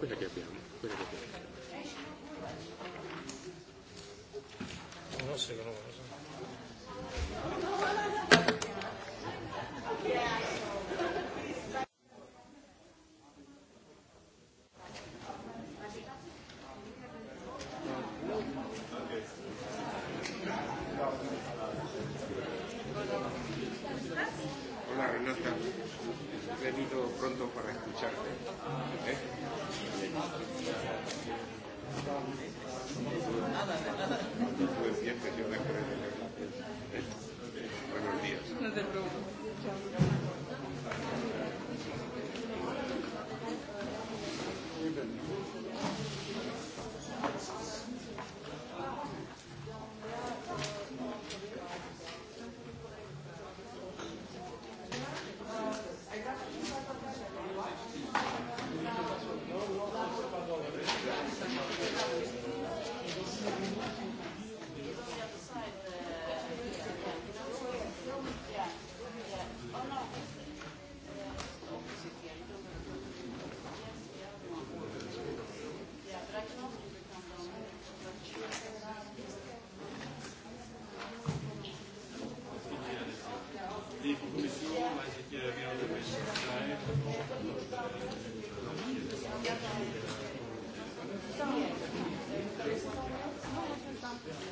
quella che abbiamo. Thank you.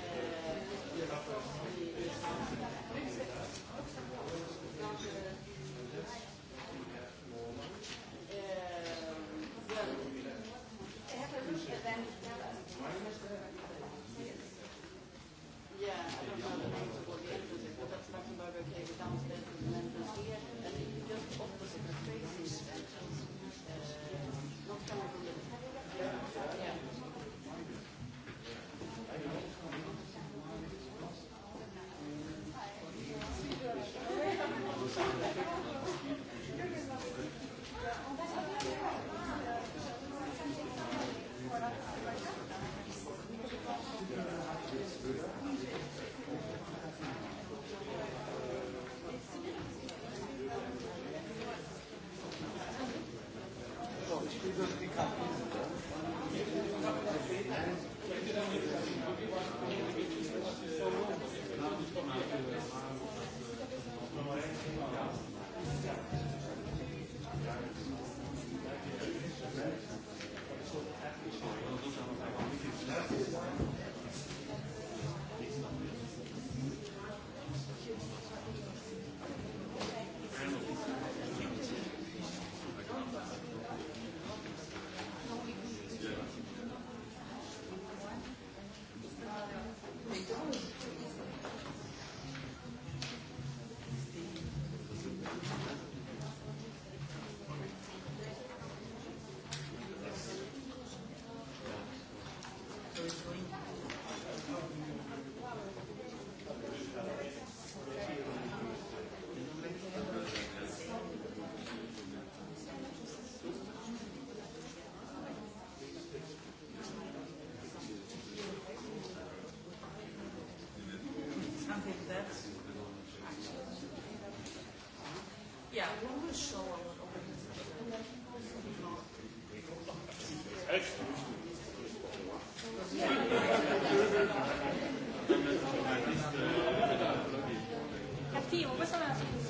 Sì, ma questo me la sono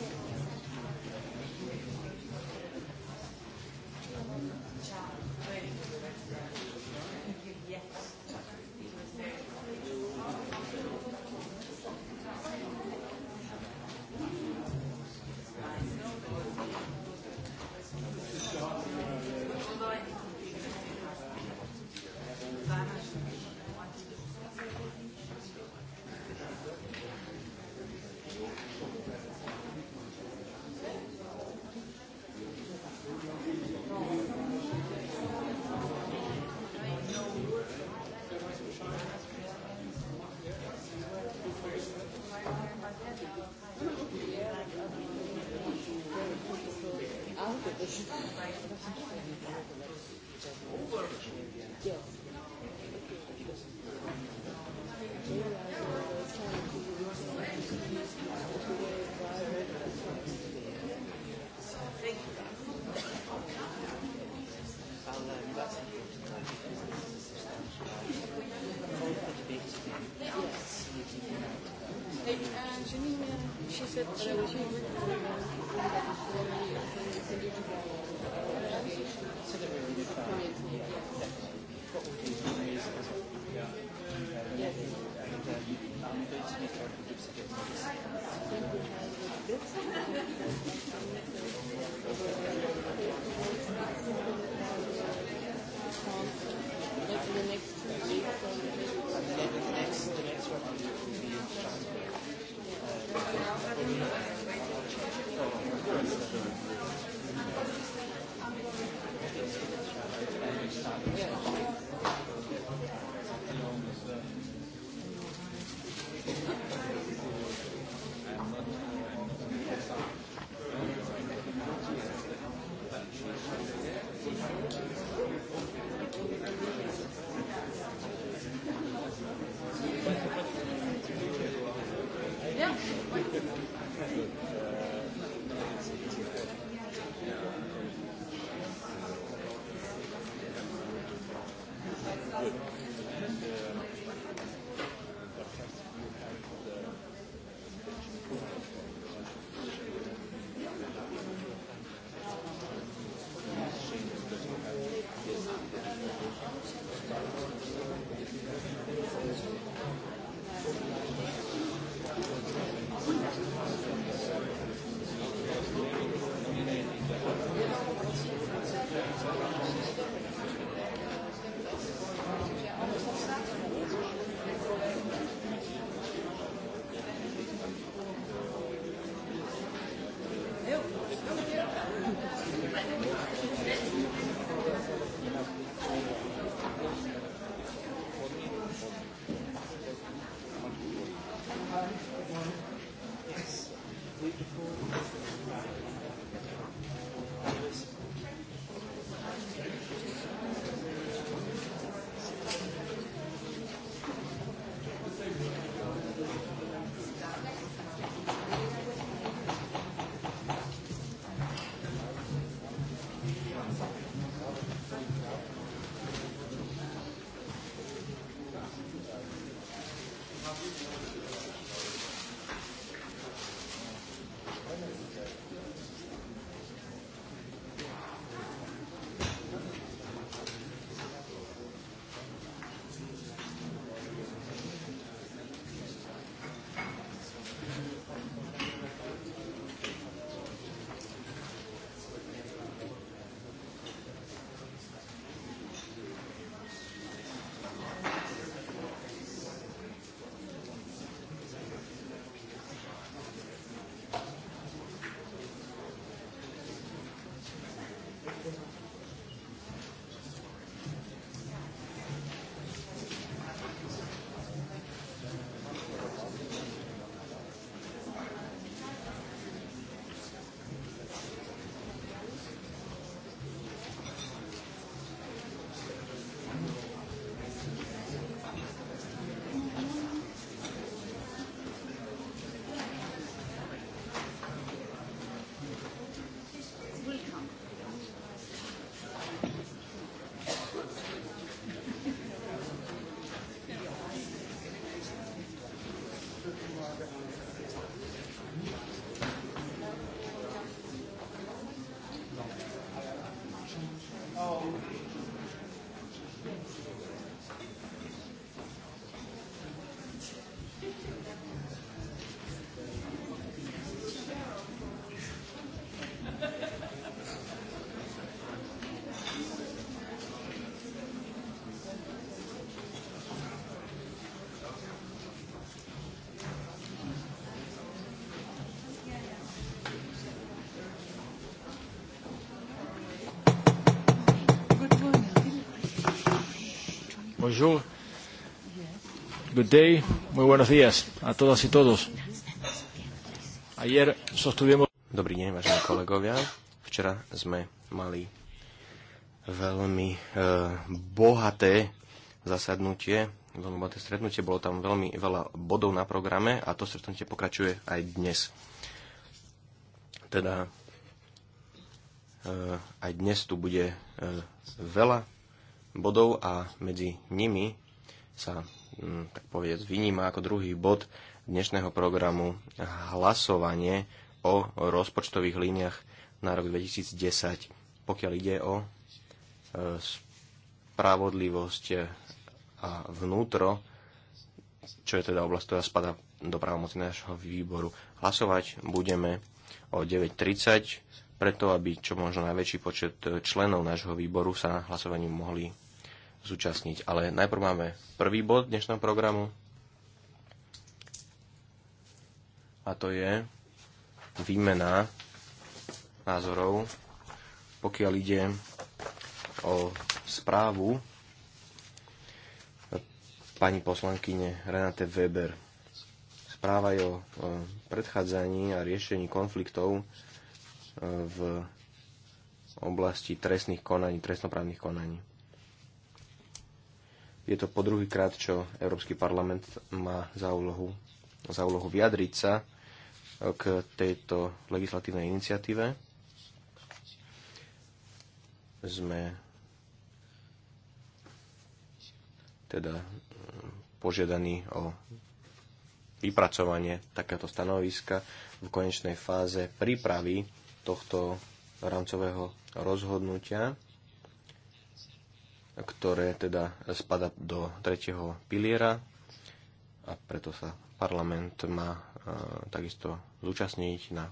Bonjour. Good day. Muy buenos días a todas y todos. Ayer sostuvimos... Dobrý deň, vážení kolegovia. Včera sme mali veľmi uh, bohaté zasadnutie, veľmi bohaté stretnutie. Bolo tam veľmi veľa bodov na programe a to stretnutie pokračuje aj dnes. Teda uh, aj dnes tu bude uh, veľa bodov a medzi nimi sa, mm, tak povedať, vyníma ako druhý bod dnešného programu hlasovanie o rozpočtových líniach na rok 2010, pokiaľ ide o e, spravodlivosť a vnútro, čo je teda oblasť, ktorá spada do právomoci nášho výboru. Hlasovať budeme o 9.30 preto aby čo možno najväčší počet e, členov nášho výboru sa na hlasovaní mohli zúčastniť. Ale najprv máme prvý bod dnešného programu a to je výmena názorov, pokiaľ ide o správu pani poslankyne Renate Weber. Správa je o e, predchádzaní a riešení konfliktov v oblasti trestných konaní, trestnoprávnych konaní. Je to po druhýkrát, čo Európsky parlament má za úlohu, za úlohu vyjadriť sa k tejto legislatívnej iniciatíve. Sme teda požiadaní o vypracovanie takéto stanoviska v konečnej fáze prípravy tohto rámcového rozhodnutia, ktoré teda spada do tretieho piliera a preto sa parlament má e, takisto zúčastniť na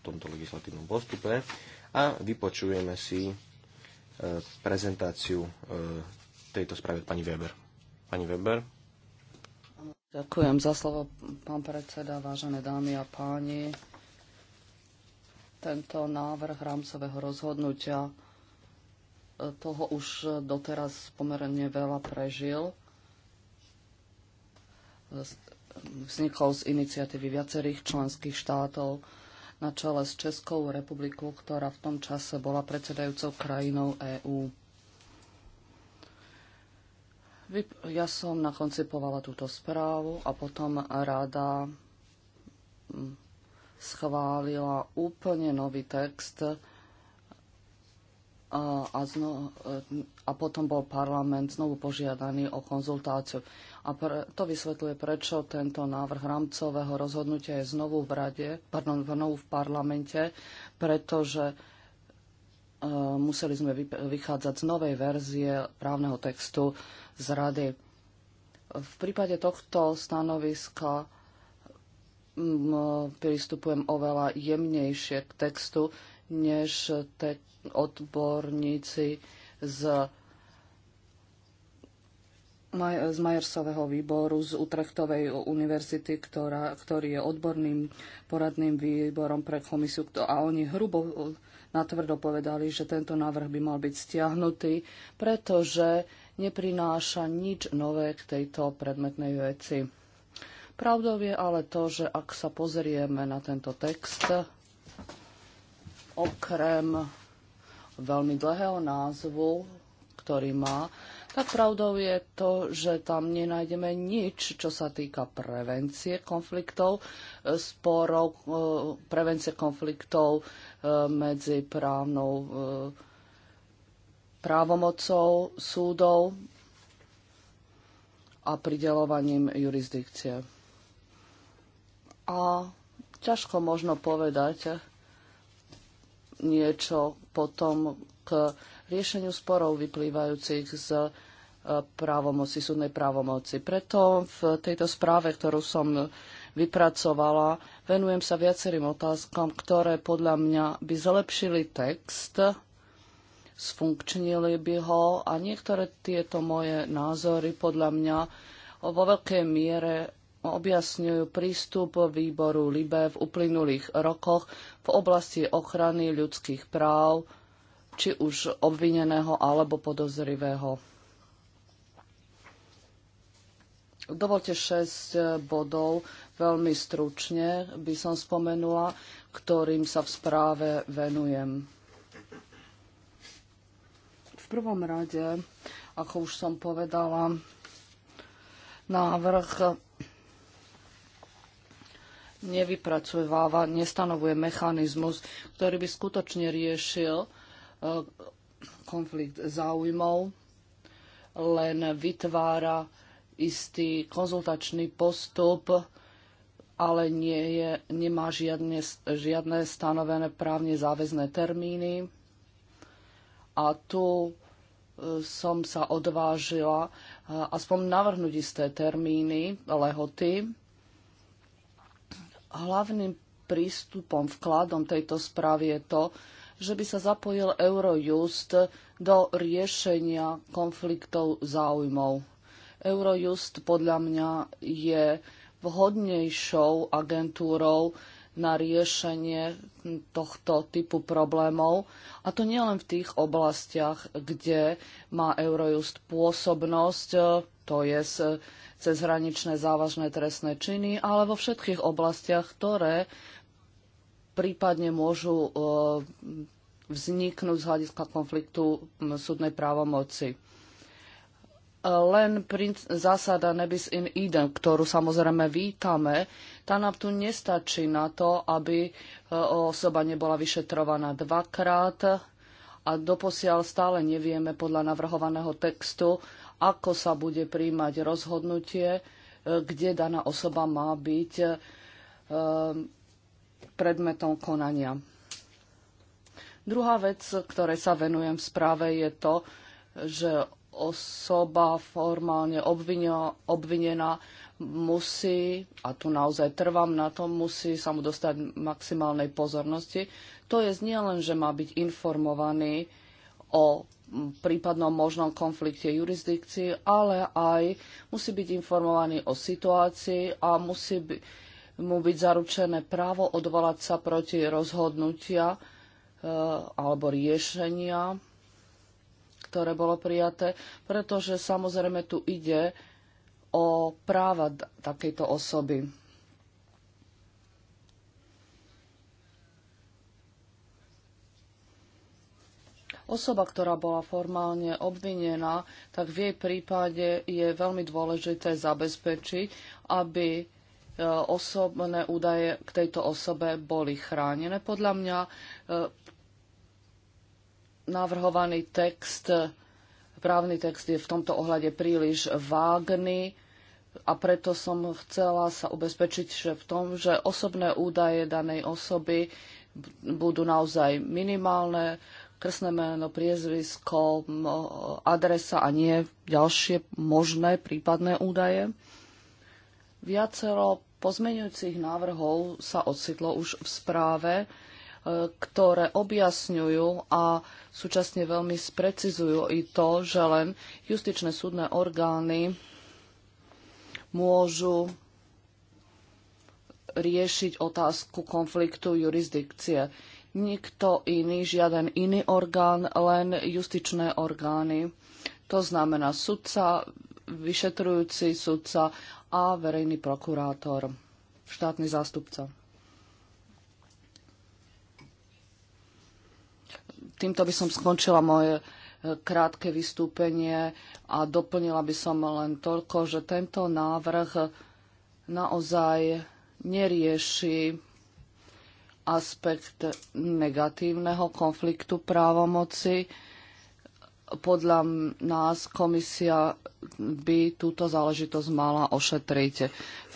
tomto legislatívnom postupe a vypočujeme si e, prezentáciu e, tejto správy od pani Weber. Pani Weber. Ďakujem za slovo, pán predseda, vážené dámy a páni tento návrh rámcového rozhodnutia. E, toho už doteraz pomerne veľa prežil. E, vznikol z iniciatívy viacerých členských štátov na čele s Českou republikou, ktorá v tom čase bola predsedajúcou krajinou EÚ. Ja som nakoncipovala túto správu a potom rada schválila úplne nový text a, zno, a potom bol parlament znovu požiadaný o konzultáciu. A pre, to vysvetľuje, prečo tento návrh rámcového rozhodnutia je znovu v rade, pardon, znovu v parlamente, pretože e, museli sme vychádzať z novej verzie právneho textu z rady. V prípade tohto stanoviska No, pristupujem oveľa jemnejšie k textu, než te odborníci z, Maj z Majersového výboru z Utrechtovej univerzity, ktorá, ktorý je odborným poradným výborom pre komisiu. A oni hrubo natvrdo povedali, že tento návrh by mal byť stiahnutý, pretože neprináša nič nové k tejto predmetnej veci Pravdou je ale to, že ak sa pozrieme na tento text, okrem veľmi dlhého názvu, ktorý má, tak pravdou je to, že tam nenájdeme nič, čo sa týka prevencie konfliktov, sporov, e, prevencie konfliktov e, medzi právnou e, právomocou súdov a pridelovaním jurisdikcie. A ťažko možno povedať niečo potom k riešeniu sporov vyplývajúcich z e, právomoci, súdnej právomoci. Preto v tejto správe, ktorú som vypracovala, venujem sa viacerým otázkam, ktoré podľa mňa by zlepšili text, sfunkčnili by ho a niektoré tieto moje názory podľa mňa vo veľkej miere objasňujú prístup výboru LIBE v uplynulých rokoch v oblasti ochrany ľudských práv, či už obvineného alebo podozrivého. Dovolte 6 bodov, veľmi stručne by som spomenula, ktorým sa v správe venujem. V prvom rade, ako už som povedala, návrh nevypracováva, nestanovuje mechanizmus, ktorý by skutočne riešil e, konflikt záujmov, len vytvára istý konzultačný postup, ale nie je, nemá žiadne, žiadne stanovené právne záväzné termíny. A tu e, som sa odvážila e, aspoň navrhnúť isté termíny, lehoty, hlavným prístupom, vkladom tejto správy je to, že by sa zapojil Eurojust do riešenia konfliktov záujmov. Eurojust podľa mňa je vhodnejšou agentúrou na riešenie tohto typu problémov. A to nielen v tých oblastiach, kde má Eurojust pôsobnosť, to je cezhraničné závažné trestné činy, ale vo všetkých oblastiach, ktoré prípadne môžu e, vzniknúť z hľadiska konfliktu súdnej právomoci. Len zásada nebis in idem, ktorú samozrejme vítame, tá nám tu nestačí na to, aby e, osoba nebola vyšetrovaná dvakrát a doposiaľ stále nevieme podľa navrhovaného textu, ako sa bude príjmať rozhodnutie, e, kde daná osoba má byť e, predmetom konania. Druhá vec, ktorej sa venujem v správe, je to, že osoba formálne obvinená musí, a tu naozaj trvám na tom, musí sa mu dostať maximálnej pozornosti. To je nie len, že má byť informovaný o prípadnom možnom konflikte jurisdikcií, ale aj musí byť informovaný o situácii a musí by, mu byť zaručené právo odvolať sa proti rozhodnutia e, alebo riešenia, ktoré bolo prijaté, pretože samozrejme tu ide o práva takejto osoby. Osoba, ktorá bola formálne obvinená, tak v jej prípade je veľmi dôležité zabezpečiť, aby e, osobné údaje k tejto osobe boli chránené. Podľa mňa e, navrhovaný text, právny text je v tomto ohľade príliš vágný a preto som chcela sa ubezpečiť že v tom, že osobné údaje danej osoby budú naozaj minimálne, krstné meno, priezvisko, adresa a nie ďalšie možné prípadné údaje. Viacero pozmeňujúcich návrhov sa ocitlo už v správe, e, ktoré objasňujú a súčasne veľmi sprecizujú i to, že len justičné súdne orgány môžu riešiť otázku konfliktu jurisdikcie nikto iný, žiaden iný orgán, len justičné orgány. To znamená sudca, vyšetrujúci sudca a verejný prokurátor, štátny zástupca. Týmto by som skončila moje e, krátke vystúpenie a doplnila by som len toľko, že tento návrh naozaj nerieši aspekt negatívneho konfliktu právomoci. Podľa nás komisia by túto záležitosť mala ošetriť.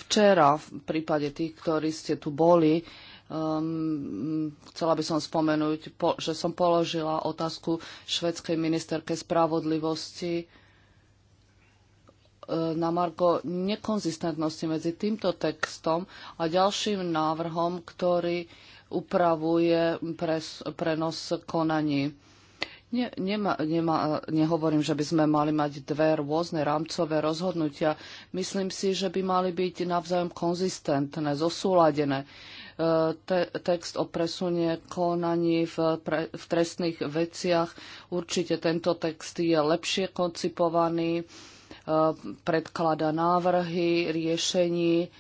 Včera v prípade tých, ktorí ste tu boli, Um, chcela by som spomenúť, po, že som položila otázku švedskej ministerke spravodlivosti uh, na Marko nekonzistentnosti medzi týmto textom a ďalším návrhom, ktorý e, upravuje pres, prenos konaní. Ne, nema, nema, nehovorím, že by sme mali mať dve rôzne rámcové rozhodnutia. Myslím si, že by mali byť navzájom konzistentné, zosúladené. E, te, text o presunie konaní v, pre, v trestných veciach. Určite tento text je lepšie koncipovaný, e, predklada návrhy, riešení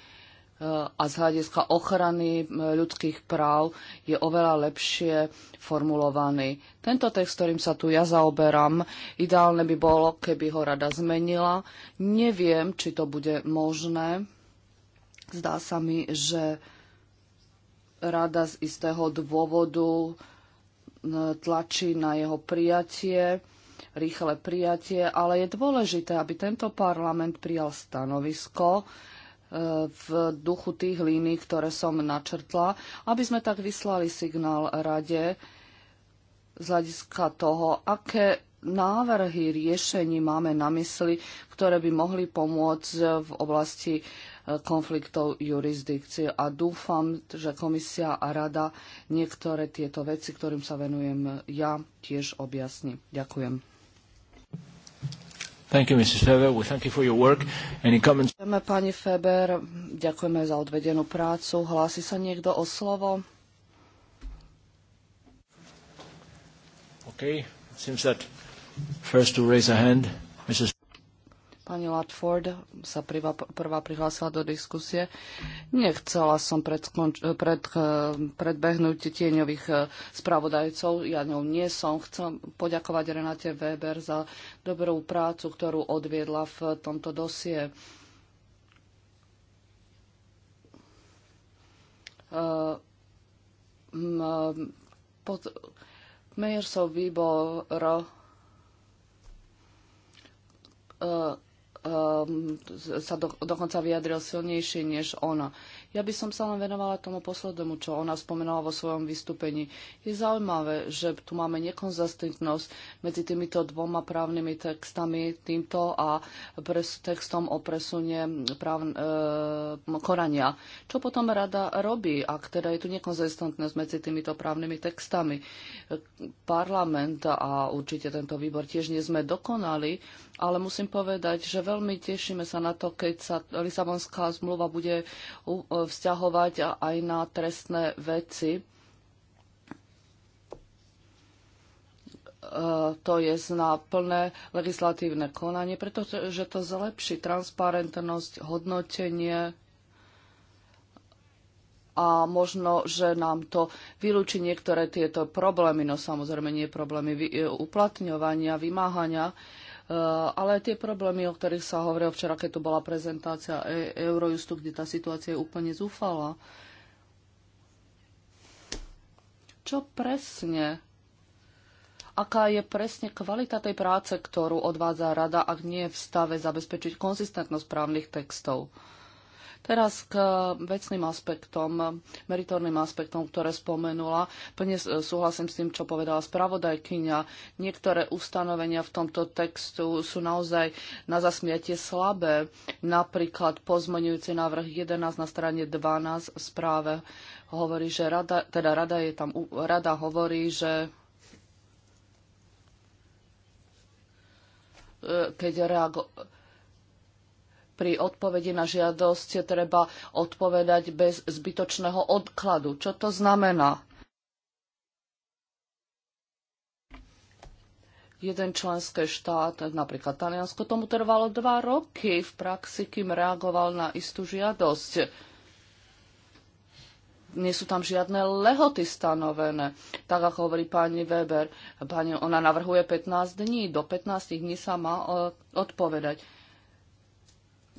a z hľadiska ochrany ľudských práv je oveľa lepšie formulovaný. Tento text, ktorým sa tu ja zaoberám, ideálne by bolo, keby ho rada zmenila. Neviem, či to bude možné. Zdá sa mi, že rada z istého dôvodu tlačí na jeho prijatie, rýchle prijatie, ale je dôležité, aby tento parlament prijal stanovisko, v duchu tých línií, ktoré som načrtla, aby sme tak vyslali signál rade z hľadiska toho, aké návrhy riešení máme na mysli, ktoré by mohli pomôcť v oblasti e, konfliktov jurisdikcie. A dúfam, že komisia a rada niektoré tieto veci, ktorým sa venujem ja, tiež objasní. Ďakujem. Thank you, Mrs. Feber. We thank you for your work. Any comments? Ďakujeme, pani Feber. Ďakujeme za odvedenú prácu. Hlási sa niekto o slovo? Okay. Seems that first to raise a hand, Mrs. Pani Latford sa prvá, prvá prihlásila do diskusie. Nechcela som pred, pred, eh, predbehnúť tieňových eh, spravodajcov. Ja ňou nie som. Chcem poďakovať Renate Weber za dobrú prácu, ktorú odviedla v tomto dosie. Mejersov výbor uh, Ehm, sa do, dokonca vyjadril silnejšie než ono. Ja by som sa len venovala tomu poslednému, čo ona spomenula vo svojom vystúpení. Je zaujímavé, že tu máme nekonzistentnosť medzi týmito dvoma právnymi textami, týmto a pres, textom o presune práv, e, korania. Čo potom rada robí, ak teda je tu nekonzistentnosť medzi týmito právnymi textami? Parlament a určite tento výbor tiež nie sme dokonali, ale musím povedať, že veľmi tešíme sa na to, keď sa Lisabonská zmluva bude e, vzťahovať aj na trestné veci. E, to je na plné legislatívne konanie, pretože to zlepší transparentnosť, hodnotenie a možno, že nám to vylúči niektoré tieto problémy, no samozrejme nie problémy e, uplatňovania, vymáhania, Eh, ale tie problémy, o ktorých sa hovorilo včera, keď tu bola prezentácia e Eurojustu, kde tá situácia je úplne zúfala. Čo presne? Aká je presne kvalita tej práce, ktorú odvádza rada, ak nie je v stave zabezpečiť konzistentnosť právnych textov? Uh, Teraz k vecným aspektom, meritorným aspektom, ktoré spomenula. Plne súhlasím s tým, čo povedala spravodajkyňa. Niektoré ustanovenia v tomto textu sú naozaj na zasmiatie slabé. Napríklad pozmenujúci návrh 11 na strane 12 v správe hovorí, že rada, teda rada, je tam, rada hovorí, že e, keď reago- pri odpovedi na žiadosť treba odpovedať bez zbytočného odkladu. Čo to znamená? Jeden členský štát, napríklad Taliansko, tomu trvalo dva roky v praxi, kým reagoval na istú žiadosť. Nie sú tam žiadne lehoty stanovené. Tak ako hovorí pani Weber, pani, ona navrhuje 15 dní. Do 15 dní sa má e, odpovedať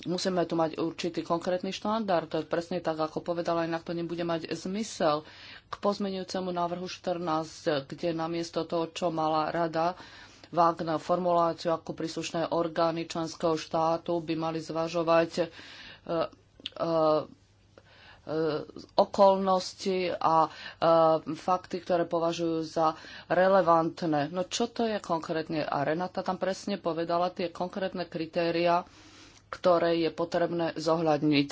musíme tu mať určitý konkrétny štandard, to je presne tak, ako povedala, inak to nebude mať zmysel. K pozmenujúcemu návrhu 14, kde namiesto toho, čo mala rada, vágna formuláciu, ako príslušné orgány členského štátu by mali zvažovať e, e, e, okolnosti a fakty, ktoré považujú za relevantné. No čo to je konkrétne? A Renata tam presne povedala tie konkrétne kritéria, ktoré je potrebné zohľadniť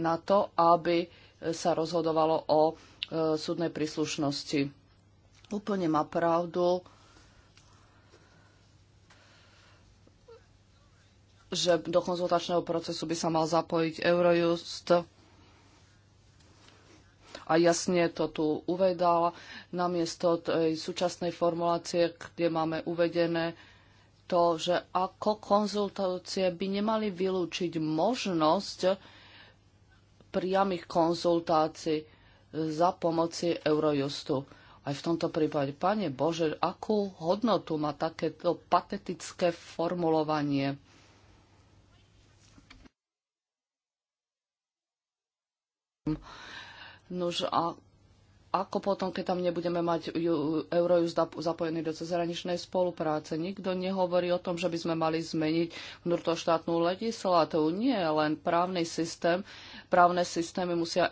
na to, aby sa rozhodovalo o e, súdnej príslušnosti. Úplne má pravdu, že do konzultačného procesu by sa mal zapojiť Eurojust. A jasne to tu uvedala, namiesto tej súčasnej formulácie, kde máme uvedené, to, že ako konzultácie by nemali vylúčiť možnosť priamých konzultácií za pomoci Eurojustu. Aj v tomto prípade, pane Bože, akú hodnotu má takéto patetické formulovanie? Nož a ako potom, keď tam nebudeme mať Eurojust zapojený do cezhraničnej spolupráce. Nikto nehovorí o tom, že by sme mali zmeniť vnútroštátnu legislatívu. Nie, len právny systém. Právne systémy musia,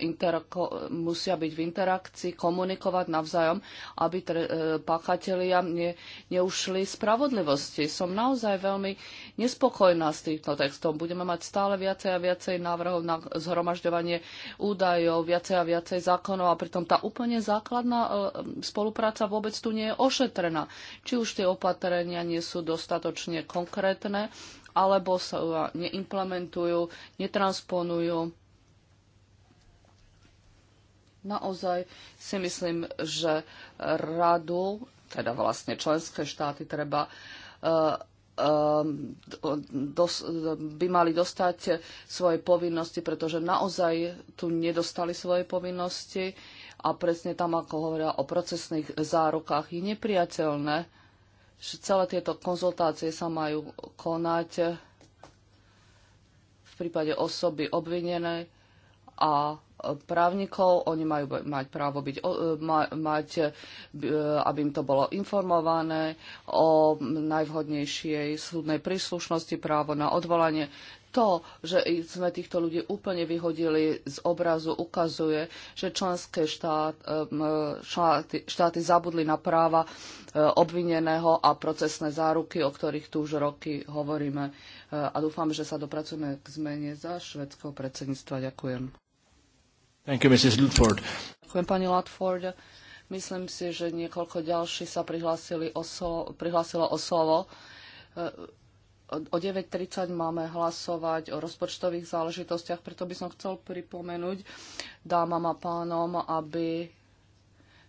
musia byť v interakcii, komunikovať navzájom, aby tre- e, páchatelia ne- neušli spravodlivosti. Som naozaj veľmi nespokojná s týmto textom. Budeme mať stále viacej a viacej návrhov na zhromažďovanie údajov, viacej a viacej zákonov a pritom tá úplne úplne základná e, spolupráca vôbec tu nie je ošetrená. Či už tie opatrenia nie sú dostatočne konkrétne, alebo sa neimplementujú, netransponujú. Naozaj si myslím, že radu, teda vlastne členské štáty treba e, e, dos, by mali dostať svoje povinnosti, pretože naozaj tu nedostali svoje povinnosti a presne tam, ako hovoria o procesných zárukách, je nepriateľné, že celé tieto konzultácie sa majú konať v prípade osoby obvinenej a právnikov, oni majú mať právo byť, mať, e, aby im to bolo informované o najvhodnejšej súdnej príslušnosti, právo na odvolanie to, že sme týchto ľudí úplne vyhodili z obrazu, ukazuje, že členské štát, štáty, štáty zabudli na práva e, obvineného a procesné záruky, o ktorých tu už roky hovoríme. E, a dúfam, že sa dopracujeme k zmene za švedského predsedníctva. Ďakujem. Thank you, Mrs. Ludford. Ďakujem, pani Ludford. Myslím si, že niekoľko ďalších sa prihlásilo o slovo e, o 9.30 máme hlasovať o rozpočtových záležitostiach, preto by som chcel pripomenúť dámam a pánom, aby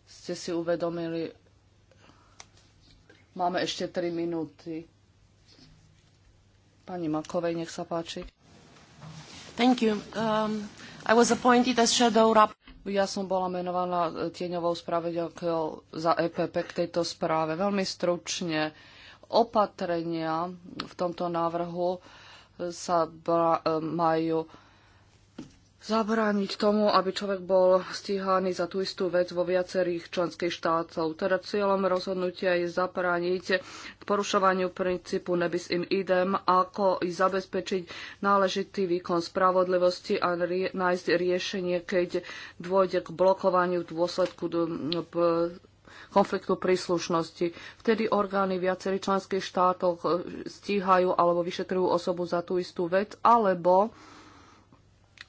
ste si uvedomili, máme ešte 3 minúty. Pani Makovej, nech sa páči. Thank you. Um, I was appointed as shadow rap- ja som bola menovaná e, tieňovou spravedelkou za EPP k tejto správe. Veľmi stručne. Uh, opatrenia v tomto návrhu sa e, majú zabrániť tomu, aby človek bol stíhaný za tú istú vec vo viacerých členských štátov. Teda cieľom rozhodnutia je zabrániť k porušovaniu princípu nebis in idem, ako i zabezpečiť náležitý výkon spravodlivosti a nájsť riešenie, keď dôjde k blokovaniu v dôsledku konfliktu príslušnosti. Vtedy orgány viacerých členských štátov eh, stíhajú alebo vyšetrujú osobu za tú istú vec, alebo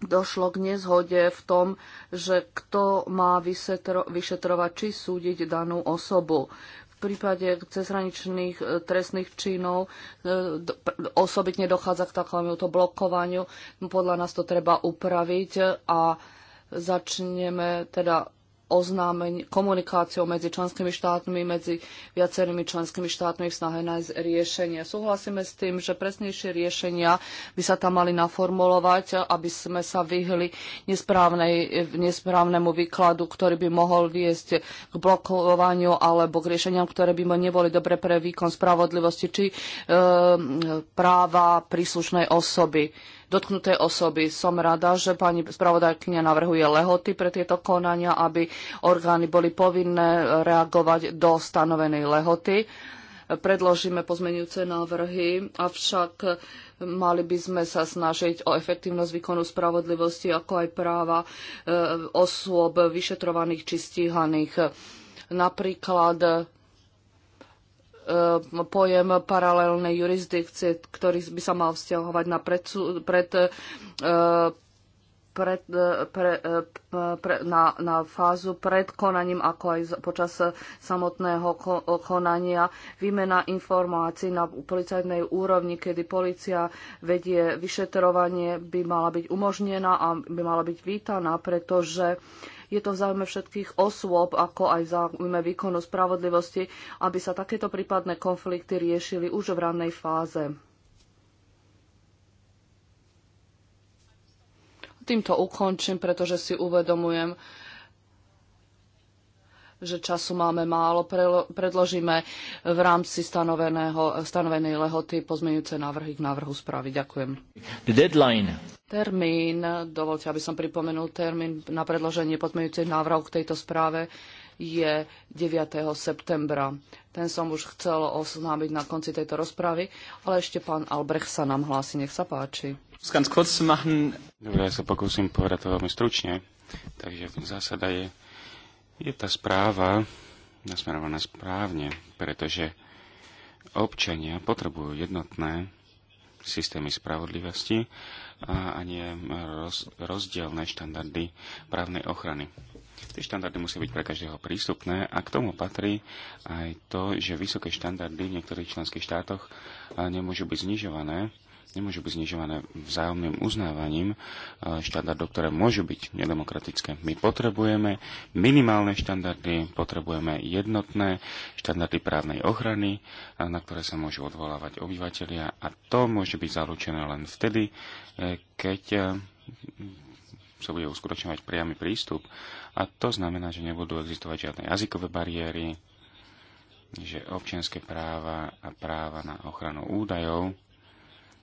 došlo k nezhode v tom, že kto má vyšetrovať či súdiť danú osobu. V prípade cezhraničných eh, trestných činov eh, osobitne dochádza k takémuto blokovaniu. Podľa nás to treba upraviť a začneme teda oznámeň komunikáciou medzi členskými štátmi, medzi viacerými členskými štátmi v snahe nájsť riešenie. Súhlasíme s tým, že presnejšie riešenia by sa tam mali naformulovať, aby sme sa vyhli nesprávnemu výkladu, ktorý by mohol viesť k blokovaniu alebo k riešeniam, ktoré by neboli dobre pre výkon spravodlivosti či e, práva príslušnej osoby dotknuté osoby. Som rada, že pani spravodajkynia navrhuje lehoty pre tieto konania, aby orgány boli povinné reagovať do stanovenej lehoty. Predložíme pozmenujúce návrhy, avšak mali by sme sa snažiť o efektívnosť výkonu spravodlivosti, ako aj práva e, osôb vyšetrovaných či stíhaných. Napríklad E, pojem paralelnej jurisdikcie, ktorý by sa mal vzťahovať na predsú, pred, e, pred, e, pre, pre, na, na fázu pred konaním, ako aj počas samotného konania. Výmena informácií na policajnej úrovni, kedy policia vedie vyšetrovanie, by mala byť umožnená a by mala byť vítaná, pretože uh, je to v záujme všetkých osôb, ako aj v záujme výkonu spravodlivosti, aby sa takéto prípadné konflikty riešili už v rannej fáze. Týmto ukončím, pretože si uvedomujem, že času máme málo, predložíme v rámci stanoveného, stanovenej lehoty pozmeňujúce návrhy k návrhu správy. Ďakujem. The deadline. Termín, dovolte, aby som pripomenul termín na predloženie pozmeňujúcich návrhov k tejto správe je 9. septembra. Ten som už chcel oznámiť na konci tejto rozpravy, ale ešte pán Albrecht sa nám hlási, nech sa páči. Dobre, ja sa pokúsim povedať to veľmi stručne. Takže zásada je, je tá správa nasmerovaná správne, pretože občania potrebujú jednotné systémy spravodlivosti a, nie roz, rozdielne štandardy právnej ochrany. Tie štandardy musia byť pre každého prístupné a k tomu patrí aj to, že vysoké štandardy v niektorých členských štátoch nemôžu byť znižované nemôžu byť znižované vzájomným uznávaním e, štandardov, ktoré môžu byť nedemokratické. My potrebujeme minimálne štandardy, potrebujeme jednotné štandardy právnej ochrany, e, na ktoré sa môžu odvolávať obyvateľia a to môže byť zaručené len vtedy, e, keď sa bude uskutočňovať priamy prístup a to znamená, že nebudú existovať žiadne jazykové bariéry, že občianské práva a práva na ochranu údajov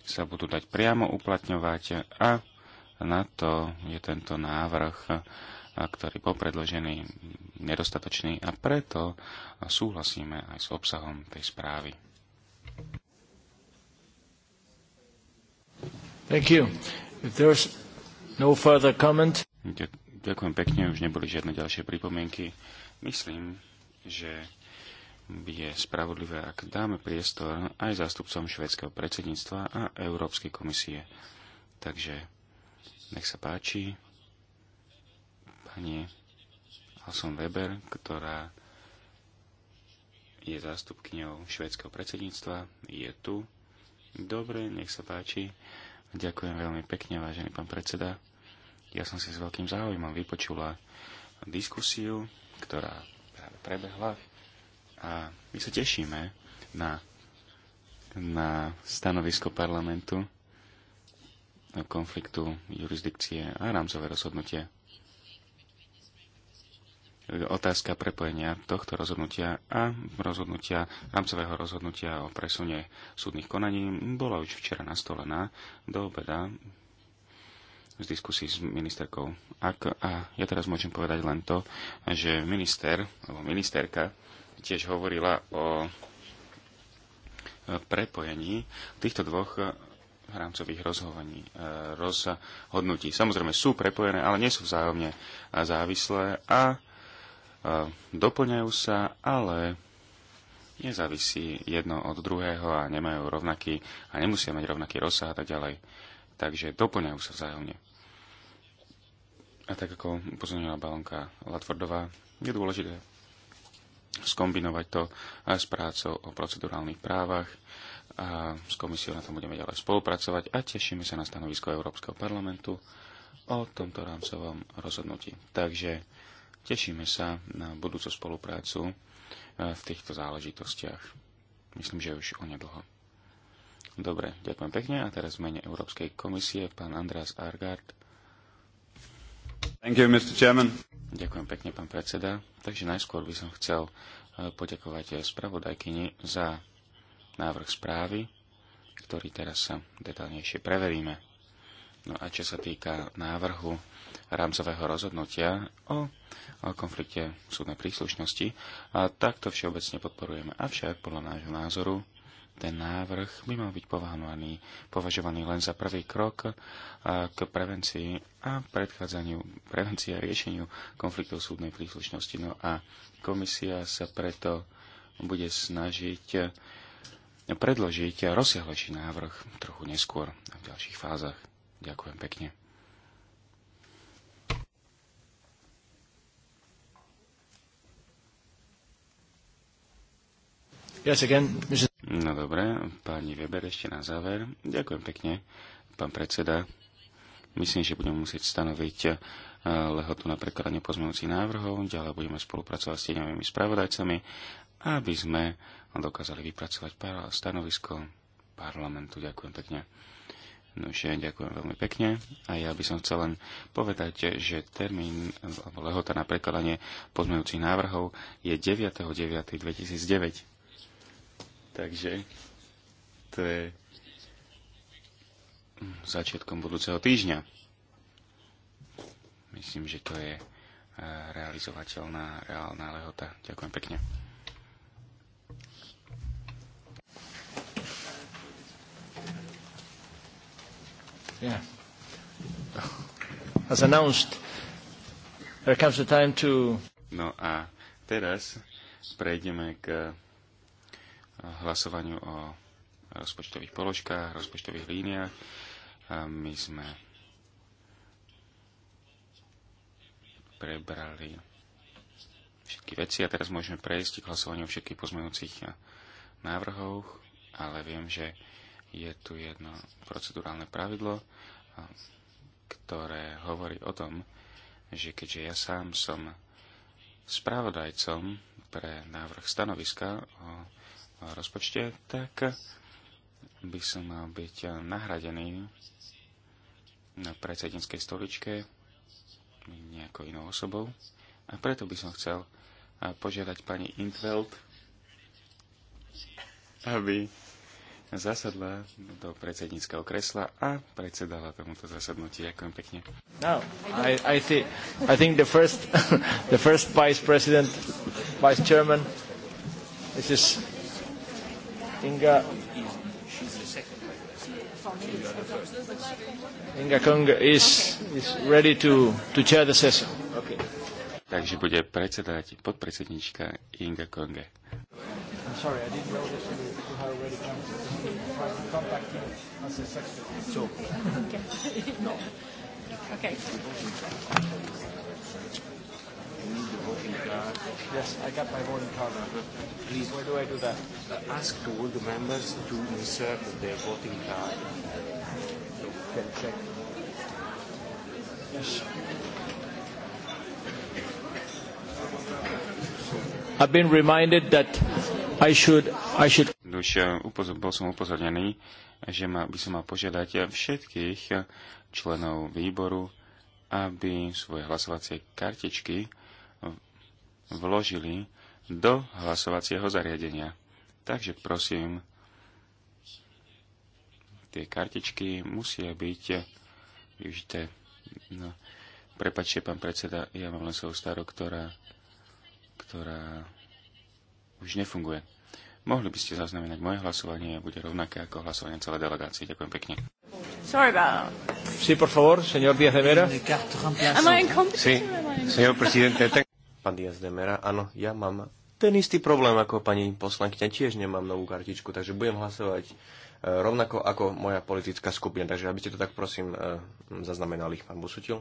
sa budú dať priamo uplatňovať a na to je tento návrh, ktorý bol predložený, nedostatočný a preto súhlasíme aj s obsahom tej správy. Thank you. If there's no further comment... Ďakujem pekne, už neboli žiadne ďalšie pripomienky. Myslím, že je spravodlivé, ak dáme priestor aj zástupcom švedského predsedníctva a Európskej komisie. Takže nech sa páči pani Alson Weber, ktorá je zástupkňou švedského predsedníctva, je tu. Dobre, nech sa páči. Ďakujem veľmi pekne, vážený pán predseda. Ja som si s veľkým záujmom vypočula diskusiu, ktorá práve prebehla a my sa tešíme na, na stanovisko parlamentu konfliktu jurisdikcie a rámcové rozhodnutie. Otázka prepojenia tohto rozhodnutia a rozhodnutia, rámcového rozhodnutia o presune súdnych konaní bola už včera nastolená do obeda z diskusí s ministerkou. Ak, a ja teraz môžem povedať len to, že minister alebo ministerka tiež hovorila o prepojení týchto dvoch rámcových rozhovaní, e, rozhodnutí. Samozrejme sú prepojené, ale nie sú vzájomne závislé a e, doplňajú sa, ale nezávisí jedno od druhého a nemajú rovnaký a nemusia mať rovnaký rozsah a tak ďalej. Takže doplňajú sa vzájomne. A tak ako upozornila Balonka Latvordová, je dôležité skombinovať to eh, s prácou o procedurálnych právach. A s komisiou na tom budeme ďalej spolupracovať a tešíme sa na stanovisko Európskeho parlamentu o tomto rámcovom rozhodnutí. Takže tešíme sa na budúcu spoluprácu eh, v týchto záležitostiach. Myslím, že už onedlho. Dobre, ďakujem pekne. A teraz v mene Európskej komisie pán Andreas Argard. Thank you, Mr. Chairman. Ďakujem pekne, pán predseda. Takže najskôr by som chcel e, poďakovať e, spravodajkyni za návrh správy, ktorý teraz sa detaľnejšie preveríme. No a čo sa týka návrhu rámcového rozhodnutia o, o konflikte súdnej príslušnosti, a takto všeobecne podporujeme. Avšak podľa nášho názoru ten návrh by mal byť pováhnovaný, považovaný len za prvý krok k prevencii a predchádzaniu prevencii a riešeniu konfliktov súdnej príslušnosti. No a komisia sa preto bude snažiť predložiť rozsiahlejší návrh trochu neskôr v ďalších fázach. Ďakujem pekne. Yes, again, Mr. No dobre, pani Weber ešte na záver. Ďakujem pekne, pán predseda. Myslím, že budeme musieť stanoviť eh, lehotu na prekladanie pozmeňujúcich návrhov, ďalej budeme spolupracovať s tieňovými spravodajcami, aby sme dokázali vypracovať stanovisko parlamentu. Ďakujem pekne. No ešte ďakujem veľmi pekne a ja by som chcel len povedať, že termín alebo lehota na prekladanie pozmeňujúcich návrhov je 9.9.2009. Takže to je začiatkom budúceho týždňa. Myslím, že to je eh, realizovateľná, reálna lehota. Ďakujem pekne. Yeah. As announced, there comes the time to... No a teraz prejdeme k hlasovaniu o rozpočtových položkách, rozpočtových líniách. My sme prebrali všetky veci a teraz môžeme prejsť k hlasovaniu o všetkých pozmenujúcich návrhov, ale viem, že je tu jedno procedurálne pravidlo, ktoré hovorí o tom, že keďže ja sám som spravodajcom pre návrh stanoviska o rozpočte, tak by som mal byť nahradený na predsedníckej stoličke nejakou inou osobou. A preto by som chcel požiadať pani Intveld, aby zasadla do predsedníckého kresla a predsedala tomuto zasadnutí. Ďakujem pekne. No, I, I, I think the first, the first vice president, vice chairman, this is Inga, Inga Kung is, is ready to, to chair the session. Okay. Takže bude predsedať podpredsednička Inga Konge. Okay. need voting card. Yes, I got my voting card. Please, where do I do that? Ask the members to insert their voting card. check. Yes. I've been reminded that I should, I should... Už eh, upozor, bol som upozornený, že ma, by som mal požiadať všetkých členov výboru, aby svoje hlasovacie kartičky vložili do hlasovacieho zariadenia. Takže prosím, tie kartičky musia byť využité. No, prepačte, pán predseda, ja mám len svoju starú, ktorá, ktorá už nefunguje. Mohli by ste zaznamenať moje hlasovanie a bude rovnaké ako hlasovanie celé delegácie. Ďakujem pekne. Sorry about that. Sí, por favor, señor Díaz de Vera. Sí, señor presidente. Pán Diaz Demera, áno, ja mám ten istý problém ako pani poslankyňa, tiež nemám novú kartičku, takže budem hlasovať e, rovnako ako moja politická skupina. Takže aby ste to tak prosím e, zaznamenali, pán Busutil.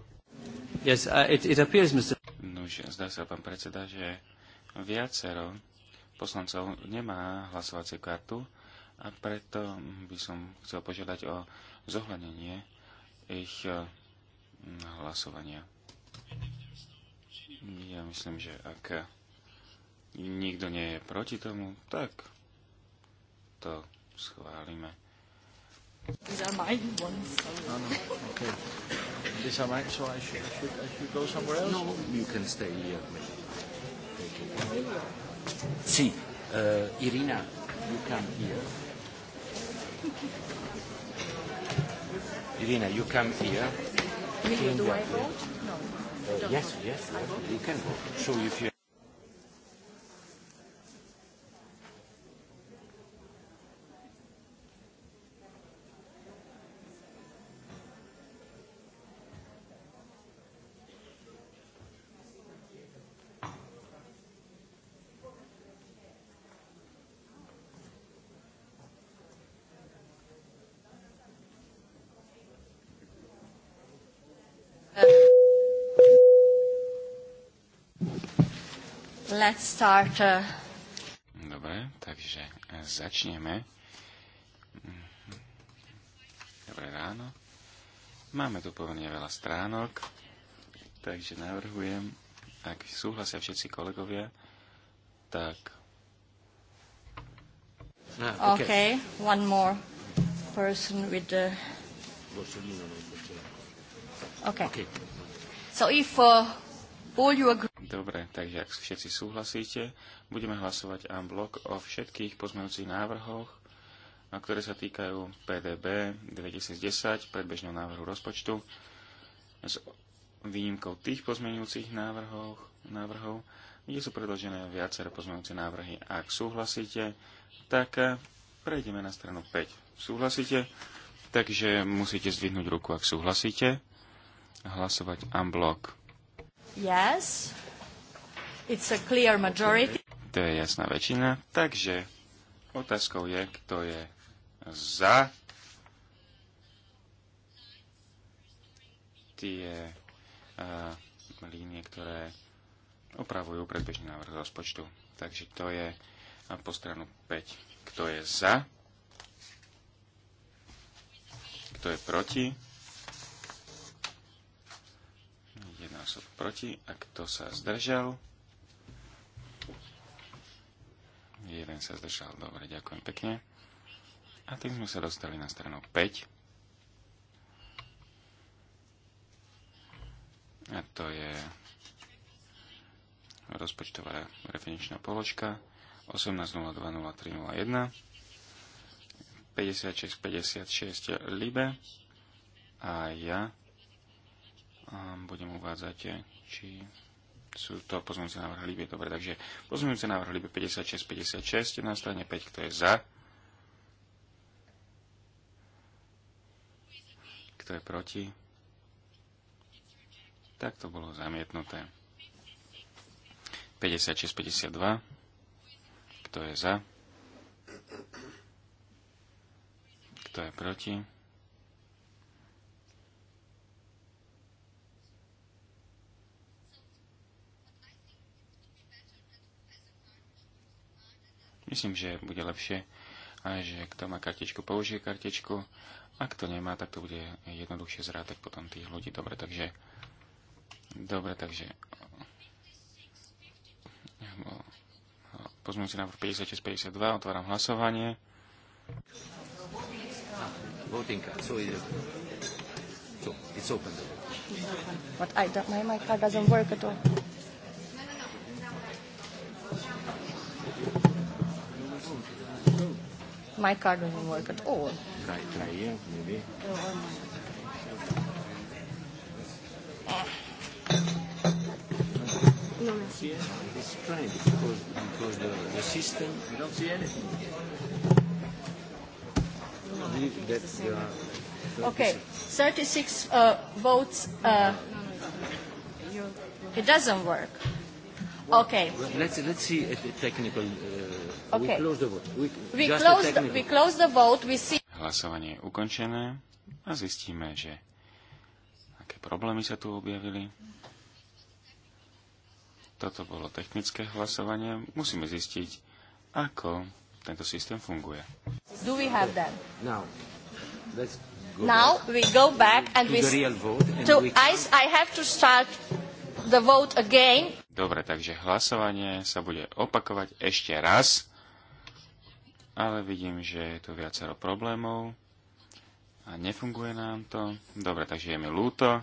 Yes, uh, it, it appears, Mr. Nož, zdá sa, pán predseda, že viacero poslancov nemá hlasovaciu kartu a preto by som chcel požiadať o zohľadnenie ich e, hlasovania. Ja myslím, že ak nikto nie je proti tomu, tak to schválime. Irina, you come here. Irina, you come here. Will you do I vote? Yes, yes, yes. You can go. Show you if you. Let's start. Uh... Dobre, takže eh, začneme. Dobre ráno. Máme tu pomerne veľa stránok, takže navrhujem, ak súhlasia všetci kolegovia, tak... Ah, okay. okay, one more person with the... Okay. okay. So if uh, all you agree Dobre, takže ak všetci súhlasíte, budeme hlasovať en blok o všetkých pozmeňujúcich návrhoch, ktoré sa týkajú PDB 2010, predbežného návrhu rozpočtu, s výnimkou tých pozmeňujúcich návrhov, návrhov kde sú predložené viaceré pozmeňujúce návrhy. Ak súhlasíte, tak eh, prejdeme na stranu 5. Súhlasíte? Takže musíte zdvihnúť ruku, ak súhlasíte. Hlasovať unblock. Yes. It's a clear majority. To je jasná väčšina. Takže otázkou je, kto je za tie uh, línie, ktoré opravujú predbežný návrh rozpočtu. Takže to je po stranu 5. Kto je za? Kto je proti? Jedna osoba proti. A kto sa zdržal? jeden sa zdržal. Dobre, ďakujem pekne. A tým sme sa dostali na stranu 5. A to je rozpočtová referenčná položka 18.02.03.01 56.56 Libe a ja ehm, budem uvádzať, či sú to pozmeňujúce návrhy Libie. Dobre, takže pozmeňujúce návrhy Libie 56, 56, na strane 5, kto je za, kto je proti, tak to bolo zamietnuté. 56, 52, kto je za, kto je proti, Myslím, že bude lepšie, že kto má kartičku, použije kartičku. Ak to nemá, tak to bude jednoduchšie zrátať potom tých ľudí. Dobre, takže... Dobre, takže... Pozmím si návrh 56-52, otváram hlasovanie. Votinka, co ide. So, it's open. But I don't, my, my card doesn't work at all. my car doesn't work at all. Try, try here, maybe. No, no. See It's trying because, because the, the system. You don't see anything. No, I believe it's the same. 36. Okay, 36 uh, votes. Uh, it doesn't work. Okay. Let's, let's see a technical. Uh, Hlasovanie je ukončené a zistíme, že aké problémy sa tu objavili. Toto bolo technické hlasovanie. Musíme zistiť, ako tento systém funguje. Do we have that? let's go Now back we go back and to we... real vote. And to, we... I, I have to start the vote again. Dobre, takže hlasovanie sa bude opakovať ešte raz ale vidím, že je tu viacero problémov a nefunguje nám to. Dobre, takže je mi lúto.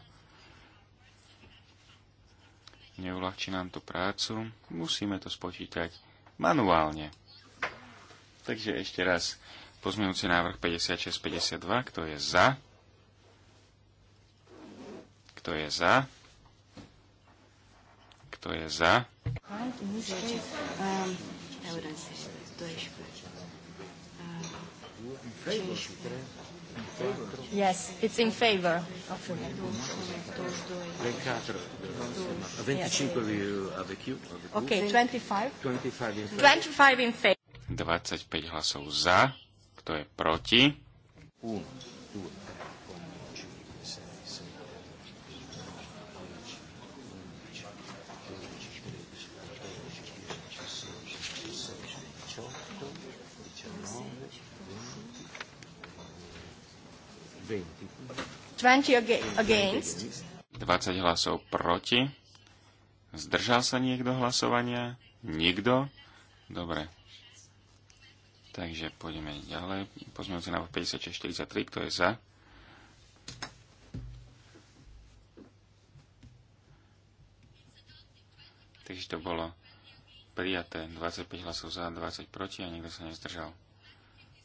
Neulahčí nám tú prácu. Musíme to spočítať manuálne. Takže ešte raz pozmeňujúci návrh 56-52, kto je za? Kto je za? Kto je za? Kto je za? Yes, it's in favor of 25 Okay, 25. 25 in favor. 25 hlasov za, kto je proti? 1, 2, 3. 20 hlasov proti. Zdržal sa niekto hlasovania? Nikto? Dobre. Takže pôjdeme ďalej. si návrh 5643, kto je za? Takže to bolo prijaté 25 hlasov za, 20 proti a nikto sa nezdržal.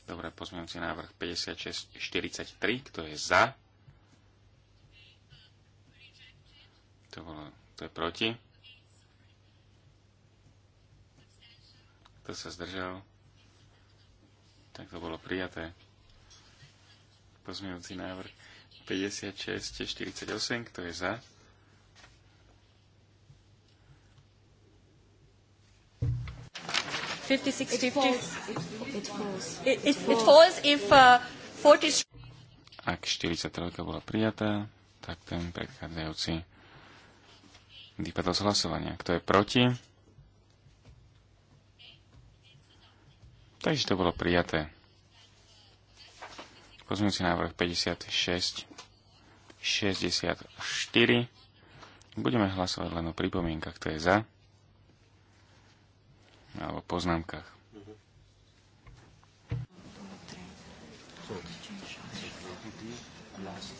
Dobre, si návrh 5643, kto je za? To, bolo, to je proti. Kto sa zdržal? Tak to bolo prijaté. Pozmeňujúci návrh 56, 48, kto je za? Ak 43 bola prijatá, tak ten predchádzajúci vypadol z hlasovania. Kto je proti? Takže to bolo prijaté. si návrh 56, 64. Budeme hlasovať len o pripomienkach, kto je za. Alebo poznámkach. Last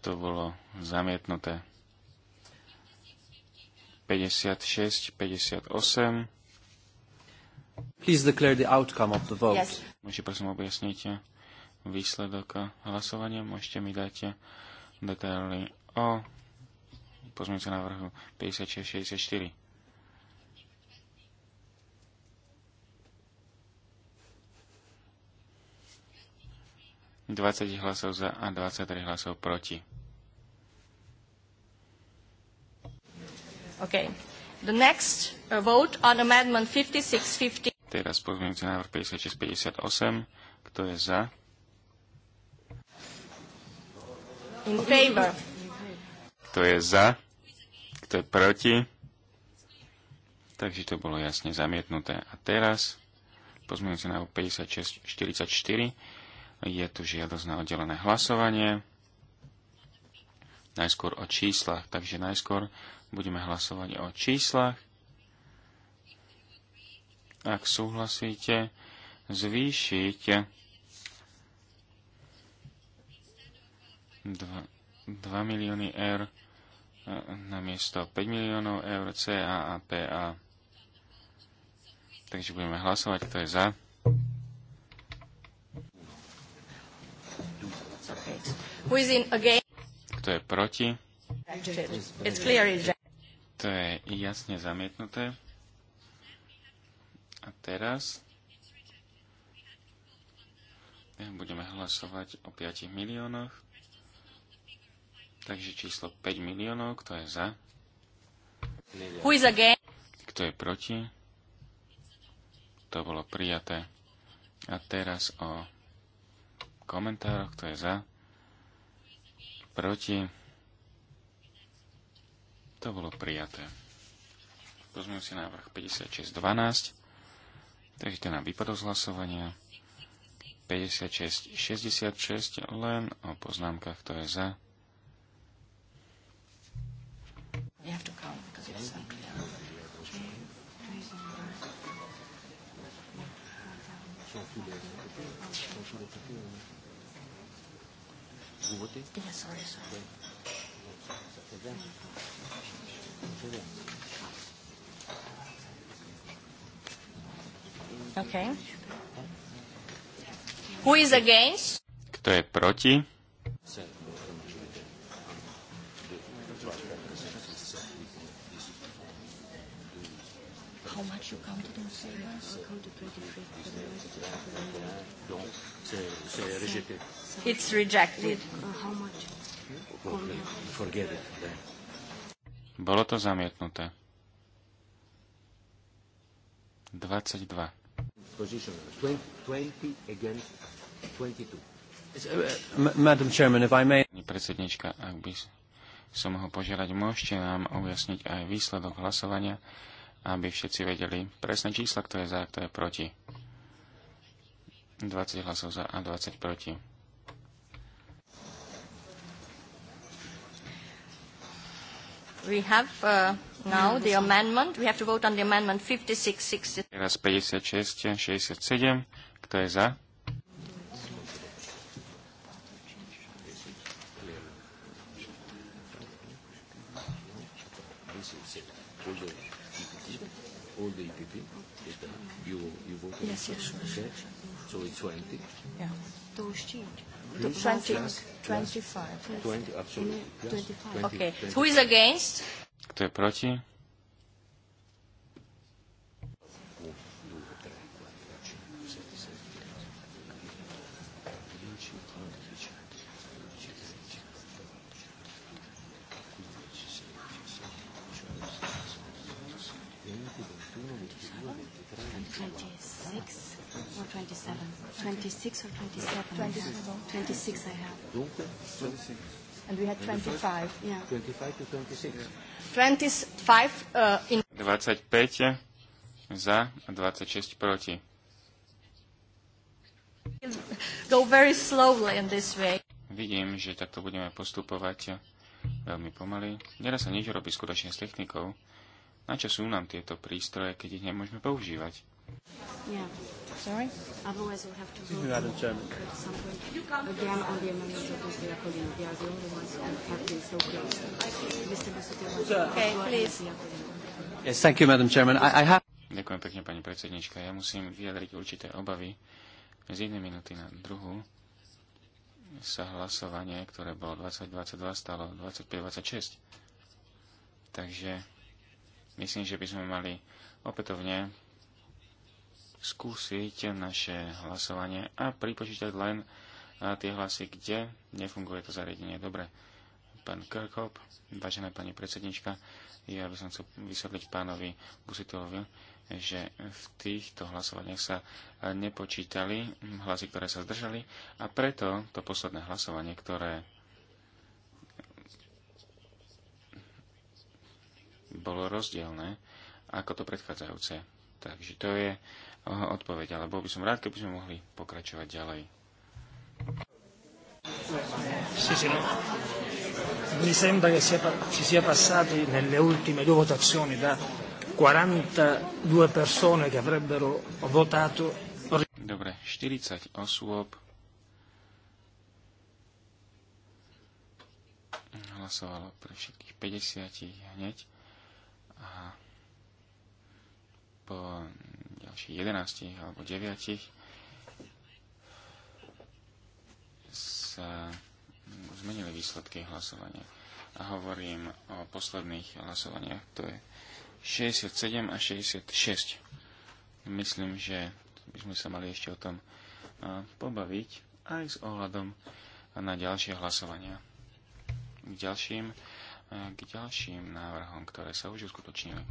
to bolo zamietnuté. 56, 58. Please declare the outcome of the vote. Yes. Môžete prosím objasniť výsledok hlasovania. Môžete mi dať detaily o pozmeňujúce návrhu 64. 20 hlasov za a 23 hlasov proti. Okay. The next uh, vote on amendment 5650. Teraz pozmeňujúci návrh 5658. Kto je za? In favor. Kto je za? Kto je proti? Takže to bolo jasne zamietnuté. A teraz pozmeňujúci návrh 5644. Je tu žiadosť na oddelené hlasovanie. Najskôr o číslach, takže najskôr budeme hlasovať o číslach. Ak súhlasíte, zvýšiť 2, milióny eur e, na miesto 5 miliónov eur CA a PA. Takže budeme hlasovať, kto je za. Kto je proti? To je jasne zamietnuté. A teraz budeme hlasovať o 5 miliónoch. Takže číslo 5 miliónov, kto je za? Kto je proti? To bolo prijaté. A teraz o komentároch, kto je za? proti. To bolo prijaté. Pozmeňujúci návrh 56.12. Takže ten nám vypadol z hlasovania. 56.66 len o poznámkach, kto je za. have to count because it's unclear. Thank you. Vous Okay. Who is against? Kto je proti? How much you counted on savings? rejeté. It's rejected. How much? Forget it. Bolo to zamietnuté. 22. Position 20, against 22. Uh, Madam Chairman, if I may... Predsednička, ak by som mohol požiadať, môžete nám objasniť aj výsledok hlasovania, aby všetci vedeli presné čísla, kto je za, kto je proti. 20 hlasov za a 20 proti. We have uh, now the amendment. We have to vote on the amendment 56, 60. Teraz 56, 67. Kto je za? E e yes, yes. Sure. Okay actually 20? Yeah. To Steve. 20, 25. 20, absolutely. Yes. 25. Okay. Who is against? Kto je proti? 25. 25 uh, za a 26 proti. Go very slowly in this way. Vidím, že takto budeme postupovať veľmi pomaly. Neraz sa nič robí skutočne s technikou. Na čo sú nám tieto prístroje, keď ich nemôžeme používať? Sorry? Otherwise we'll have to vote you German. at some point again on the of Mr. Iacolino. They are the only ones who have been so close. Mr. Okay, please. Yes, thank you, Madam Chairman. I, I have... Ďakujem pekne, pani predsednička. Ja musím vyjadriť určité obavy. Z jednej minúty na druhú sa hlasovanie, ktoré bolo 2022, stalo 2526. Takže myslím, že by sme mali opätovne skúsiť naše hlasovanie a pripočítať len tie hlasy, kde nefunguje to zariadenie. Dobre, pán Kirkhope, vážená pani predsednička, ja by som chcel vysvetliť pánovi Busitovi, že v týchto hlasovaniach sa nepočítali hlasy, ktoré sa zdržali a preto to posledné hlasovanie, ktoré bolo rozdielne ako to predchádzajúce. Takže to je Eh, odpoveď, ale bol by som rád, keby sme mohli pokračovať ďalej. Sì, sì, no. Mi sembra che sia, sia passati nelle ultime due votazioni da 42 persone che avrebbero votato. Dobre, 40 osôb hlasovalo pre všetkých 50 hneď a po ďalších 11 alebo 9 sa zmenili výsledky hlasovania. A hovorím o posledných hlasovaniach, to je 67 a 66. Myslím, že by sme sa mali ešte o tom pobaviť aj s ohľadom na ďalšie hlasovania. K ďalším, k ďalším návrhom, ktoré sa už uskutočnili.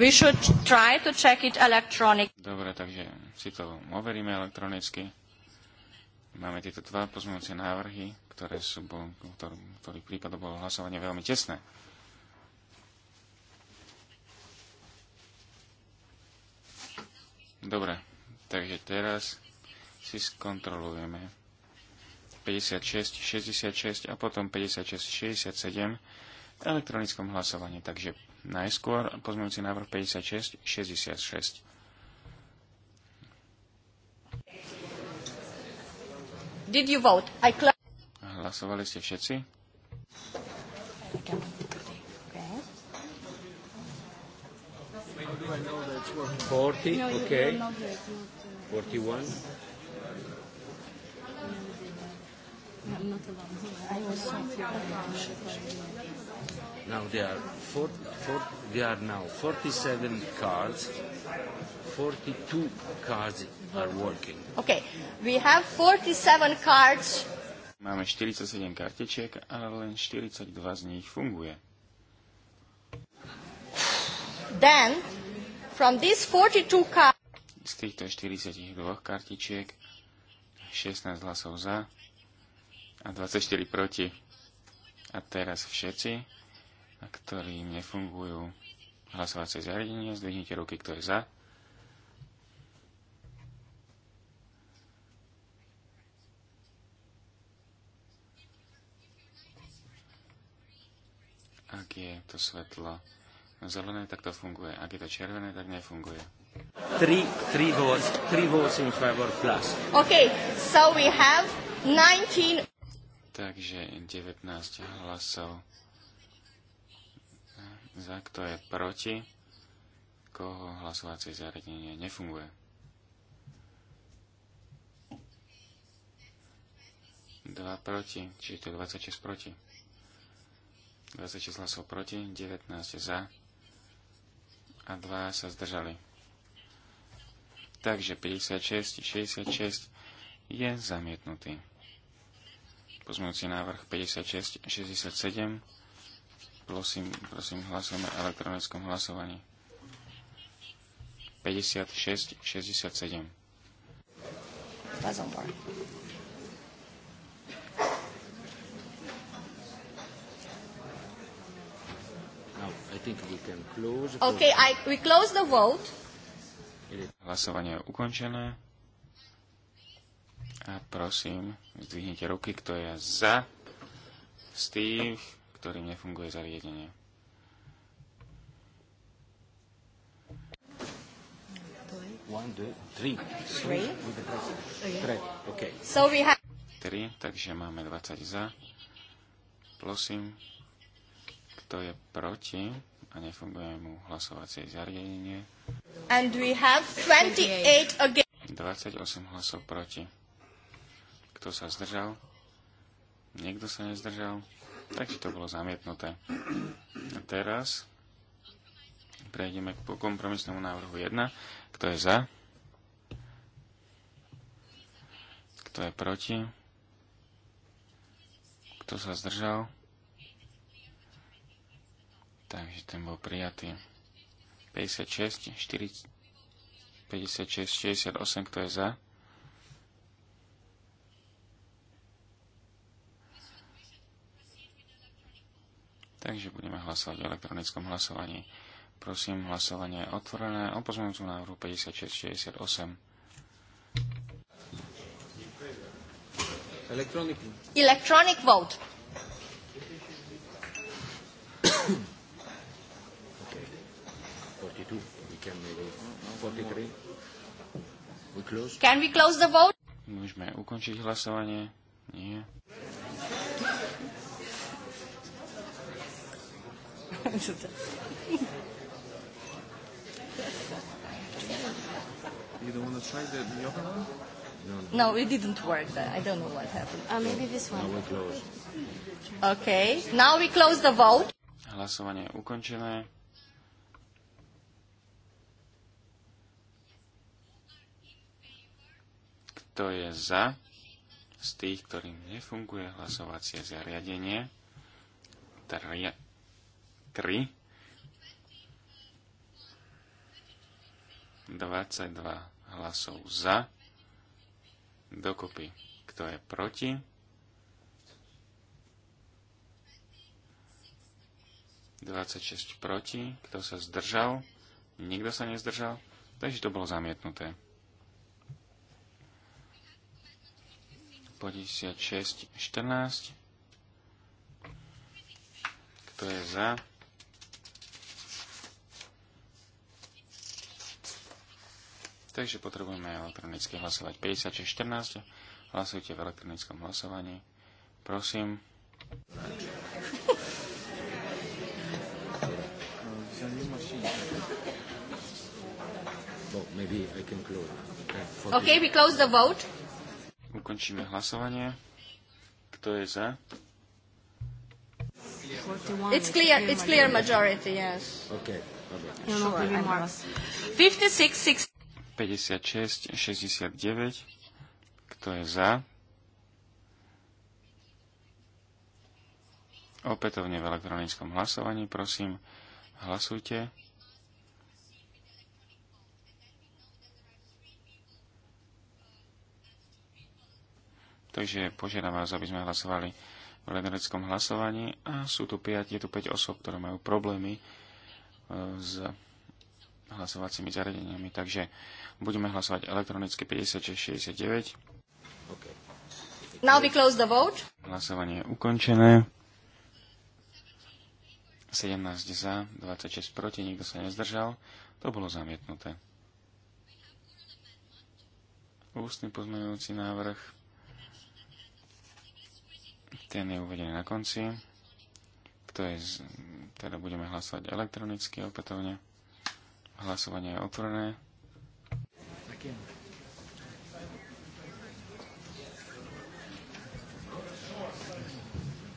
We should try to check it electronic. Dobre, takže si to overíme elektronicky. Máme tieto dva pozmeňujúce návrhy, ktoré sú, bol, ktorý, ktorý prípad bolo hlasovanie veľmi tesné. Dobre, takže teraz si skontrolujeme 56, 66 a potom 56, 67 elektronickom hlasovaní. Takže najskôr pozmeňujúci návrh 56, 66. Did you vote? I Hlasovali ste všetci? No, okay. Uh, Forty-one. No, I'm Now there are, four, four, there are now 47 cards. 42 cards are working. Okay, we have 47 cards. Máme 47 kartičiek, ale len 42 z nich funguje. Then, from these 42 cards... Z týchto 42 kartičiek 16 hlasov za a 24 proti. A teraz všetci, ktorí nefungujú hlasovacie zariadenia, zdvihnite ruky, kto je za. Ak je to svetlo zelené, tak to funguje. Ak je to červené, tak nefunguje. Three, three votes, three votes in favor plus. Okay, so we have 19... Takže 19 hlasov za, kto je proti, koho hlasovacie zariadenie nefunguje. 2 proti, čiže to je 26 proti. 26 hlasov proti, 19 za a 2 sa zdržali. Takže 56, 66 je zamietnutý pozmeňujúci návrh 56, 67. Prosím, prosím, hlasujeme v elektronickom hlasovaní. 56, 67. Okay, I, we close the vote. Hlasovanie je ukončené. A prosím, zdvihnite ruky, kto je za z tých, ktorým nefunguje zariadenie. Tri, takže máme 20 za. Prosím, kto je proti a nefunguje mu hlasovacie zariadenie. And we have 28 28 hlasov proti. Kto sa zdržal? Niekto sa nezdržal? Takže to bolo zamietnuté. A teraz prejdeme k kompromisnému návrhu 1. Kto je za? Kto je proti? Kto sa zdržal? Takže ten bol prijatý. 56, 4, 56, 68, kto je za? Takže budeme hlasovať v elektronickom hlasovaní. Prosím, hlasovanie je otvorené o pozmeňujúcom návrhu 5668. Electronic. Electronic vote. okay. 42. We Can we close the vote? Môžeme ukončiť hlasovanie? Nie. you don't want to try the yoga one? No, it didn't work. I don't know what happened. Uh, maybe this one. Now we close. Okay, now we close the vote. Hlasovanie je ukončené. Kto je za? Z tých, ktorým nefunguje hlasovacie zariadenie. 3. 22 hlasov za, dokopy kto je proti, 26 proti, kto sa zdržal, nikto sa nezdržal, takže to bolo zamietnuté. 56, 14, kto je za, Takže potrebujeme elektronicky hlasovať. 5614. Hlasujte v elektronickom hlasovaní. Prosím. OK, we close the vote. Ukončíme hlasovanie. Kto je za? It's clear, it's clear majority, yes. Okay. No, sure, 56, 60. 56, 69. Kto je za? Opätovne v elektronickom hlasovaní, prosím, hlasujte. Takže požiadam vás, aby sme hlasovali v elektronickom hlasovaní a sú tu 5, je tu 5 osob, ktoré majú problémy e, s hlasovacími zariadeniami. Takže budeme hlasovať elektronicky 5669. Okay. Now we close the vote. Hlasovanie je ukončené. 17 za, 26 proti, nikto sa nezdržal. To bolo zamietnuté. Ústny pozmeňujúci návrh. Ten je uvedený na konci. Kto je, z... teda budeme hlasovať elektronicky opätovne. Hlasovanie je otvorené.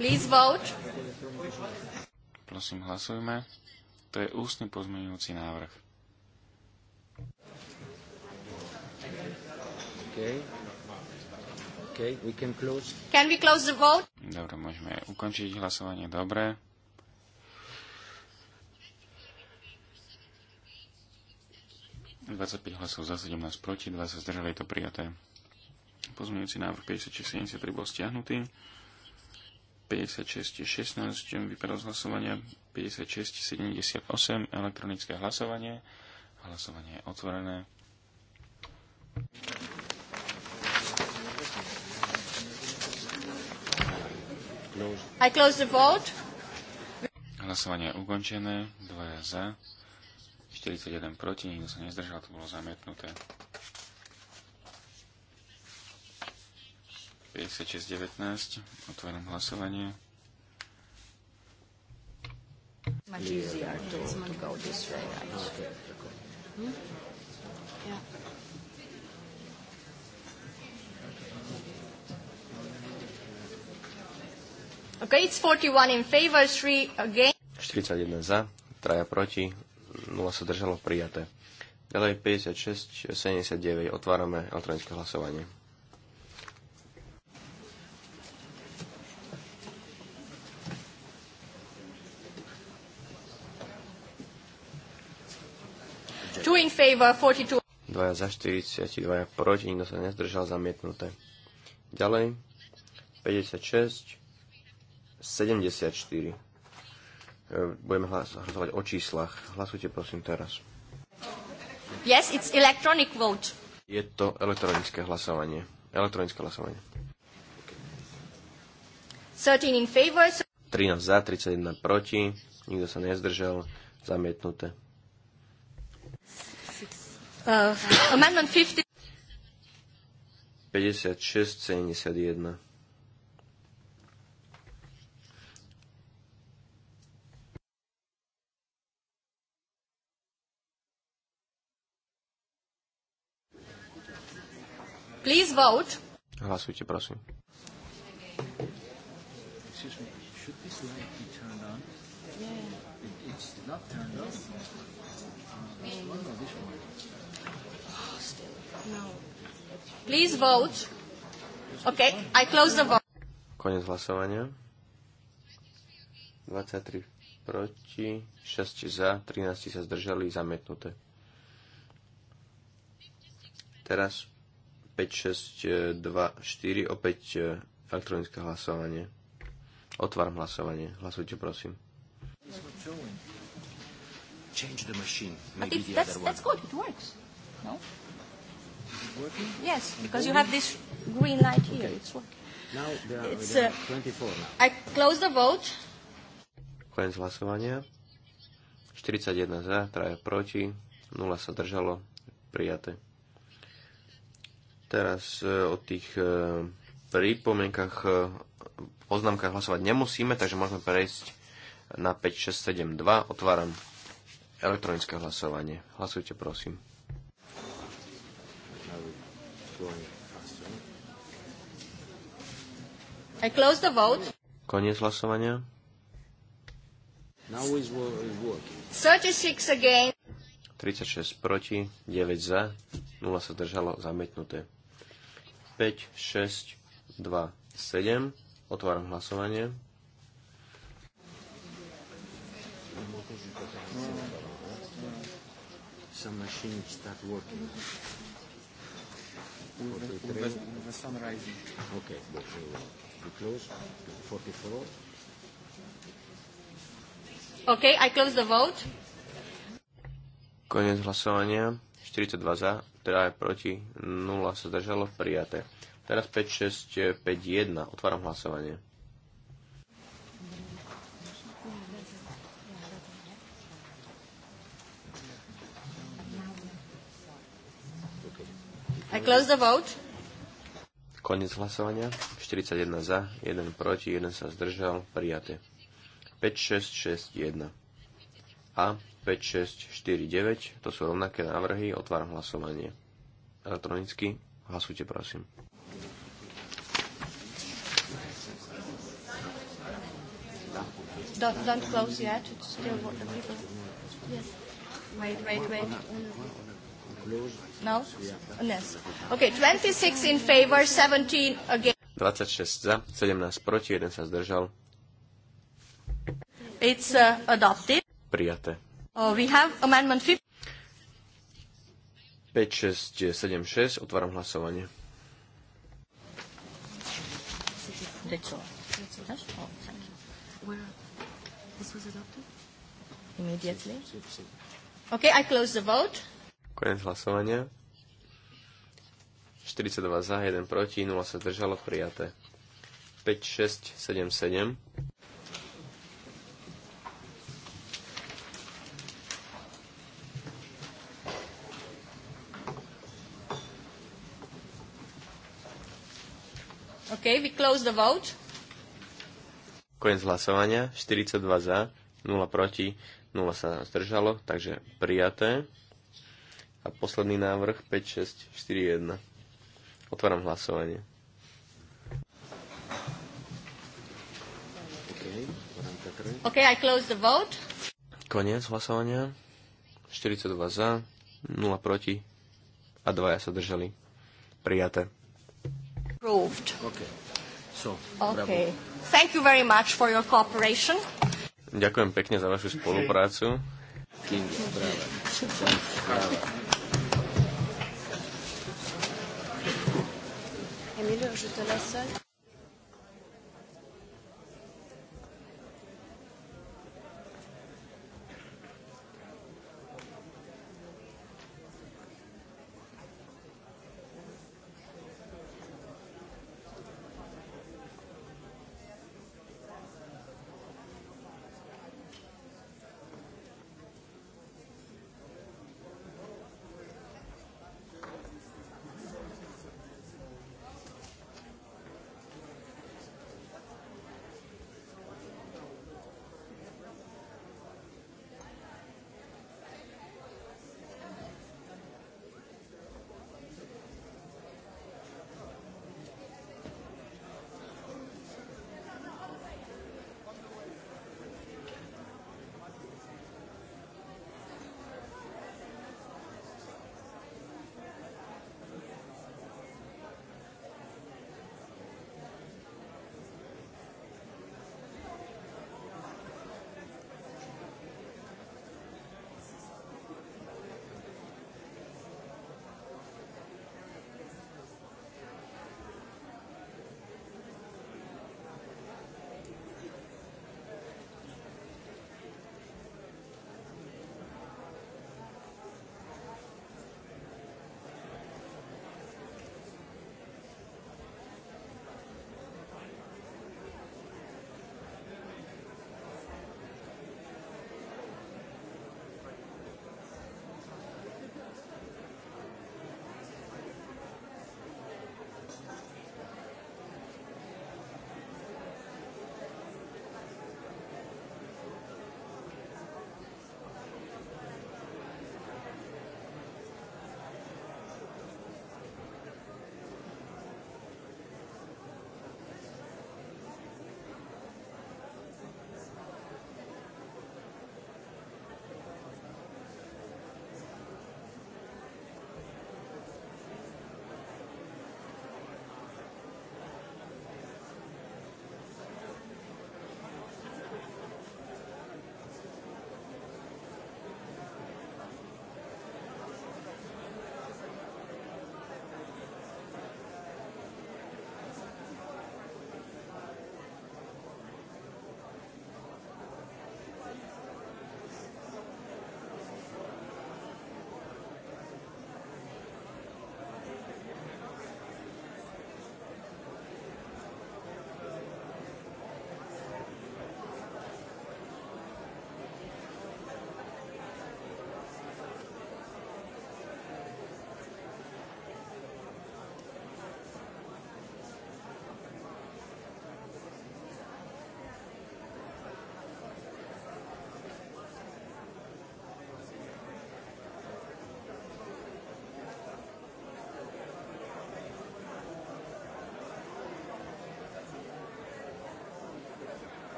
Please vote. Prosím, hlasujme. To je ústny pozmeňujúci návrh. Okay. Okay, we can close. Can we close the vote? Dobre, môžeme ukončiť hlasovanie. Dobre. 25 hlasov za 17 proti, 2 sa zdržali, je to prijaté. Pozmeňujúci návrh 5673 bol stiahnutý. 56, 16 mi vypadalo z hlasovania. 56, 78, elektronické hlasovanie. Hlasovanie je otvorené. I close the vote. Hlasovanie je ukončené. Dvoja za. 41 proti, nikto sa nezdržal, to bolo zamietnuté. 56.19, otváram hlasovanie. Hm? Okay, it's 41 in favor, 3 against. 41 za, 3 proti, 0 sa držalo prijaté. Ďalej 56, 79. Otvárame elektronické hlasovanie. in favor, 42. Dvaja za 40, dvaja proti, nikto sa nezdržal zamietnuté. Ďalej 56, 74 budeme hlasovať o číslach. Hlasujte prosím teraz. Yes, it's electronic vote. Je to elektronické hlasovanie. Elektronické hlasovanie. 13 in favor. 13 za, 31 proti. Nikto sa nezdržal. Zamietnuté. Uh, amendment 50. 56, 71. Please vote. Hlasujte, prosím. Oh, no. Please vote. Okay, I close the vote. Konec hlasovania. 23 proti, 6 za, 13 sa zdržali, zamietnuté. Teraz 5, 6, 2, 4, opäť e, elektronické hlasovanie. Otváram hlasovanie. Hlasujte, prosím. Change the machine. Maybe the that's, other one. That's good. It works. No? Yes, because you have this green light here. Okay. It's working. Now there are, it's, 24 uh, now. I close the vote. Koniec hlasovania. 41 za, 3 proti, 0 sa držalo. Prijaté. Teraz e, o tých e, pripomienkach, e, oznámkach hlasovať nemusíme, takže môžeme prejsť na 5672. Otváram elektronické hlasovanie. Hlasujte, prosím. I close the vote. Koniec hlasovania. Now is working. 36 again. 36 proti, 9 za, 0 sa držalo, zamietnuté. 5, 6, 2, 7. Otváram hlasovanie. Some machine start working. the sun rising. Okay, we close. 44. Okay, I close the vote. Konec hlasovania. 42 za, teda aj proti 0 sa zdržalo prijaté. Teraz 5, 6, 5, 1. Otváram hlasovanie. I close the vote. Konec hlasovania. 41 za, 1 proti, 1 sa zdržal. Prijaté. 5, 6, 6, 1. A 5, 6, 4, 9. To sú rovnaké návrhy. Otváram hlasovanie. Elektronicky. Hlasujte, prosím. Don't, don't close yet. It's still what Yes. Wait, wait, wait. No? Yes. Okay, 26 in favor, 17 against. 26 za, 17 proti, 1 sa zdržal. It's uh, adopted. Prijaté. Oh, we have amendment 5, 6, 7, 6. Otváram hlasovanie. Oh, okay, I close the vote. Konec hlasovania. 42 za, 1 proti, 0 sa držalo, prijaté. 5, 6, 7, 7. Okay, we close the vote. Koniec hlasovania. 42 za, 0 proti, 0 sa zdržalo, takže prijaté. A posledný návrh 5, 6, 4, 1. Otváram hlasovanie. OK, I close the vote. Koniec hlasovania. 42 za, 0 proti a dvaja sa držali. Prijaté. Approved. Okay. So, okay. Bravo. Thank you very much for your cooperation. Ďakujem pekne za vašu spoluprácu. Emilio, je te laisse seule.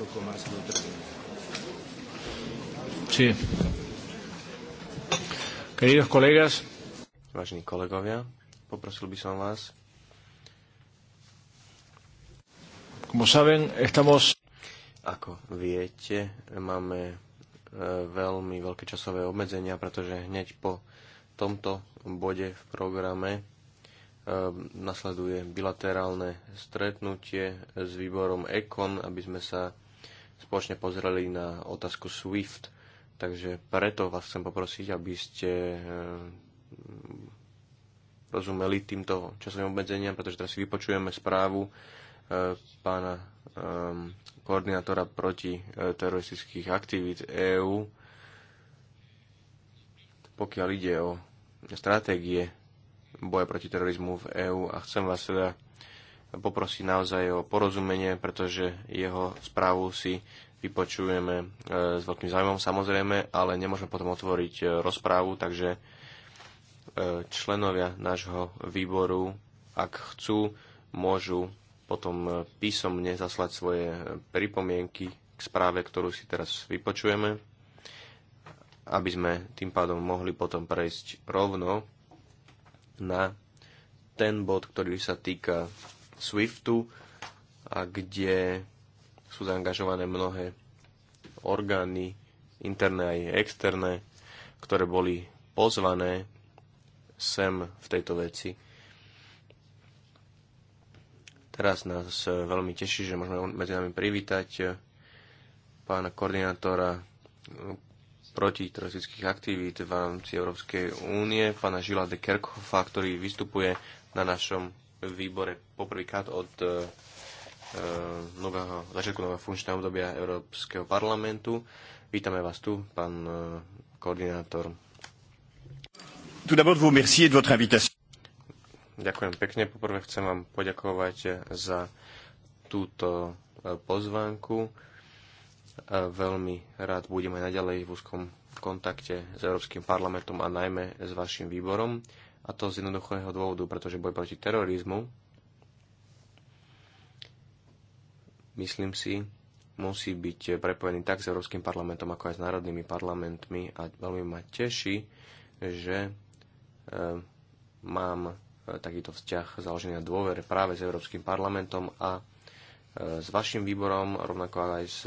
poco más Sí. Queridos colegas. Vážení kolegovia, poprosil by som vás. Como saben, estamos... Ako viete, máme e, veľmi veľké časové obmedzenia, pretože hneď po tomto bode v programe e, nasleduje bilaterálne stretnutie s výborom EKON, aby sme sa spoločne pozreli na otázku SWIFT. Takže preto vás chcem poprosiť, aby ste eh, rozumeli týmto časovým obmedzeniam, pretože teraz si vypočujeme správu eh, pána eh, koordinátora proti teroristických aktivít EÚ, pokiaľ ide o stratégie boja proti terorizmu v EÚ a chcem vás teda poprosiť naozaj o porozumenie, pretože jeho správu si vypočujeme e, s veľkým záujmom samozrejme, ale nemôžeme potom otvoriť e, rozprávu, takže e, členovia nášho výboru, ak chcú, môžu potom písomne zaslať svoje pripomienky k správe, ktorú si teraz vypočujeme, aby sme tým pádom mohli potom prejsť rovno na ten bod, ktorý sa týka SWIFTu a kde sú zaangažované mnohé orgány, interné aj externé, ktoré boli pozvané sem v tejto veci. Teraz nás veľmi teší, že môžeme medzi nami privítať pána koordinátora protiteroristických aktivít v rámci Európskej únie, pána Žila de Kerkhofa, ktorý vystupuje na našom výbore poprvýkrát od e, e, nového, začiatku nového funkčného obdobia Európskeho parlamentu. Vítame vás tu, pán e, koordinátor. Ďakujem pekne. Poprvé chcem vám poďakovať za túto pozvánku. Veľmi rád budeme naďalej v úzkom kontakte s Európskym parlamentom a najmä s vašim výborom. A to z jednoduchého dôvodu, pretože boj proti terorizmu, myslím si, musí byť prepojený tak s Európskym parlamentom, ako aj s národnými parlamentmi a veľmi ma teší, že e, mám e, takýto vzťah založený na dôvere práve s Európskym parlamentom a e, s vašim výborom, rovnako aj s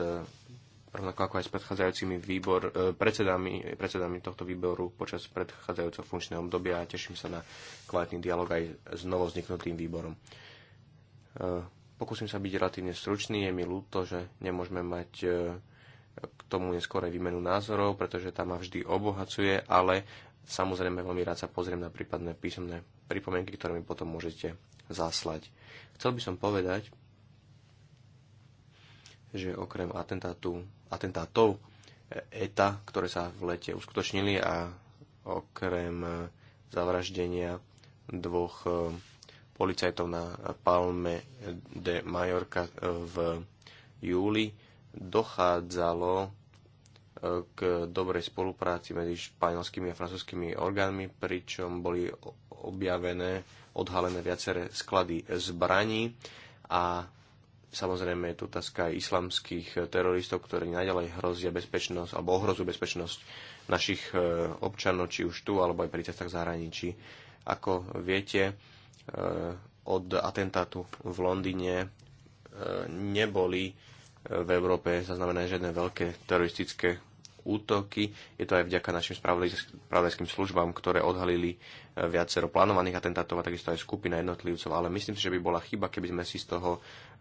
rovnako ako aj s predchádzajúcimi výbor, e, predsedami, predsedami tohto výboru počas predchádzajúceho funkčného obdobia a teším sa na kvalitný dialog aj s vzniknutým výborom. E, pokúsim sa byť relatívne stručný, je mi ľúto, že nemôžeme mať e, k tomu neskôr aj výmenu názorov, pretože tá ma vždy obohacuje, ale samozrejme veľmi rád sa pozriem na prípadné písomné pripomienky, ktoré mi potom môžete zaslať. Chcel by som povedať, že okrem atentátu, atentátov e, ETA, ktoré sa v lete uskutočnili a okrem e, zavraždenia dvoch e, policajtov na Palme de Majorka v júli, dochádzalo k dobrej spolupráci medzi španielskými a francúzskými orgánmi, pričom boli objavené, odhalené viaceré sklady zbraní a Samozrejme je tu otázka aj islamských eh, teroristov, ktorí naďalej hrozia bezpečnosť alebo ohrozujú bezpečnosť našich eh, občanov, či už tu, alebo aj pri cestách zahraničí. Ako viete, eh, od atentátu v Londýne neboli v Európe zaznamenané žiadne veľké teroristické útoky. Je to aj vďaka našim spravodajským službám, ktoré odhalili e, viacero plánovaných atentátov a takisto aj skupina jednotlivcov. Ale myslím si, že by bola chyba, keby sme si z toho e,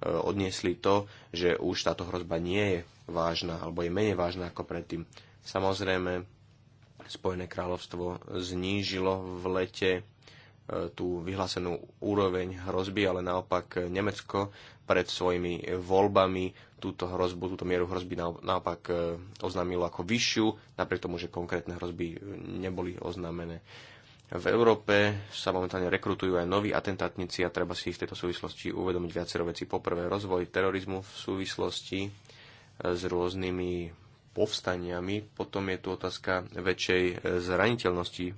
odniesli to, že už táto hrozba nie je vážna alebo je menej vážna ako predtým. Samozrejme, Spojené kráľovstvo znížilo v lete e, tú vyhlásenú úroveň hrozby, ale naopak Nemecko pred svojimi voľbami túto hrozbu, túto mieru hrozby naopak e, oznámilo ako vyššiu, napriek tomu, že konkrétne hrozby e, neboli oznámené. V Európe sa momentálne rekrutujú aj noví atentátnici a treba si v tejto súvislosti uvedomiť viacero veci. Poprvé, rozvoj terorizmu v súvislosti e, s rôznymi povstaniami. Potom je tu otázka väčšej zraniteľnosti,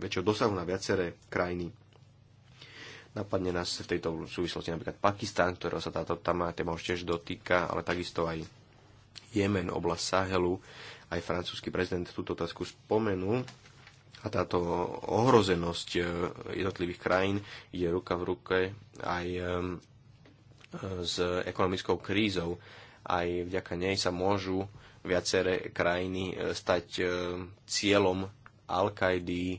väčšieho dosahu na viaceré krajiny Napadne nás v tejto súvislosti napríklad Pakistan, ktorého sa táto téma už tiež dotýka, ale takisto aj Jemen, oblasť Sahelu. Aj francúzsky prezident túto otázku spomenul. A táto ohrozenosť e, jednotlivých krajín ide ruka v ruke aj e, s ekonomickou krízou. Aj vďaka nej sa môžu viaceré krajiny e, stať cieľom al qaidi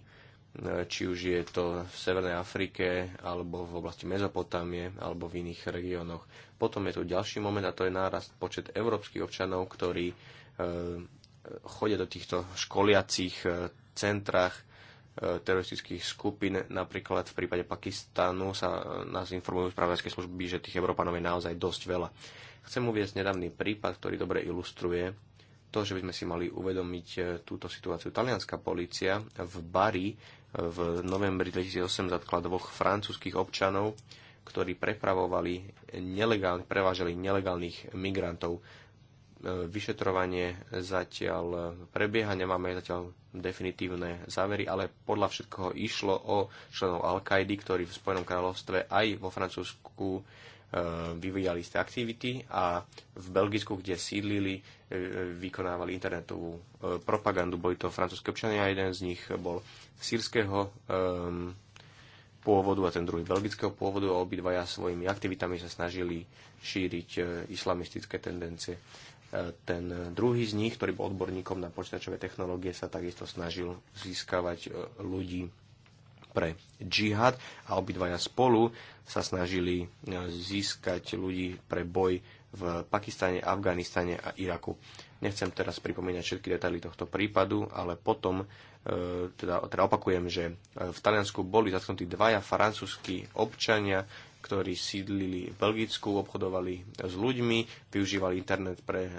či už je to v Severnej Afrike, alebo v oblasti Mezopotámie, alebo v iných regiónoch. Potom je tu ďalší moment a to je nárast počet európskych občanov, ktorí e, chodia do týchto školiacich e, centrách e, teroristických skupín. Napríklad v prípade Pakistánu sa nás informujú spravodajské služby, že tých Európanov je naozaj dosť veľa. Chcem uviezť nedávny prípad, ktorý dobre ilustruje to, že by sme si mali uvedomiť túto situáciu. Talianská policia v Bari v novembri 2008 zatkla dvoch francúzskych občanov, ktorí prepravovali, nelegálne, prevážali nelegálnych migrantov. E, vyšetrovanie zatiaľ prebieha, nemáme zatiaľ definitívne závery, ale podľa všetkoho išlo o členov Al-Kaidy, ktorí v Spojenom kráľovstve aj vo Francúzsku Eh, vyvíjali isté aktivity a v Belgicku, kde sídlili, eh, vykonávali internetovú eh, propagandu. Boli to francúzske občania, jeden z nich bol sírskeho ehm, pôvodu a ten druhý belgického pôvodu a obidvaja svojimi aktivitami sa snažili šíriť islamistické tendencie. Ten druhý z nich, ktorý bol odborníkom na počítačové technológie, sa takisto snažil získavať ľudí pre džihad a obidvaja spolu sa snažili e, získať ľudí pre boj v Pakistane, Afganistane a Iraku. Nechcem teraz pripomínať všetky detaily tohto prípadu, ale potom e, teda, teda opakujem, že e, v Taliansku boli zatknutí dvaja francúzskí občania, ktorí sídlili v Belgicku, obchodovali s ľuďmi, využívali internet pre e,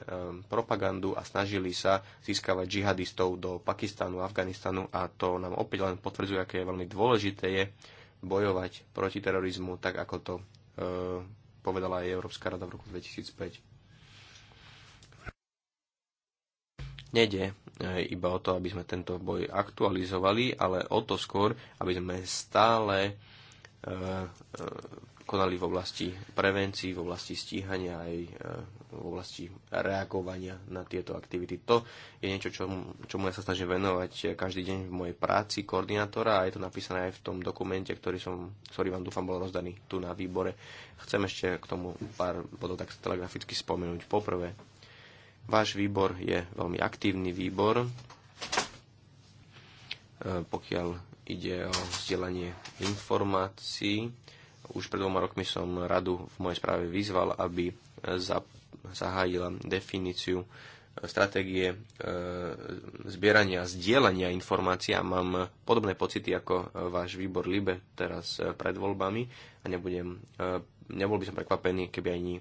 propagandu a snažili sa získavať džihadistov do Pakistanu, Afganistanu a to nám opäť len potvrdzuje, aké je veľmi dôležité je bojovať proti terorizmu, tak ako to e, povedala aj Európska rada v roku 2005. Nede e, iba o to, aby sme tento boj aktualizovali, ale o to skôr, aby sme stále e, konali v oblasti prevencií, v oblasti stíhania aj e, v oblasti reagovania na tieto aktivity. To je niečo, čomu, čomu ja sa snažím venovať každý deň v mojej práci koordinátora a je to napísané aj v tom dokumente, ktorý, som, ktorý vám dúfam bol rozdaný tu na výbore. Chcem ešte k tomu pár bodov tak telegraficky spomenúť. Poprvé, váš výbor je veľmi aktívny výbor, e, pokiaľ ide o vzdelanie informácií už pred dvoma rokmi som radu v mojej správe vyzval, aby za, zahájila definíciu e, stratégie e, zbierania a zdieľania informácií a mám podobné pocity ako e, váš výbor LIBE teraz e, pred voľbami a nebudem, e, nebol by som prekvapený, keby ani e,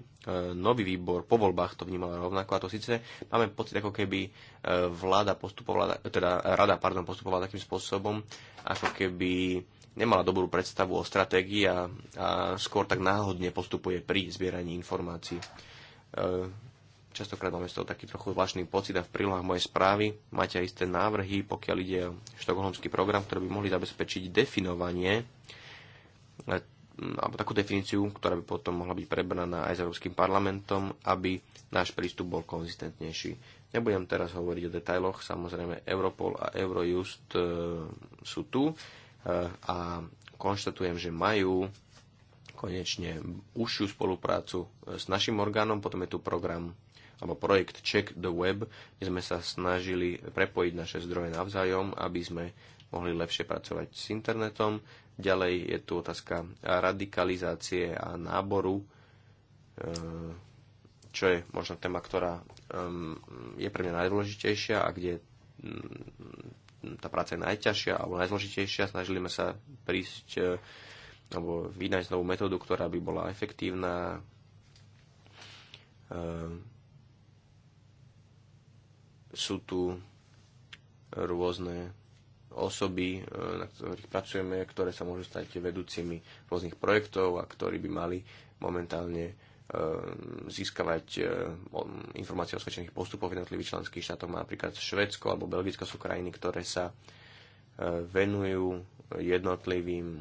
nový výbor po voľbách to vnímal rovnako a to síce máme pocit, ako keby vláda postupovala, teda rada pardon, postupovala takým spôsobom, ako keby nemala dobrú predstavu o stratégii a, a skôr tak náhodne postupuje pri zbieraní informácií. E, častokrát máme z toho taký trochu zvláštny pocit a v prílohách mojej správy máte aj isté návrhy, pokiaľ ide o štokholmský program, ktorý by mohli zabezpečiť definovanie e, alebo takú definíciu, ktorá by potom mohla byť prebraná aj s Európskym parlamentom, aby náš prístup bol konzistentnejší. Nebudem teraz hovoriť o detailoch, samozrejme Europol a Eurojust e, sú tu Eh, a konštatujem, že majú konečne užšiu spoluprácu eh, s našim orgánom. Potom je tu program alebo projekt Check the Web, kde sme sa snažili prepojiť naše zdroje navzájom, aby sme mohli lepšie pracovať s internetom. Ďalej je tu otázka radikalizácie a náboru, eh, čo je možno téma, ktorá ehm, je pre mňa najdôležitejšia a kde mm, tá práca je najťažšia alebo najzložitejšia. Snažili sme sa prísť e, alebo vynať novú metódu, ktorá by bola efektívna. E, sú tu rôzne osoby, e, na ktorých pracujeme, ktoré sa môžu stať vedúcimi rôznych projektov a ktorí by mali momentálne Ehm, získavať ehm, informácie o osvedčených v jednotlivých členských štátov. Napríklad Švedsko alebo Belgicko sú krajiny, ktoré sa e, venujú jednotlivým e,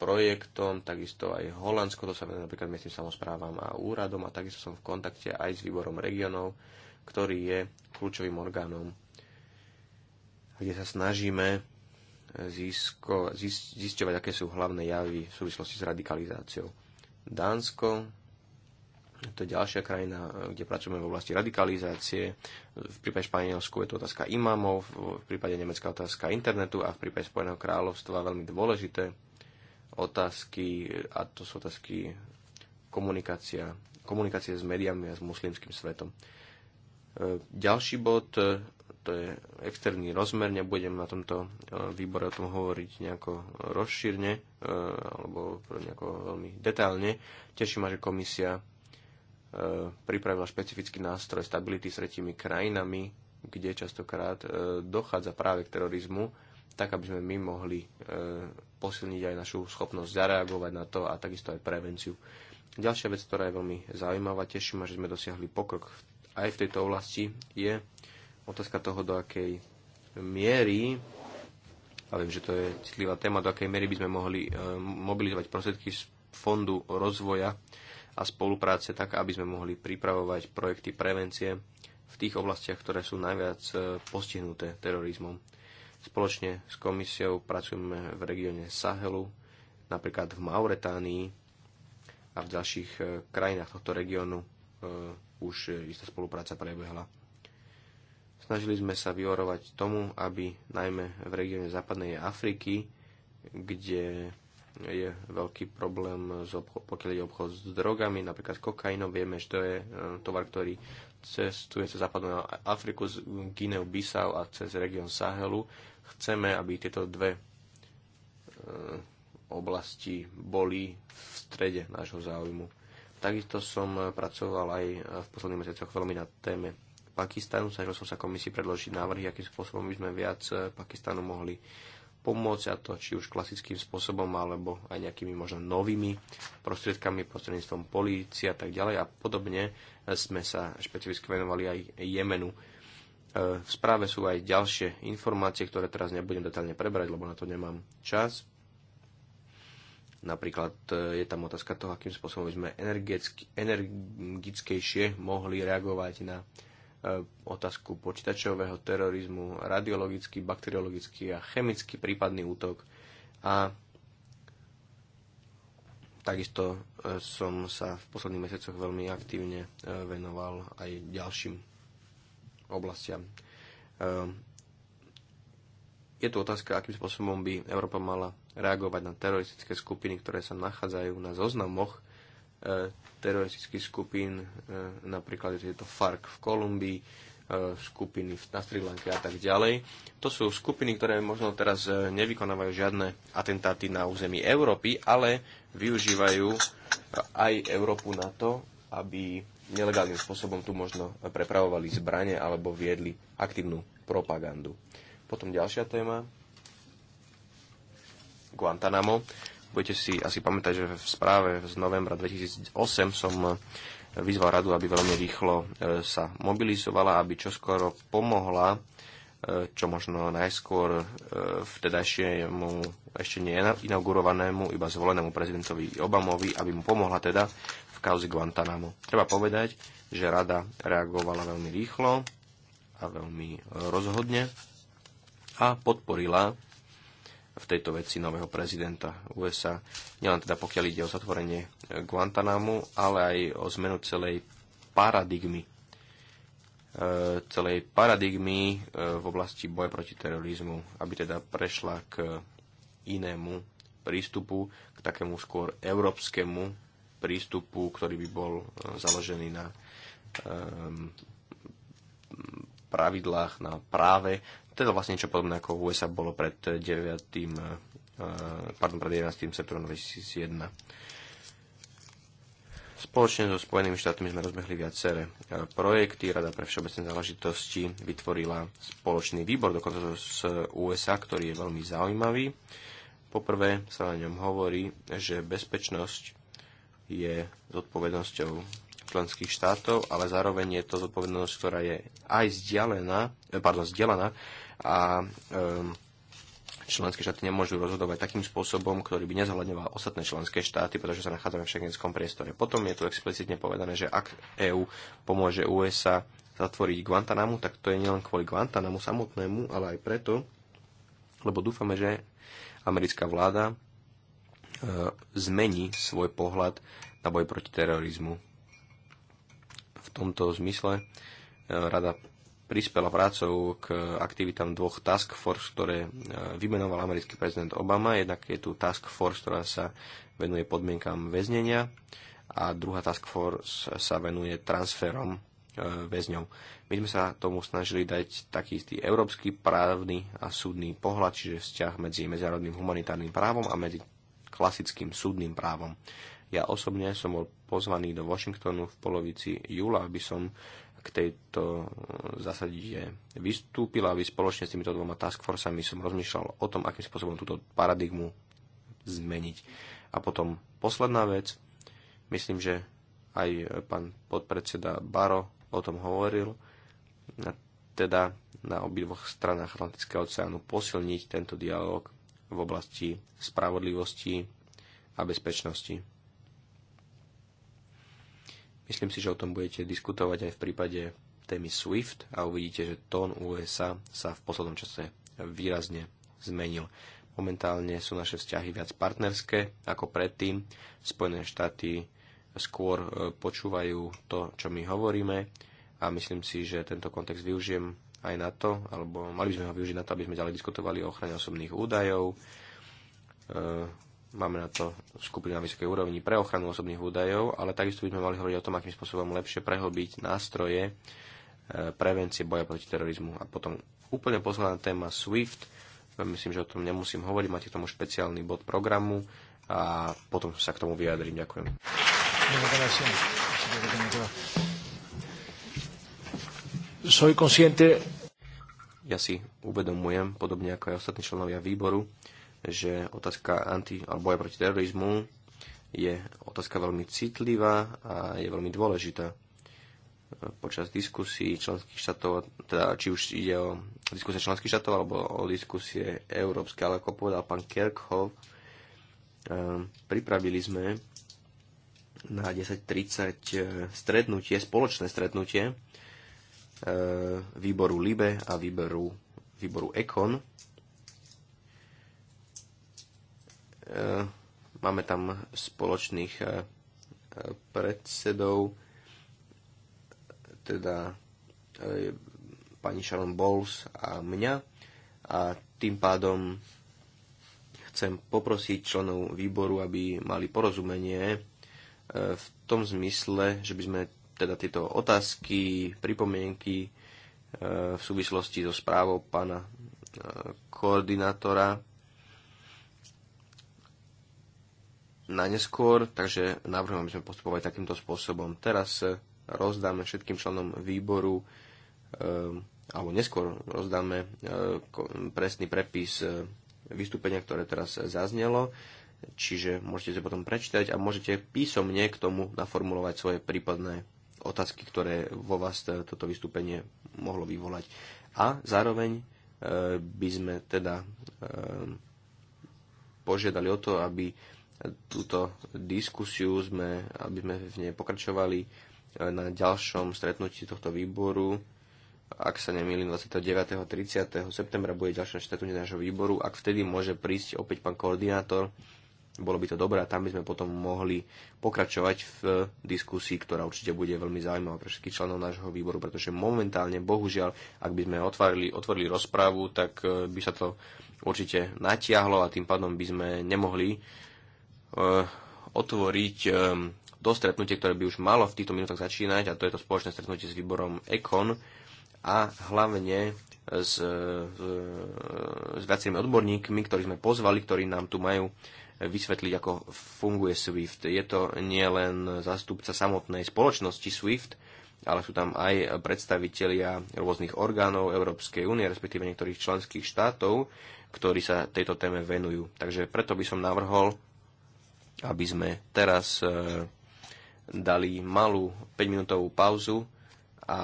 projektom, takisto aj Holandsko, to sa venuje napríklad miestnym samozprávam a úradom a takisto som v kontakte aj s výborom regionov, ktorý je kľúčovým orgánom, kde sa snažíme zisťovať, aké sú hlavné javy v súvislosti s radikalizáciou. Dánsko, to je ďalšia krajina, e, kde pracujeme v oblasti radikalizácie. V prípade Španielsku je to otázka imamov, v prípade Nemecka otázka internetu a v prípade Spojeného kráľovstva veľmi dôležité otázky, a to sú otázky komunikácia, komunikácie s médiami a s muslimským svetom. E, ďalší bod, e, to je externý rozmer, nebudem na tomto výbore o tom hovoriť nejako rozšírne alebo nejako veľmi detálne. Teší ma, že komisia E, pripravila špecifický nástroj stability s tretími krajinami, kde častokrát e, dochádza práve k terorizmu, tak aby sme my mohli e, posilniť aj našu schopnosť zareagovať na to a takisto aj prevenciu. Ďalšia vec, ktorá je veľmi zaujímavá, teším ma, že sme dosiahli pokrok aj v tejto oblasti, je otázka toho, do akej miery, a viem, že to je citlivá téma, do akej miery by sme mohli mobilizovať prostriedky z Fondu rozvoja a spolupráce tak, aby sme mohli pripravovať projekty prevencie v tých oblastiach, ktoré sú najviac e, postihnuté terorizmom. Spoločne s komisiou pracujeme v regióne Sahelu, napríklad v Mauretánii a v ďalších e, krajinách tohto regiónu e, už istá spolupráca prebehla. Snažili sme sa vyvarovať tomu, aby najmä v regióne západnej Afriky, kde je veľký problém, pokiaľ je obchod s drogami, napríklad s kokainom. Vieme, že to je e, tovar, ktorý cestuje cez západnú Afriku, z Gineu, Bissau a cez región Sahelu. Chceme, aby tieto dve e, oblasti boli v strede nášho záujmu. Takisto som pracoval aj v posledných mesiacoch veľmi na téme Pakistanu. Snažil som sa komisii predložiť návrhy, akým spôsobom by sme viac Pakistanu mohli pomôcť a to či už klasickým spôsobom alebo aj nejakými možno novými prostriedkami prostredníctvom polície a tak ďalej a podobne sme sa špecificky venovali aj Jemenu. E, v správe sú aj ďalšie informácie, ktoré teraz nebudem detálne prebrať, lebo na to nemám čas. Napríklad e, je tam otázka toho, akým spôsobom by sme energickejšie mohli reagovať na E, otázku počítačového terorizmu, radiologický, bakteriologický a chemický prípadný útok. A takisto e, som sa v posledných mesiacoch veľmi aktívne e, venoval aj ďalším oblastiam. Je tu otázka, akým spôsobom by Európa mala reagovať na teroristické skupiny, ktoré sa nachádzajú na zoznamoch E, teroristických skupín, e, napríklad je to FARC v Kolumbii, e, skupiny na Sri Lanke a tak ďalej. To sú skupiny, ktoré možno teraz nevykonávajú žiadne atentáty na území Európy, ale využívajú aj Európu na to, aby nelegálnym spôsobom tu možno prepravovali zbranie alebo viedli aktívnu propagandu. Potom ďalšia téma. Guantanamo. Budete si asi pamätať, že v správe z novembra 2008 som e, vyzval radu, aby veľmi rýchlo e, sa mobilizovala, aby čoskoro pomohla, e, čo možno najskôr vtedajšiemu ešte neinaugurovanému, iba zvolenému prezidentovi Obamovi, aby mu pomohla teda v kauzi Guantanamo. Treba povedať, že rada reagovala veľmi rýchlo a veľmi rozhodne a podporila v tejto veci nového prezidenta USA. Nielen teda pokiaľ ide o zatvorenie eh, Guantanamu, ale aj o zmenu celej paradigmy eh, celej paradigmy eh, v oblasti boja proti terorizmu, aby teda prešla k inému prístupu, k takému skôr európskemu prístupu, ktorý by bol založený na um, pravidlách, na práve. To je vlastne niečo podobné, ako v USA bolo pred 9. Eh, pardon, pred 11. septembrom 2001. Spoločne so Spojenými štátmi sme rozbehli viaceré eh, projekty. Rada pre všeobecné záležitosti vytvorila spoločný výbor, dokonca z USA, ktorý je veľmi zaujímavý. Poprvé sa na ňom hovorí, že bezpečnosť je zodpovednosťou členských štátov, ale zároveň je to zodpovednosť, ktorá je aj zdialená, eh, pardon, zdialená a um, členské štáty nemôžu rozhodovať takým spôsobom, ktorý by nezohľadňoval ostatné členské štáty, pretože sa nachádzame v šengenskom priestore. Potom je tu explicitne povedané, že ak EÚ pomôže USA zatvoriť Guantanamu, tak to je nielen kvôli Guantanamu samotnému, ale aj preto, lebo dúfame, že americká vláda e, zmení svoj pohľad na boj proti terorizmu v tomto zmysle e, rada prispela prácou k aktivitám dvoch task force, ktoré e, vymenoval americký prezident Obama. Jednak je tu task force, ktorá sa venuje podmienkám väznenia a druhá task force sa venuje transferom e, väzňov. My sme sa tomu snažili dať taký istý európsky právny a súdny pohľad, čiže vzťah medzi medzinárodným humanitárnym právom a medzi klasickým súdnym právom. Ja osobne som bol pozvaný do Washingtonu v polovici júla, aby som k tejto e, zásade vystúpil, aby spoločne s týmito dvoma taskforcami som rozmýšľal o tom, akým spôsobom túto paradigmu zmeniť. A potom posledná vec, myslím, že aj pán podpredseda Baro o tom hovoril, teda na obidvoch stranách Atlantického oceánu posilniť tento dialog v oblasti spravodlivosti a bezpečnosti. Myslím si, že o tom budete diskutovať aj v prípade témy SWIFT a uvidíte, že tón USA sa v poslednom čase výrazne zmenil. Momentálne sú naše vzťahy viac partnerské ako predtým. Spojené štáty skôr e, počúvajú to, čo my hovoríme a myslím si, že tento kontext využijem aj na to, alebo mali by sme ho využiť na to, aby sme ďalej diskutovali o ochrane osobných údajov, e, Máme na to skupinu na vysokej úrovni pre ochranu osobných údajov, ale takisto by sme mali hovoriť o tom, akým spôsobom lepšie prehlbiť nástroje e, prevencie boja proti terorizmu. A potom úplne posledná téma SWIFT. Myslím, že o tom nemusím hovoriť, máte k tomu špeciálny bod programu a potom sa k tomu vyjadrím. Ďakujem. Soy consciente ja si uvedomujem, podobne ako aj ostatní členovia výboru, že otázka anti, alebo boja proti terorizmu je otázka veľmi citlivá a je veľmi dôležitá. Počas diskusí členských štátov, teda či už ide o diskusie členských štátov alebo o diskusie európske, ale ako povedal pán Kerkhov, ehm, pripravili sme na 10.30 e, stretnutie, spoločné stretnutie e, výboru LIBE a výboru, výboru EKON E, máme tam spoločných e, predsedov, teda e, pani Sharon Bowles a mňa. A tým pádom chcem poprosiť členov výboru, aby mali porozumenie v tom zmysle, že by sme teda tieto otázky, pripomienky v súvislosti so správou pána koordinátora na neskôr, takže navrhujem, aby sme postupovali takýmto spôsobom. Teraz eh, rozdáme všetkým členom výboru eh, alebo neskôr rozdáme eh, presný prepis vystúpenia, ktoré teraz zaznelo, čiže môžete si potom prečítať a môžete písomne k tomu naformulovať svoje prípadné otázky, ktoré vo vás toto vystúpenie mohlo vyvolať. A zároveň by sme teda požiadali o to, aby túto diskusiu sme, aby sme v nej pokračovali e, na ďalšom stretnutí tohto výboru. Ak sa nemýlim, 29. 30. septembra bude ďalšie stretnutie nášho výboru. Ak vtedy môže prísť opäť pán koordinátor, bolo by to dobré a tam by sme potom mohli pokračovať v diskusii, ktorá určite bude veľmi zaujímavá pre všetkých členov nášho výboru, pretože momentálne, bohužiaľ, ak by sme otvorili, otvorili rozprávu, tak e, by sa to určite natiahlo a tým pádom by sme nemohli Eh, otvoriť eh, to stretnutie, ktoré by už malo v týchto minútach začínať, a to je to spoločné stretnutie s výborom ECON a hlavne s, s, eh, s viacerými odborníkmi, ktorí sme pozvali, ktorí nám tu majú vysvetliť, ako funguje SWIFT. Je to nielen zástupca samotnej spoločnosti SWIFT, ale sú tam aj predstavitelia rôznych orgánov Európskej únie, respektíve niektorých členských štátov, ktorí sa tejto téme venujú. Takže preto by som navrhol aby sme teraz e, dali malú 5-minútovú pauzu a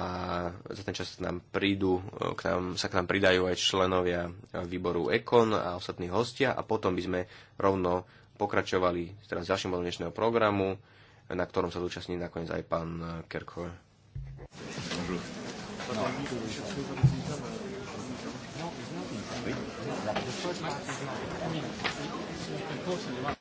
za ten čas nám prídu, e, k nám, sa k nám pridajú aj členovia e, výboru EKON a ostatní hostia a potom by sme rovno pokračovali teraz ďalším bodom dnešného programu, na ktorom sa zúčastní nakoniec aj pán Kerkhoe. No.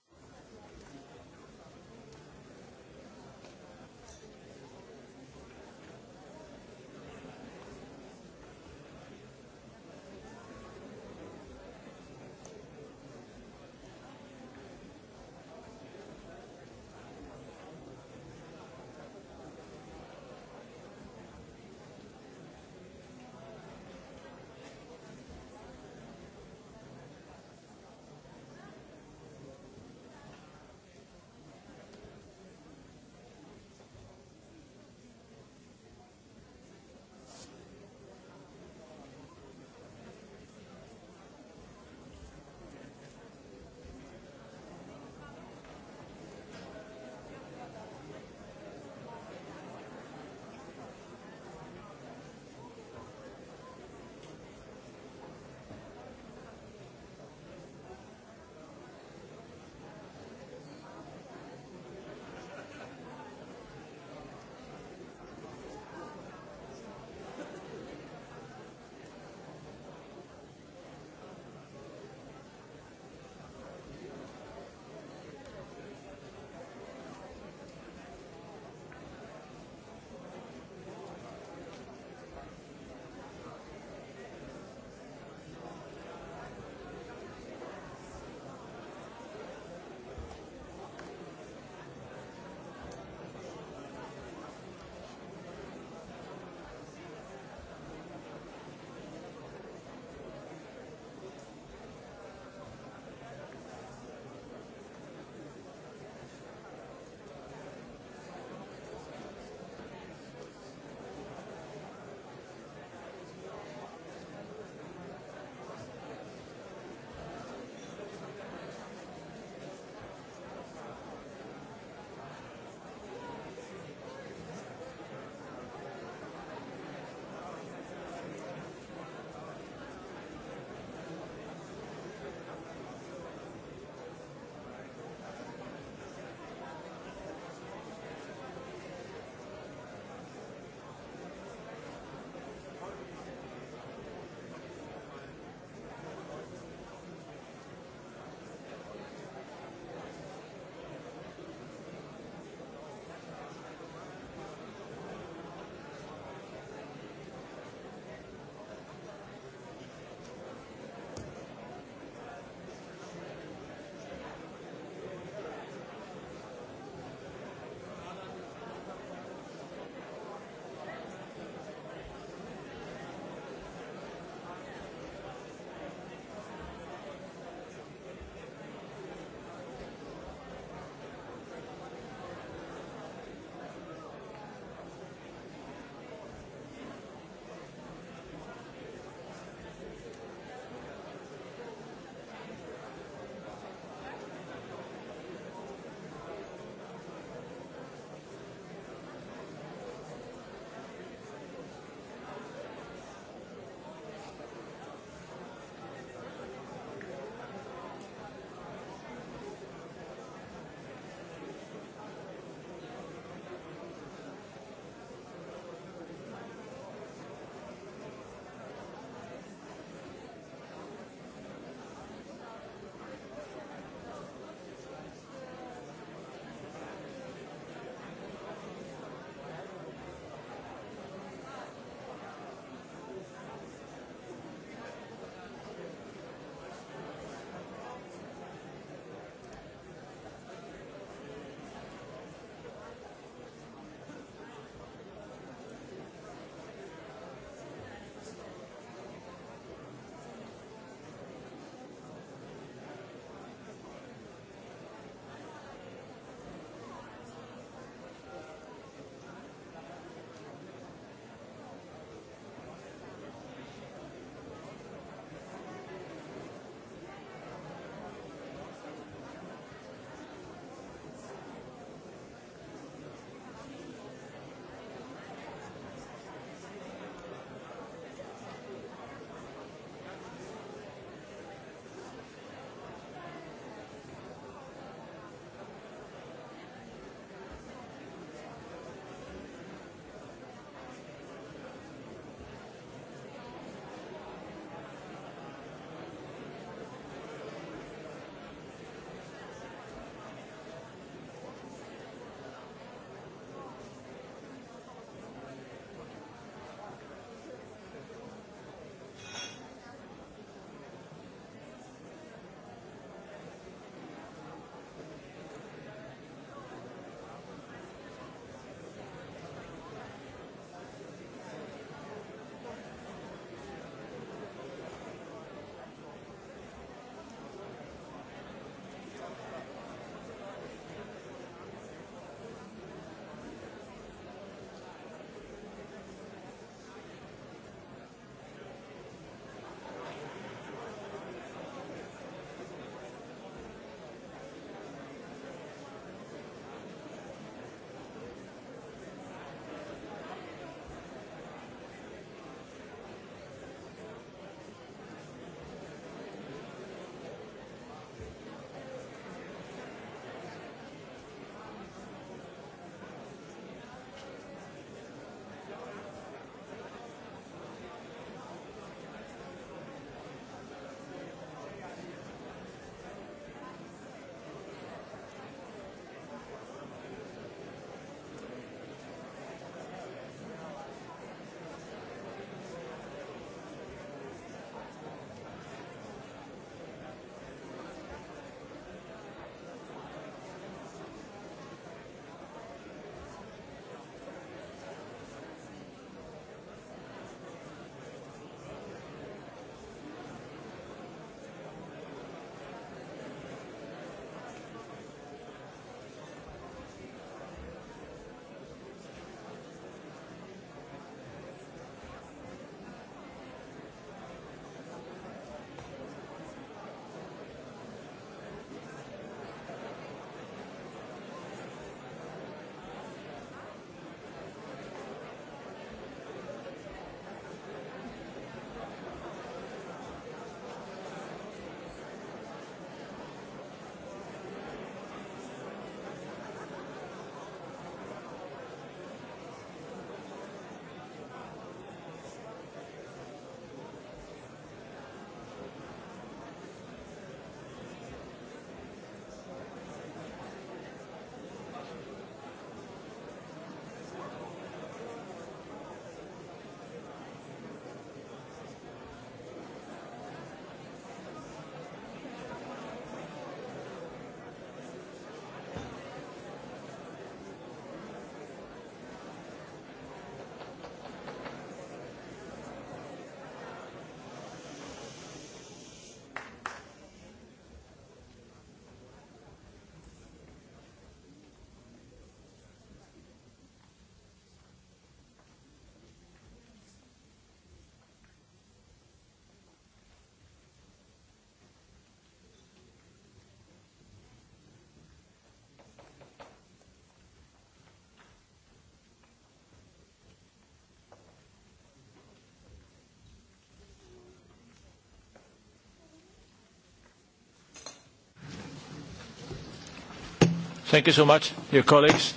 Thank you so much, dear colleagues.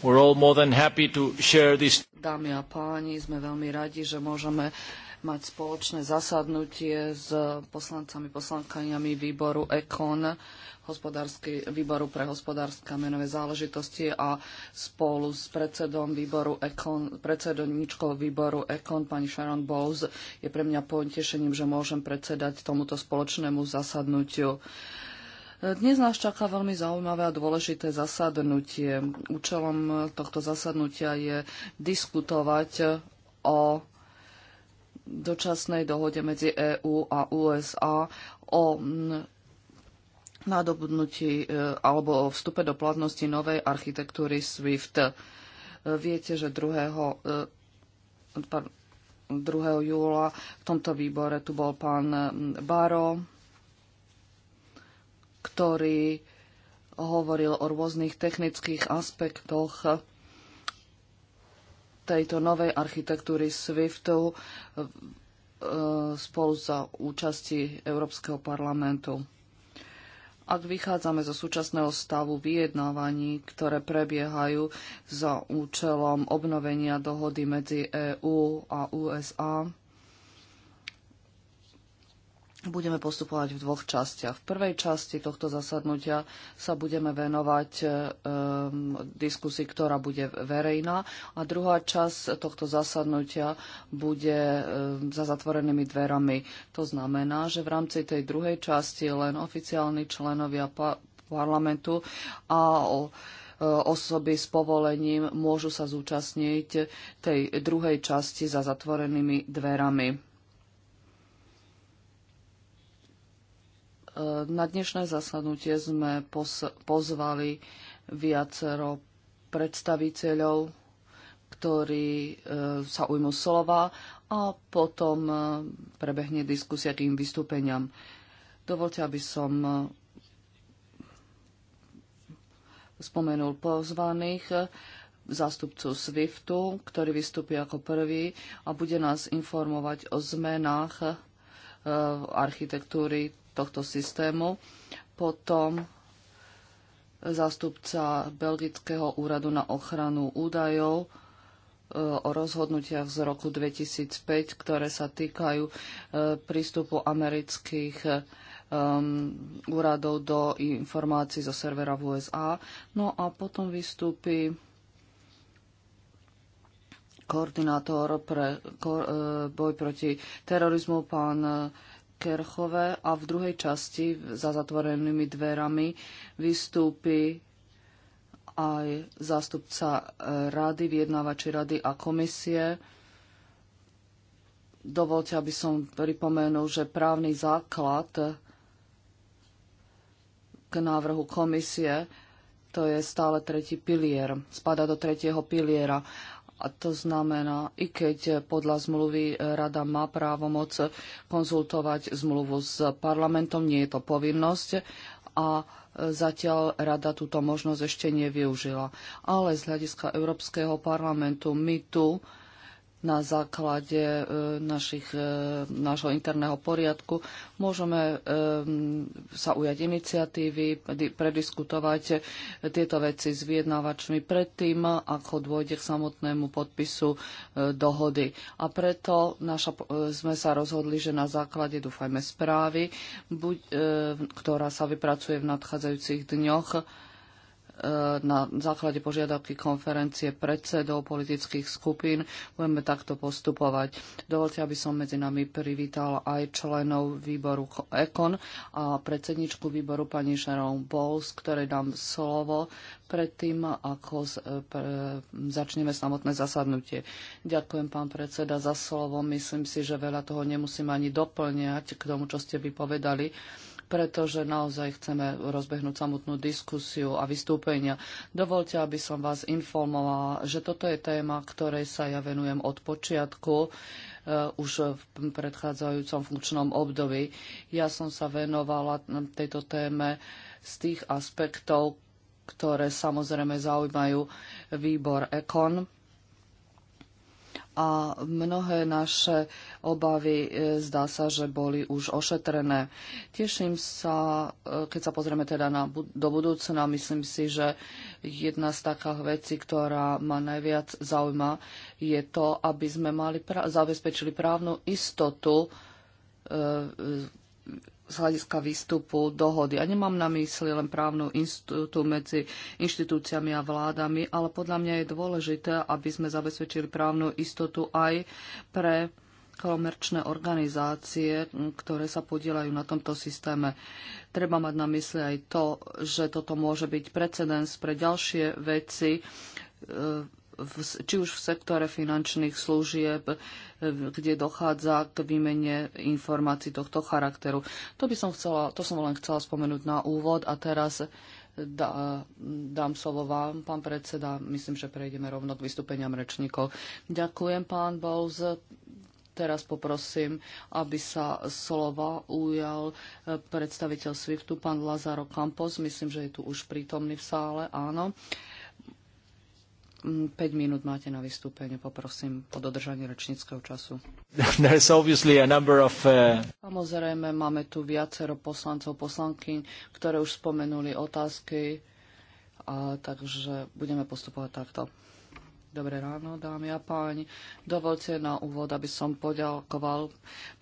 We're all more than happy to share this. Dámy a páni, sme veľmi radi, že môžeme mať spoločné zasadnutie s poslancami, poslankaniami výboru EKON, výboru pre hospodárske a menové záležitosti a spolu s predsedom výboru EKON, predsedoničkou výboru EKON, pani Sharon Bowles, je pre mňa potešením, že môžem predsedať tomuto spoločnému zasadnutiu. Uh, dnes nás čaká veľmi zaujímavé a dôležité zasadnutie. Účelom tohto zasadnutia je diskutovať o dočasnej dohode medzi EÚ a USA o nadobudnutí e, alebo o vstupe do platnosti novej architektúry SWIFT. E, viete, že 2. 2. E, júla v tomto výbore tu bol pán Baro, ktorý hovoril o rôznych technických aspektoch tejto novej architektúry SWIFTu e, spolu za účasti Európskeho parlamentu. Ak vychádzame zo súčasného stavu vyjednávaní, ktoré prebiehajú za účelom obnovenia dohody medzi EÚ a USA, budeme postupovať v dvoch častiach. V prvej časti tohto zasadnutia sa budeme venovať um, diskusii, ktorá bude verejná a druhá časť tohto zasadnutia bude um, za zatvorenými dverami. To znamená, že v rámci tej druhej časti len oficiálni členovia pa- parlamentu a o, e, osoby s povolením môžu sa zúčastniť tej druhej časti za zatvorenými dverami Na dnešné zasadnutie sme pozvali viacero predstaviteľov, ktorí e, sa ujmú slova a potom e, prebehne diskusia k tým vystúpeniam. Dovolte, aby som e, spomenul pozvaných zástupcu SWIFTu, ktorý vystúpi ako prvý a bude nás informovať o zmenách architektúry tohto systému. Potom zástupca Belgického úradu na ochranu údajov e, o rozhodnutiach z roku 2005, ktoré sa týkajú e, prístupu amerických e, um, úradov do informácií zo servera v USA. No a potom vystúpi koordinátor pre boj proti terorizmu, pán Kerchove a v druhej časti za zatvorenými dverami vystúpi aj zástupca rady, vyjednávači rady a komisie. Dovolte, aby som pripomenul, že právny základ k návrhu komisie to je stále tretí pilier, spada do tretieho piliera a to znamená, i keď podľa zmluvy rada má moc konzultovať zmluvu s parlamentom, nie je to povinnosť a zatiaľ rada túto možnosť ešte nevyužila. Ale z hľadiska Európskeho parlamentu my tu na základe e, našich, e, nášho interného poriadku. Môžeme e, sa ujať iniciatívy, prediskutovať tieto veci s vyjednávačmi predtým, ako dôjde k samotnému podpisu dohody. A preto naša, sme sa rozhodli, že na základe, dúfajme, správy, buď, ktorá sa vypracuje v nadchádzajúcich dňoch, Eh, na základe požiadavky konferencie predsedov politických skupín. Budeme takto postupovať. Dovolte, aby som medzi nami privítal aj členov výboru EKON a predsedničku výboru pani Sharon Bowles, ktoré dám slovo predtým, ako začneme samotné zasadnutie. Ďakujem, pán predseda, za slovo. Myslím si, že veľa toho nemusím ani doplňať k tomu, čo ste vypovedali. povedali pretože naozaj chceme rozbehnúť samotnú diskusiu a vystúpenia. Dovolte, aby som vás informovala, že toto je téma, ktorej sa ja venujem od počiatku e, už v predchádzajúcom funkčnom období. Ja som sa venovala tejto téme z tých aspektov, ktoré samozrejme zaujímajú výbor EKON a mnohé naše obavy e, zdá sa, že boli už ošetrené. Teším sa, e, keď sa pozrieme teda na, do budúcna, myslím si, že jedna z takých vecí, ktorá ma najviac zaujíma, je to, aby sme mali pra- zabezpečili právnu istotu e, z hľadiska výstupu dohody. Ja nemám na mysli len právnu institútu medzi inštitúciami a vládami, ale podľa mňa je dôležité, aby sme zabezpečili právnu istotu aj pre komerčné organizácie, ktoré sa podielajú na tomto systéme. Treba mať na mysli aj to, že toto môže byť precedens pre ďalšie veci, e, či už v sektore finančných služieb, e, kde dochádza k výmene informácií tohto charakteru. To, by som chcela, to som len chcela spomenúť na úvod a teraz e, dá, e, dám slovo vám, pán predseda. Myslím, že prejdeme rovno k vystúpeniam rečníkov. Ďakujem, pán Bowles. Teraz poprosím, aby sa slova ujal predstaviteľ SWIFTu, pán Lazaro Campos. Myslím, že je tu už prítomný v sále, áno. Uh, 5 minút máte na vystúpenie, poprosím, po dodržaní rečníckého času. of... Uh, Samozrejme, máme tu viacero poslancov, poslankyň, ktoré už spomenuli otázky, a, takže budeme postupovať takto. Dobré ráno, dámy a páni. Dovolte na úvod, aby som poďakoval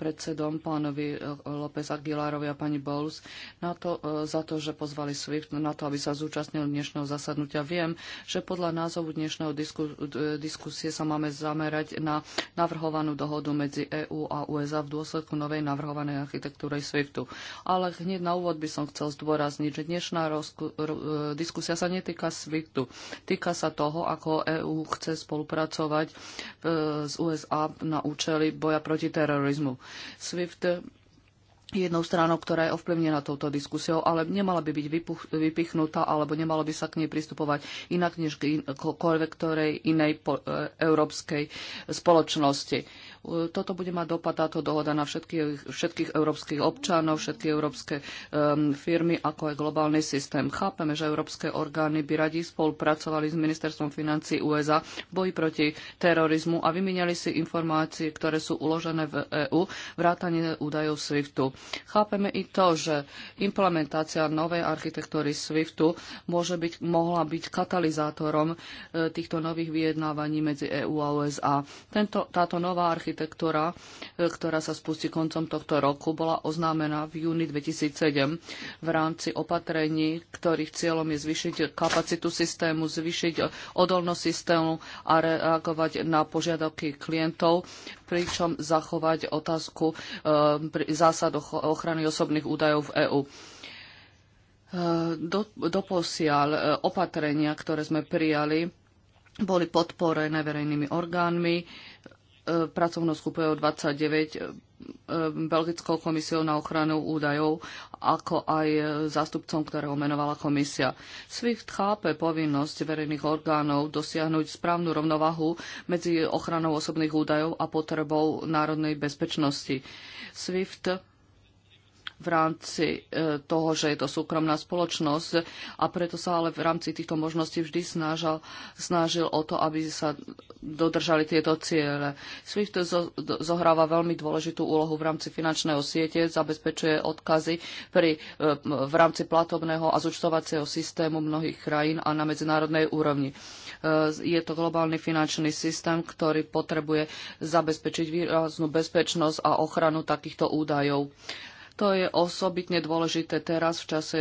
predsedom pánovi eh, López Aguilarovi a pani Bowles na to, eh, za to, že pozvali SWIFT na to, aby sa zúčastnil dnešného zasadnutia. Viem, že podľa názovu dnešného disku, eh, diskusie sa máme zamerať na navrhovanú dohodu medzi EÚ a USA v dôsledku novej navrhovanej architektúry SWIFTu. Ale hneď na úvod by som chcel zdôrazniť, že dnešná rozku, diskusia sa netýka SWIFTu. Týka sa toho, ako EÚ chce spolupracovať e, s USA na účely boja proti terorizmu. SWIFT jednou stranou, ktorá je ovplyvnená touto diskusiou, ale nemala by byť vypuch, vypichnutá alebo nemalo by sa k nej pristupovať inak než k in, ktorej inej po, e, európskej spoločnosti toto bude mať dopad táto dohoda na všetkých, všetkých európskych občanov, všetky európske um, firmy, ako aj globálny systém. Chápeme, že európske orgány by radi spolupracovali s ministerstvom financí USA v boji proti terorizmu a vymieniali si informácie, ktoré sú uložené v EÚ, vrátanie údajov SWIFTu. Chápeme i to, že implementácia novej architektúry SWIFTu môže byť, mohla byť katalizátorom e, týchto nových vyjednávaní medzi EÚ a USA. Tento, táto nová architektúra architektúra, e, ktorá sa spustí koncom tohto roku, bola oznámená v júni 2007 v rámci opatrení, ktorých cieľom je zvýšiť kapacitu systému, zvýšiť odolnosť systému a reagovať na požiadavky klientov, pričom zachovať otázku e, zásad ochrany osobných údajov v EÚ. E, do, doposiaľ opatrenia, ktoré sme prijali, boli podporené verejnými orgánmi, pracovnú skupinu 29 e, Belgickou komisiou na ochranu údajov, ako aj zástupcom, ktorého menovala komisia. SWIFT chápe povinnosť verejných orgánov dosiahnuť správnu rovnovahu medzi ochranou osobných údajov a potrebou národnej bezpečnosti. SWIFT v rámci e, toho, že je to súkromná spoločnosť a preto sa ale v rámci týchto možností vždy snažil, snažil o to, aby sa dodržali tieto ciele. SWIFT zohráva veľmi dôležitú úlohu v rámci finančného siete, zabezpečuje odkazy pri, e, v rámci platobného a zúčtovacieho systému mnohých krajín a na medzinárodnej úrovni. E, je to globálny finančný systém, ktorý potrebuje zabezpečiť výraznú bezpečnosť a ochranu takýchto údajov. To je osobitne dôležité teraz v čase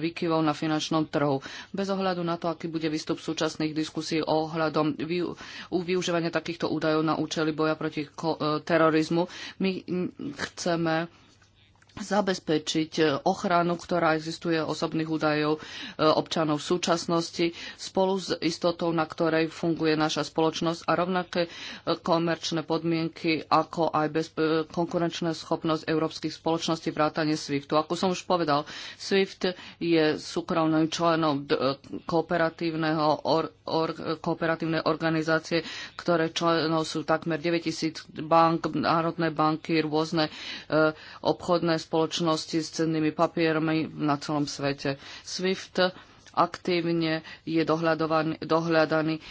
výkyvov na finančnom trhu. Bez ohľadu na to, aký bude výstup súčasných diskusí o ohľadom využívania takýchto údajov na účely boja proti e, terorizmu, my chceme zabezpečiť eh, ochranu, ktorá existuje osobných údajov eh, občanov v súčasnosti spolu s istotou, na ktorej funguje naša spoločnosť a rovnaké eh, komerčné podmienky, ako aj konkurenčná schopnosť európskych spoločností vrátane SWIFTu. Ako som už povedal, SWIFT je súkromným členom kooperatívneho or, or, kooperatívnej organizácie, ktoré členov sú takmer 9000 bank, národné banky, rôzne e, obchodné spoločnosti s cennými papiermi na celom svete. SWIFT aktívne je dohľadaný e,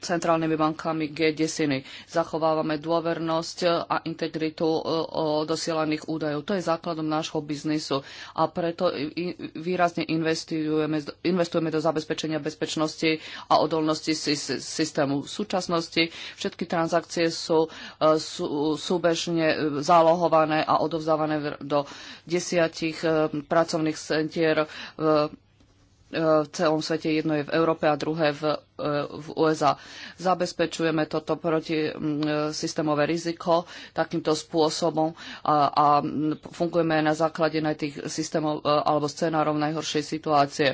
centrálnymi bankami G10. Zachovávame dôvernosť a integritu e, dosielaných údajov. To je základom nášho biznisu a preto i, výrazne investujeme, investujeme do zabezpečenia bezpečnosti a odolnosti sy, systému. V súčasnosti všetky transakcie sú, e, sú súbežne zálohované a odovzdávané do desiatich pracovných centier v E, v celom svete, jedno je v Európe a druhé v, e, v USA. Zabezpečujeme toto protisystémové e, riziko takýmto spôsobom a, a fungujeme na základe na tých systémov alebo scenárov najhoršej situácie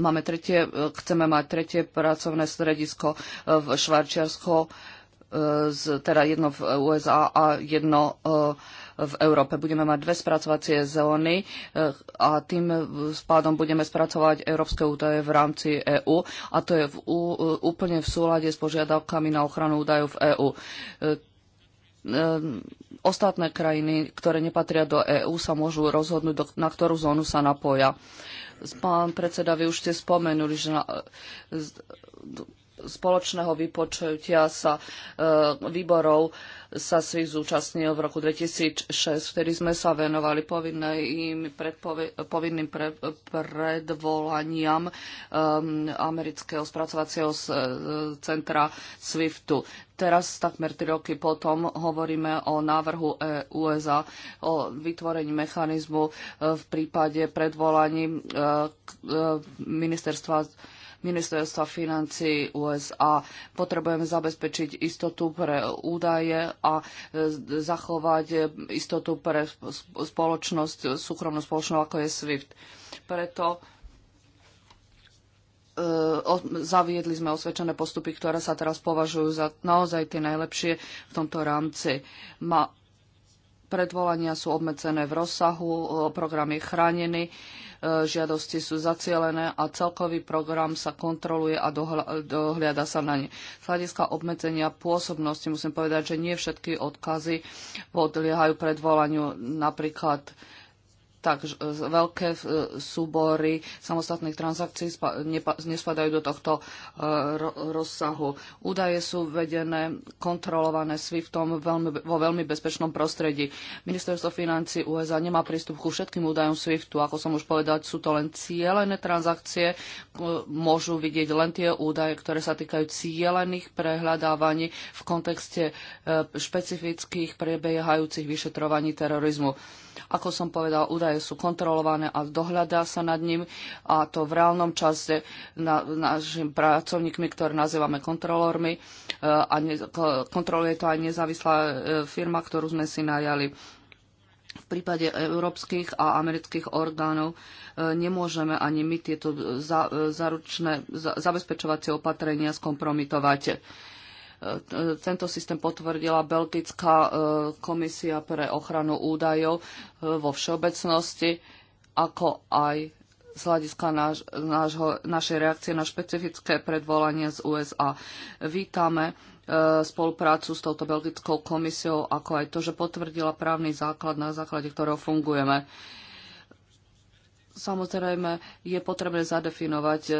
máme tretie, chceme mať tretie pracovné stredisko v Švajčiarsko, teda jedno v USA a jedno v Európe. Budeme mať dve spracovacie zóny e, a tým spádom budeme spracovať európske údaje v rámci EÚ a to je v, e, úplne v súlade s požiadavkami na ochranu údajov v EÚ e, ostatné krajiny, ktoré nepatria do EÚ, sa môžu rozhodnúť, na ktorú zónu sa napoja. Pán predseda, vy už ste spomenuli, že na spoločného vypočutia sa e, výborov sa svih zúčastnil v roku 2006, vtedy sme sa venovali povinným, predpove, povinným pre, predvolaniam um, amerického spracovacieho s, swift e, centra SWIFTu. Teraz, takmer 3 roky potom, hovoríme o návrhu USA o vytvorení mechanizmu e, v prípade predvolaní uh, ministerstva ministerstva financí USA. Potrebujeme zabezpečiť istotu pre údaje a e, zachovať istotu pre spoločnosť, súkromnú spoločnosť, ako je SWIFT. Preto e, zaviedli sme osvedčené postupy, ktoré sa teraz považujú za naozaj tie najlepšie v tomto rámci. Ma, predvolania sú obmedzené v rozsahu, e, program je chránený žiadosti sú zacielené a celkový program sa kontroluje a dohliada sa na ne. Z hľadiska obmedzenia pôsobnosti musím povedať, že nie všetky odkazy podliehajú predvolaniu napríklad tak e, veľké e, súbory samostatných transakcií nespadajú do tohto e, rozsahu. Údaje sú vedené, kontrolované SWIFTom veľmi, vo veľmi bezpečnom prostredí. Ministerstvo financí USA nemá prístup ku všetkým údajom SWIFTu. Ako som už povedal, sú to len cielené transakcie. Môžu vidieť len tie údaje, ktoré sa týkajú cielených prehľadávaní v kontexte špecifických prebiehajúcich vyšetrovaní terorizmu ako som povedal, údaje sú kontrolované a dohľadá sa nad ním a to v reálnom čase na, našim pracovníkmi, ktoré nazývame kontrolórmi e, a ne, kontroluje to aj nezávislá e, firma, ktorú sme si najali. V prípade európskych a amerických orgánov e, nemôžeme ani my tieto za, zaručné za, zabezpečovacie opatrenia skompromitovať tento systém potvrdila Belgická e, komisia pre ochranu údajov e, vo všeobecnosti, ako aj z hľadiska náš, nášho, našej reakcie na špecifické predvolanie z USA. Vítame e, spoluprácu s touto belgickou komisiou, ako aj to, že potvrdila právny základ, na základe ktorého fungujeme. Samozrejme, je potrebné zadefinovať e,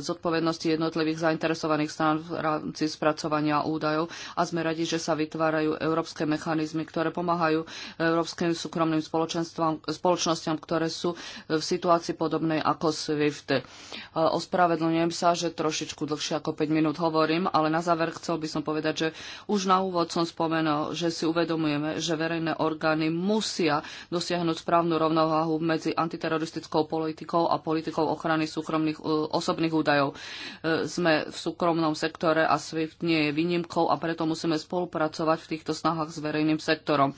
zodpovednosti jednotlivých zainteresovaných strán v rámci spracovania údajov a sme radi, že sa vytvárajú európske mechanizmy, ktoré pomáhajú európskym súkromným spoločnosťam, ktoré sú v situácii podobnej ako SWIFT. E, ospravedlňujem sa, že trošičku dlhšie ako 5 minút hovorím, ale na záver chcel by som povedať, že už na úvod som spomenul, že si uvedomujeme, že verejné orgány musia dosiahnuť správnu rovnováhu medzi antiteroristickými klimatickou politikou a politikou ochrany súkromných e, osobných údajov. E, sme v súkromnom sektore a SWIFT nie je výnimkou a preto musíme spolupracovať v týchto snahách s verejným sektorom.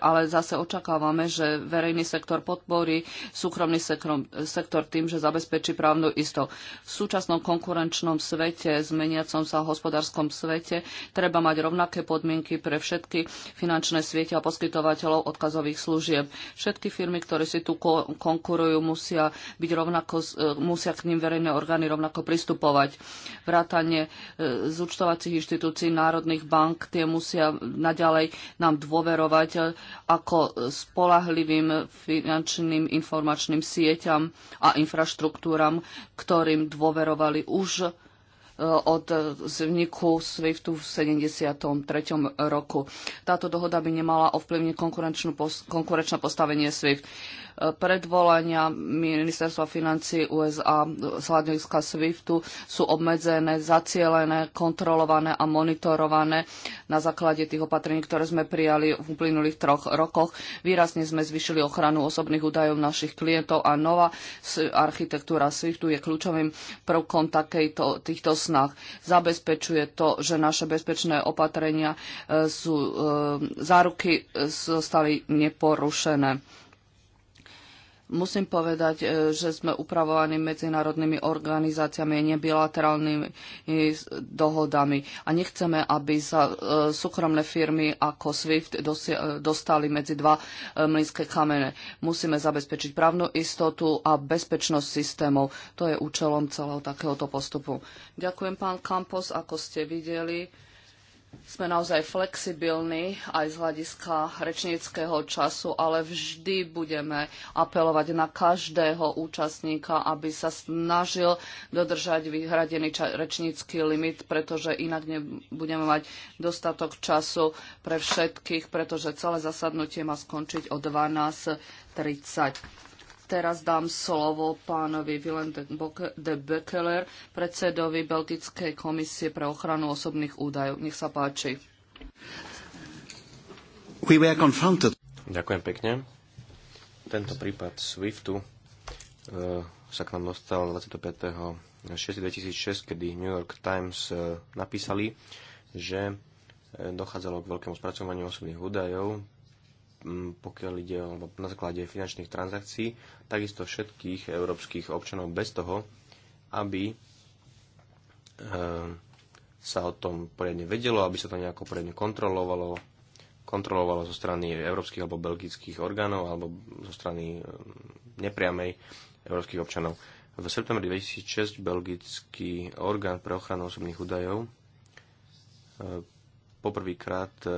Ale zase očakávame, že verejný sektor podporí súkromný sektor tým, že zabezpečí právnu istotu. V súčasnom konkurenčnom svete, zmeniacom sa hospodárskom svete, treba mať rovnaké podmienky pre všetky finančné siete a poskytovateľov odkazových služieb. Všetky firmy, ktoré si tu konkurujú, musia, byť rovnako, e, musia k ním verejné orgány rovnako pristupovať. Vrátanie zúčtovacích inštitúcií národných bank, tie musia naďalej nám dôverovať e, ako spolahlivým finančným informačným sieťam a infraštruktúram, ktorým dôverovali už e, od vzniku SWIFTu v 73. roku. Táto dohoda by nemala ovplyvniť konkurenčné postavenie SWIFT predvolania ministerstva financí USA z hľadiska SWIFTu sú obmedzené, zacielené, kontrolované a monitorované na základe tých opatrení, ktoré sme prijali v uplynulých troch rokoch. Výrazne sme zvyšili ochranu osobných údajov našich klientov a nová architektúra SWIFTu je kľúčovým prvkom takejto, týchto snah. Zabezpečuje to, že naše bezpečné opatrenia e, sú, e, záruky zostali neporušené Musím povedať, e, že sme upravovaní medzinárodnými organizáciami, a nebilaterálnymi e, dohodami a nechceme, aby sa e, súkromné firmy ako SWIFT dostali medzi dva mlynské kamene. Musíme zabezpečiť právnu istotu a bezpečnosť systémov. To je účelom celého takéhoto postupu. Ďakujem, pán Kampos, ako ste videli sme naozaj flexibilní aj z hľadiska rečníckého času, ale vždy budeme apelovať na každého účastníka, aby sa snažil dodržať vyhradený rečnícky limit, pretože inak nebudeme mať dostatok času pre všetkých, pretože celé zasadnutie má skončiť o 12.30 teraz dám slovo pánovi Willem de Bekeler, predsedovi Belgickej komisie pre ochranu osobných údajov. Nech sa páči. We were confronted. Ďakujem pekne. Tento prípad SWIFTu uh, sa k nám dostal 25.6.2006, kedy New York Times uh, napísali, že e, dochádzalo k veľkému spracovaniu osobných údajov pokiaľ ide o na základe finančných transakcií, takisto všetkých európskych občanov bez toho, aby eh, sa o tom poriadne vedelo, aby sa to nejako poriadne kontrolovalo, kontrolovalo zo strany európskych alebo belgických orgánov alebo zo strany eh, nepriamej európskych občanov. V septembri 2006 belgický orgán pre ochranu osobných údajov eh, poprvýkrát e,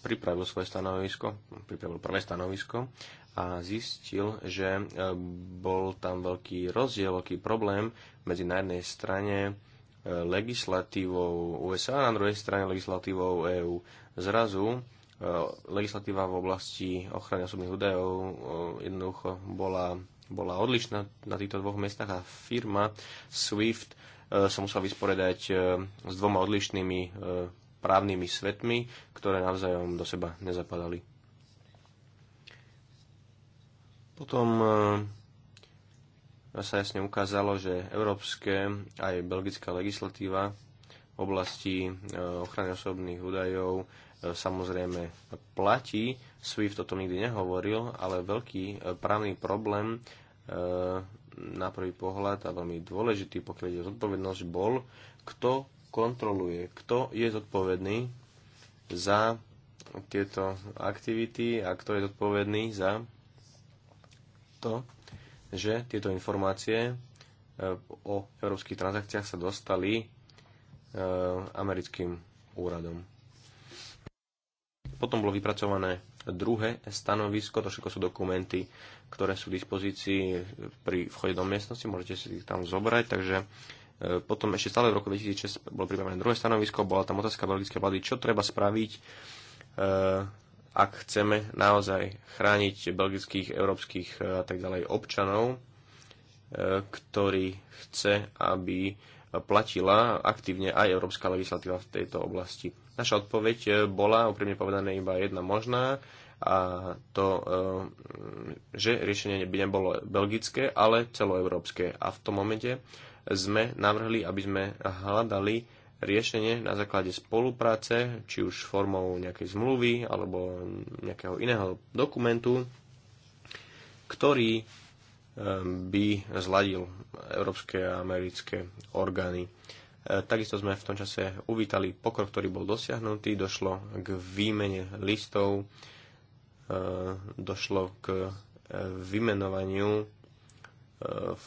pripravil svoje stanovisko, pripravil prvé stanovisko a zistil, že e, bol tam veľký rozdiel, veľký problém medzi na jednej strane e, legislatívou USA a na druhej strane legislatívou EÚ. Zrazu legislatíva v oblasti ochrany osobných údajov jednoducho bola, bola odlišná na týchto dvoch mestách a firma SWIFT sa musela vysporiadať s dvoma odlišnými právnymi svetmi, ktoré navzájom do seba nezapadali. Potom eh, sa jasne ukázalo, že európske aj belgická legislatíva v oblasti eh, ochrany osobných údajov eh, samozrejme platí. SWIFT o tom nikdy nehovoril, ale veľký právny problém na prvý pohľad a veľmi dôležitý, pokiaľ ide zodpovednosť, bol, kto kontroluje, kto je zodpovedný za tieto aktivity a kto je zodpovedný za to, že tieto informácie e, o európskych transakciách sa dostali e, americkým úradom. Potom bolo vypracované druhé stanovisko, to všetko sú dokumenty, ktoré sú v dispozícii pri vchode do miestnosti, môžete si ich tam zobrať, takže E, potom ešte stále v roku 2006 bolo pripravené druhé stanovisko, bola tam otázka belgické vlády, čo treba spraviť, e, ak chceme naozaj chrániť belgických, európskych e, a tak ďalej občanov, ktorí chce, aby platila aktívne aj európska legislatíva v tejto oblasti. Naša odpoveď bola, úprimne povedané, iba jedna možná, a to, že riešenie by nebolo belgické, ale celoeurópske. A v tom momente sme navrhli, aby sme hľadali riešenie na základe spolupráce, či už formou nejakej zmluvy alebo nejakého iného dokumentu, ktorý e, by zladil európske a americké orgány. E, takisto sme v tom čase uvítali pokrok, ktorý bol dosiahnutý, došlo k výmene listov, e, došlo k vymenovaniu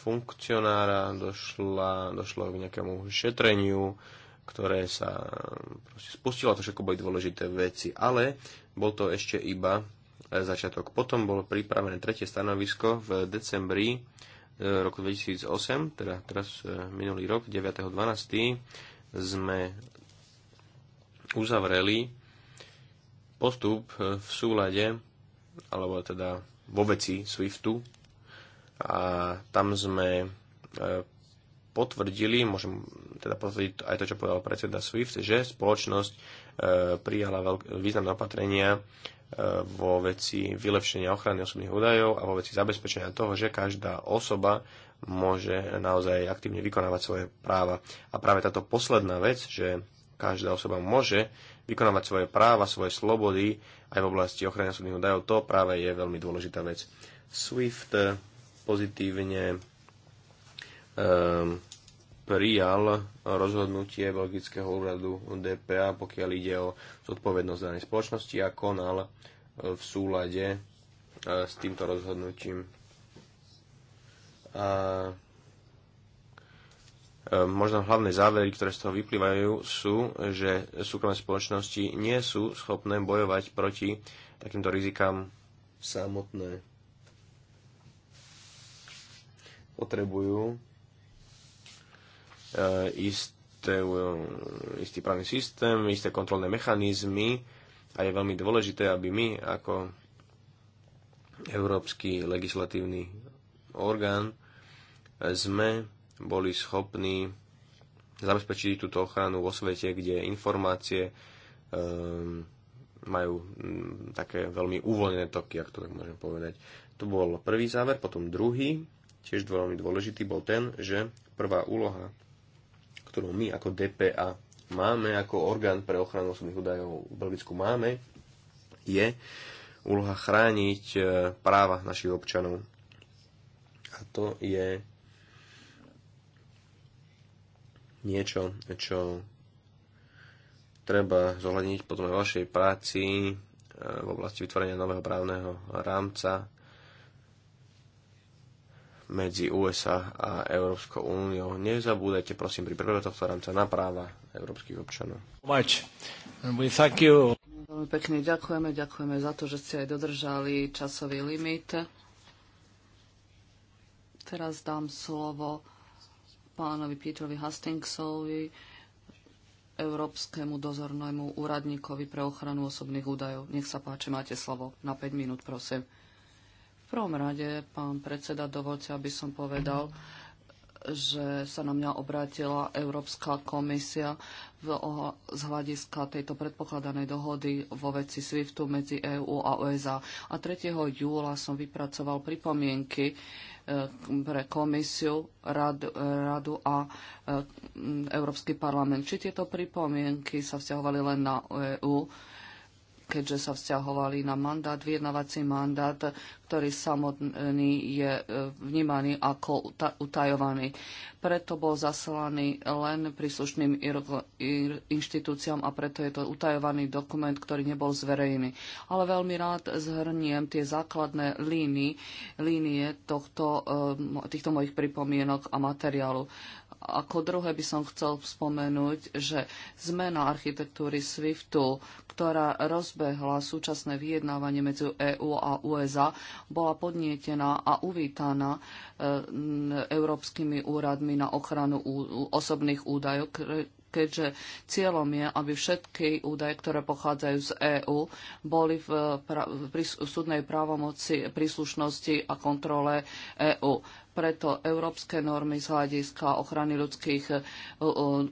funkcionára, došla, došlo k nejakému šetreniu, ktoré sa proste spustilo, to všetko boli dôležité veci, ale bol to ešte iba e, začiatok. Potom bolo pripravené tretie stanovisko v decembri e, roku 2008, teda teraz e, minulý rok, 9.12. sme uzavreli postup v súlade, alebo teda vo veci SWIFTu, a tam sme e, potvrdili, môžem teda potvrdiť aj to, čo povedal predseda SWIFT, že spoločnosť e, prijala významné opatrenia e, vo veci vylepšenia ochrany osobných údajov a vo veci zabezpečenia toho, že každá osoba môže naozaj aktívne vykonávať svoje práva. A práve táto posledná vec, že každá osoba môže vykonávať svoje práva, svoje slobody aj v oblasti ochrany osobných údajov, to práve je veľmi dôležitá vec. SWIFT pozitívne um, prijal rozhodnutie Belgického úradu DPA, pokiaľ ide o zodpovednosť danej spoločnosti a konal uh, v súlade uh, s týmto rozhodnutím. A um, možno hlavné závery, ktoré z toho vyplývajú, sú, že súkromné spoločnosti nie sú schopné bojovať proti takýmto rizikám samotné. potrebujú eh, isté, eh, istý právny systém, isté kontrolné mechanizmy a je veľmi dôležité, aby my ako európsky legislatívny orgán sme boli schopní zabezpečiť túto ochranu vo svete, kde informácie um, majú mm, také veľmi uvoľnené toky, ak to tak môžem povedať. To bol prvý záver, potom druhý tiež veľmi dôležitý, bol ten, že prvá úloha, ktorú my ako DPA máme, ako orgán pre ochranu osobných údajov v Belgicku máme, je úloha chrániť e, práva našich občanov. A to je niečo, čo treba zohľadniť potom aj vašej práci e, v oblasti vytvorenia nového právneho rámca medzi USA a Európskou úniou. Nezabúdajte prosím pri prvé tohto rámca na práva európskych občanov. Veľmi pekne ďakujeme, ďakujeme za to, že ste aj dodržali časový limit. Teraz dám slovo pánovi Peterovi Hastingsovi, Európskemu dozornému úradníkovi pre ochranu osobných údajov. Nech sa páči, máte slovo na 5 minút, prosím prvom rade, pán predseda, dovolte, aby som povedal, že sa na mňa obrátila Európska komisia v, z hľadiska tejto predpokladanej dohody vo veci SWIFTu medzi EÚ a USA. A 3. júla som vypracoval pripomienky e, pre komisiu, rad, radu a e, Európsky parlament. Či tieto pripomienky sa vzťahovali len na EÚ, keďže sa vzťahovali na mandát, vyjednávací mandát, ktorý samotný je e, vnímaný ako utajovaný. Preto bol zaslaný len príslušným inštitúciám a preto je to utajovaný dokument, ktorý nebol zverejný. Ale veľmi rád zhrniem tie základné líny, línie tohto, e, týchto mojich pripomienok a materiálu ako druhé by som chcel spomenúť, že zmena architektúry SWIFTu, ktorá rozbehla súčasné vyjednávanie medzi EÚ a USA, bola podnietená a uvítaná e, európskymi úradmi na ochranu osobných údajov, keďže cieľom je, aby všetky údaje, ktoré pochádzajú z EÚ, boli v, pra- v súdnej právomoci príslušnosti a kontrole EÚ. Preto európske normy z hľadiska ochrany ľudských e, e,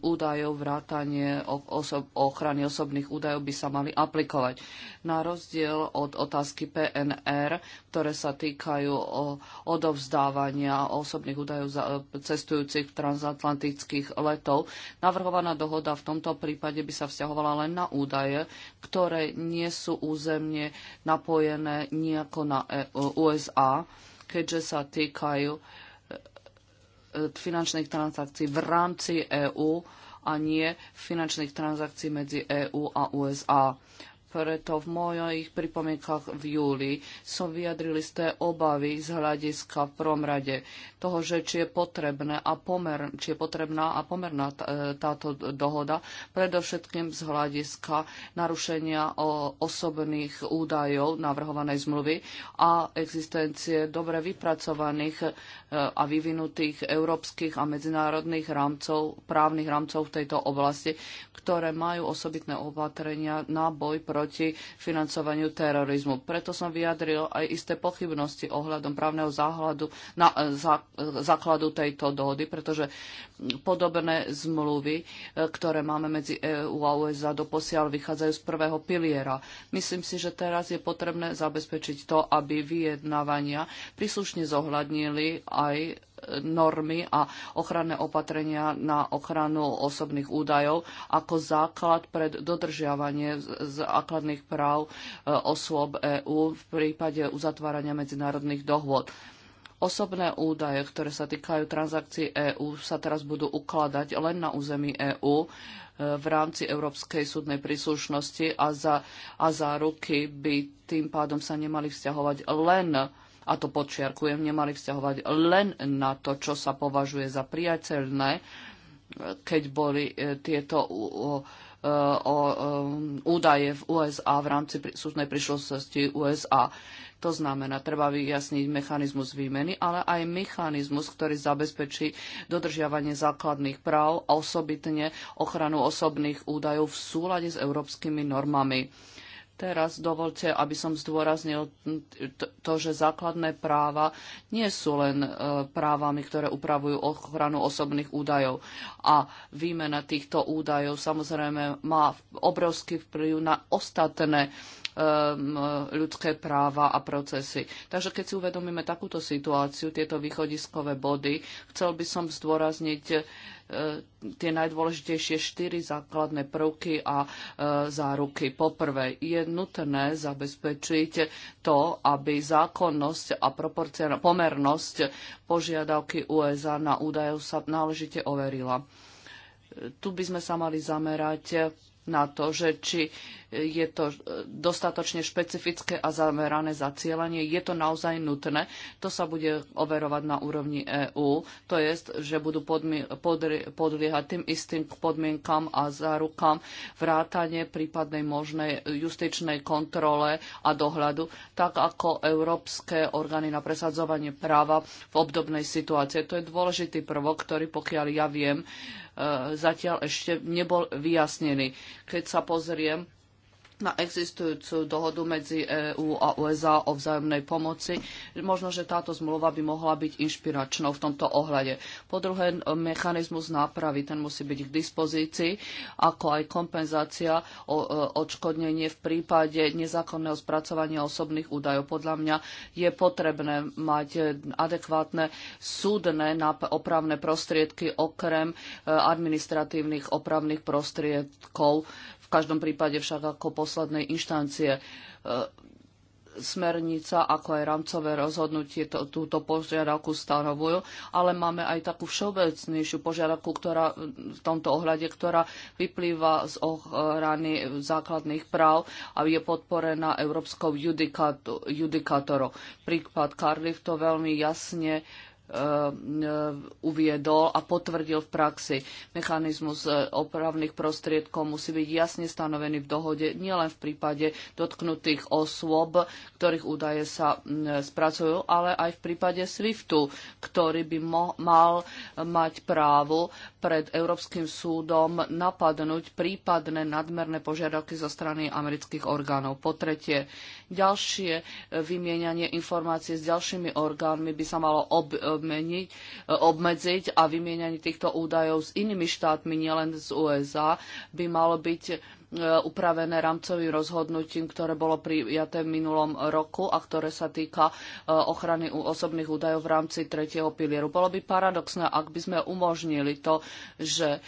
údajov, vrátanie osob, ochrany osobných údajov by sa mali aplikovať. Na rozdiel od otázky PNR, ktoré sa týkajú e, odovzdávania osobných údajov za cestujúcich v transatlantických letov, navrhovaná dohoda v tomto prípade by sa vzťahovala len na údaje, ktoré nie sú územne napojené nejako na USA keďže sa týkajú e, e, finančných transakcií v rámci EÚ a nie finančných transakcií medzi EÚ a USA preto v mojich pripomienkach v júli som vyjadril isté obavy z hľadiska v prvom rade toho, že či je, potrebné a pomer, či je potrebná a pomerná e, táto dohoda, predovšetkým z hľadiska narušenia osobných údajov navrhovanej zmluvy a existencie dobre vypracovaných e, a vyvinutých európskych a medzinárodných rámcov, právnych rámcov v tejto oblasti, ktoré majú osobitné opatrenia na boj proti proti financovaniu terorizmu. Preto som vyjadril aj isté pochybnosti ohľadom právneho záhľadu, na, e, zá, e, základu tejto dohody, pretože podobné zmluvy, e, ktoré máme medzi EU a USA doposiaľ, vychádzajú z prvého piliera. Myslím si, že teraz je potrebné zabezpečiť to, aby vyjednávania príslušne zohľadnili aj normy a ochranné opatrenia na ochranu osobných údajov ako základ pre dodržiavanie základných práv e, osôb EÚ v prípade uzatvárania medzinárodných dohôd. Osobné údaje, ktoré sa týkajú transakcií EÚ, sa teraz budú ukladať len na území EÚ e, v rámci európskej súdnej príslušnosti a za, a za ruky by tým pádom sa nemali vzťahovať len a to podčiarkujem, nemali vzťahovať len na to, čo sa považuje za priateľné, keď boli e, tieto e, e, údaje v USA v rámci súdnej prišlosti USA. To znamená, treba vyjasniť mechanizmus výmeny, ale aj mechanizmus, ktorý zabezpečí dodržiavanie základných práv a osobitne ochranu osobných údajov v súlade s európskymi normami Teraz dovolte, aby som zdôraznil to, že základné práva nie sú len e, právami, ktoré upravujú ochranu osobných údajov. A výmena týchto údajov samozrejme má obrovský vplyv na ostatné Um, ľudské práva a procesy. Takže keď si uvedomíme takúto situáciu, tieto východiskové body, chcel by som zdôrazniť uh, tie najdôležitejšie štyri základné prvky a uh, záruky. Poprvé, je nutné zabezpečiť to, aby zákonnosť a pomernosť požiadavky USA na údajov sa náležite overila. Tu by sme sa mali zamerať na to, že či je to dostatočne špecifické a zamerané zacielanie, Je to naozaj nutné? To sa bude overovať na úrovni EÚ. To je, že budú podliehať tým istým podmienkam a zárukam vrátanie prípadnej možnej justičnej kontrole a dohľadu, tak ako európske orgány na presadzovanie práva v obdobnej situácii. To je dôležitý prvok, ktorý, pokiaľ ja viem, E, zatiaľ ešte nebol vyjasnený. Keď sa pozriem na existujúcu dohodu medzi EÚ a USA o vzájomnej pomoci. Možno, že táto zmluva by mohla byť inšpiračnou v tomto ohľade. Po druhé, mechanizmus nápravy, ten musí byť k dispozícii, ako aj kompenzácia, o, e, odškodnenie v prípade nezákonného spracovania osobných údajov. Podľa mňa je potrebné mať adekvátne súdne opravné prostriedky okrem e, administratívnych opravných prostriedkov v každom prípade však ako poslednej inštancie e, smernica, ako aj rámcové rozhodnutie to, túto požiadavku stanovujú, ale máme aj takú všeobecnejšiu požiadavku, ktorá e, v tomto ohľade, ktorá vyplýva z ochrany základných práv a je podporená Európskou judikátorou. Príklad Karlif to veľmi jasne Eh, eh, uviedol a potvrdil v praxi. Mechanizmus eh, opravných prostriedkov musí byť jasne stanovený v dohode, nielen v prípade dotknutých osôb, ktorých údaje sa mm, spracujú, ale aj v prípade SWIFTu, ktorý by mal mať právo pred Európskym súdom napadnúť prípadné nadmerné požiadavky zo strany amerických orgánov. Po tretie, ďalšie e, vymieňanie informácií s ďalšími orgánmi by sa malo obmeniť, e, e, obmedziť a vymieňanie týchto údajov s inými štátmi, nielen z USA, by malo byť E, upravené rámcovým rozhodnutím, ktoré bolo prijaté v minulom roku a ktoré sa týka e, ochrany osobných údajov v rámci tretieho pilieru. Bolo by paradoxné, ak by sme umožnili to, že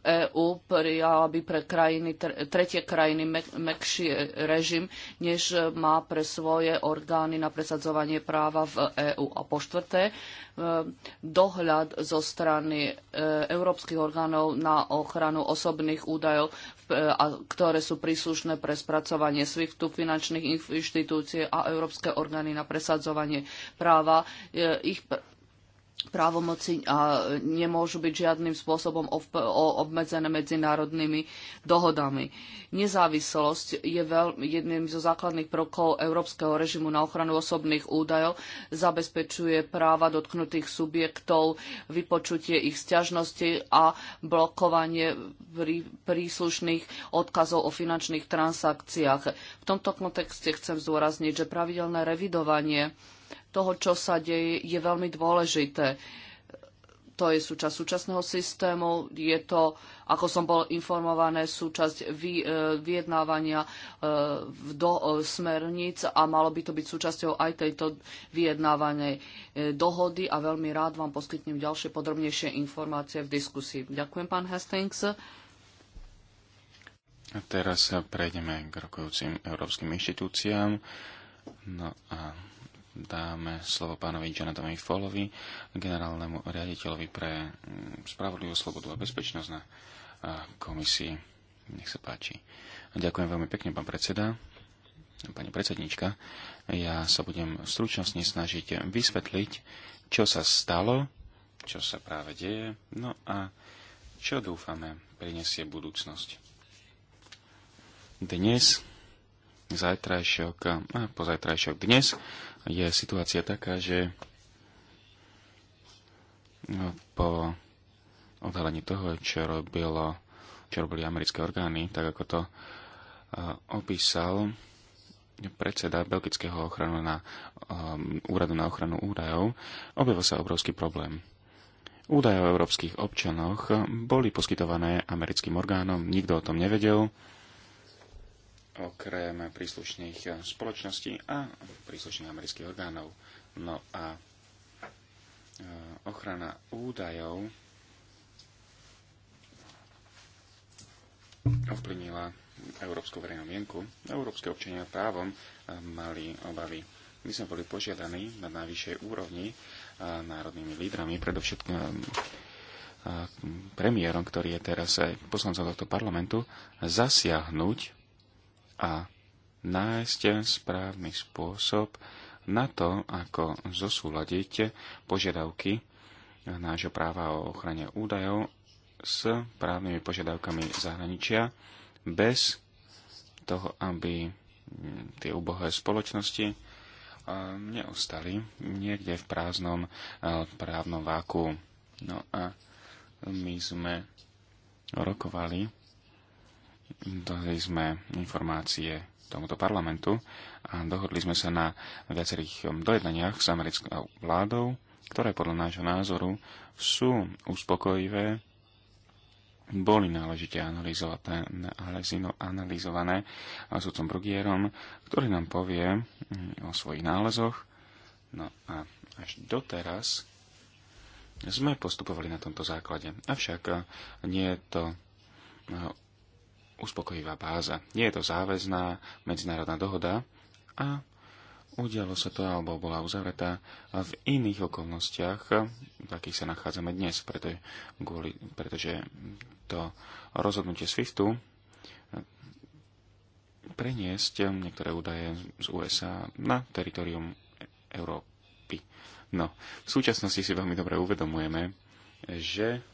EÚ e prijala by pre krajiny, tretie krajiny mekší režim, než má pre svoje orgány na presadzovanie práva v EÚ. A po štvrté, Eh, dohľad zo strany eh, európskych orgánov na ochranu osobných údajov, eh, ktoré sú príslušné pre spracovanie SWIFTu, finančných inštitúcií a európske orgány na presadzovanie práva. Ich právomoci a nemôžu byť žiadnym spôsobom obmedzené medzinárodnými dohodami. Nezávislosť je veľmi jedným zo základných prvkov európskeho režimu na ochranu osobných údajov, zabezpečuje práva dotknutých subjektov, vypočutie ich sťažnosti a blokovanie prí, príslušných odkazov o finančných transakciách. V tomto kontexte chcem zdôrazniť, že pravidelné revidovanie toho, čo sa deje, je veľmi dôležité. To je súčasť súčasného systému, je to, ako som bol informované, súčasť vy, e, vyjednávania e, do e, smerníc a malo by to byť súčasťou aj tejto vyjednávanej dohody a veľmi rád vám poskytnem ďalšie podrobnejšie informácie v diskusii. Ďakujem, pán Hastings. A teraz prejdeme k rokujúcim európskym inštitúciám. No a dáme slovo pánovi Jonathanovi Fallovi, generálnemu riaditeľovi pre mm, spravodlivú slobodu a bezpečnosť na komisii. Nech sa páči. Ďakujem veľmi pekne, pán predseda, pani predsednička. Ja sa budem stručnosti snažiť vysvetliť, čo sa stalo, čo sa práve deje, no a čo dúfame prinesie budúcnosť. Dnes, zajtrajšok a pozajtrajšok dnes je situácia taká, že po odhalení toho, čo, robilo, čo robili americké orgány, tak ako to opísal predseda Belgického ochranu na, um, úradu na ochranu údajov, objavil sa obrovský problém. Údaje o európskych občanoch boli poskytované americkým orgánom, nikto o tom nevedel, okrem príslušných eh, spoločností a príslušných amerických orgánov. No a eh, ochrana údajov ovplyvnila európsku verejnú mienku. Európske občania právom eh, mali obavy. My sme boli požiadaní na najvyššej úrovni národnými lídrami, predovšetkým premiérom, ktorý je teraz aj poslancom tohto parlamentu, zasiahnuť a nájsť správny spôsob na to, ako zosúľadiť požiadavky nášho práva o ochrane údajov s právnymi požiadavkami zahraničia bez toho, aby mm, tie ubohé spoločnosti neostali niekde v prázdnom právnom váku. No a my sme rokovali dali sme informácie tomuto parlamentu a dohodli sme sa na viacerých um, dojednaniach s americkou vládou, ktoré podľa nášho názoru sú uspokojivé, boli náležite analyzované a sudcom Brugierom, ktorý nám povie um, o svojich nálezoch. No a až doteraz sme postupovali na tomto základe. Avšak uh, nie je to uh, uspokojivá báza. Nie je to záväzná medzinárodná dohoda a udialo sa to alebo bola uzavretá v iných okolnostiach, v akých sa nachádzame dnes, preto, kvôli, pretože to rozhodnutie SWIFTu preniesť niektoré údaje z USA na teritorium Európy. No, v súčasnosti si veľmi dobre uvedomujeme, že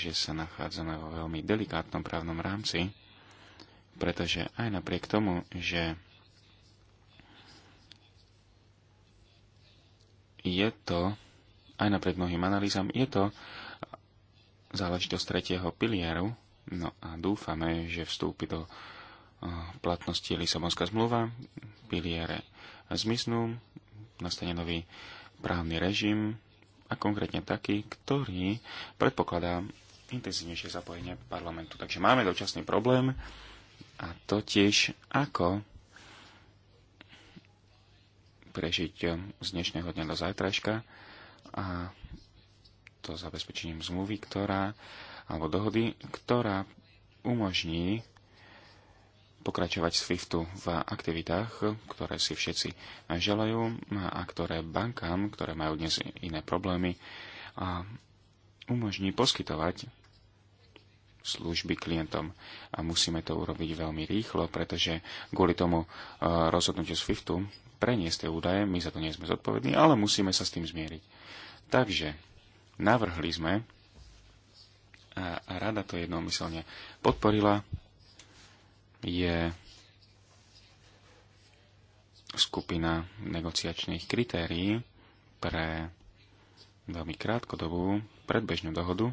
že sa nachádzame vo veľmi delikátnom právnom rámci, pretože aj napriek tomu, že je to, aj napriek mnohým analýzam, je to záležitosť tretieho pilieru, no a dúfame, že vstúpi do eh, platnosti Lisabonská zmluva, piliere zmiznú, nastane nový právny režim a konkrétne taký, ktorý predpokladá intenzívnejšie zapojenie parlamentu. Takže máme dočasný problém a totiž ako prežiť eh, z dnešného dňa do zajtrajška a to zabezpečením zmluvy, ktorá, alebo dohody, ktorá umožní pokračovať SWIFTu v aktivitách, ktoré si všetci želajú a ktoré bankám, ktoré majú dnes iné problémy, a umožní poskytovať služby klientom. A musíme to urobiť veľmi rýchlo, pretože kvôli tomu e, rozhodnutiu SWIFTu preniesť tie údaje, my za to nie sme zodpovední, ale musíme sa s tým zmieriť. Takže navrhli sme, a, rada to jednomyselne podporila, je skupina negociačných kritérií pre veľmi krátkodobú predbežnú dohodu,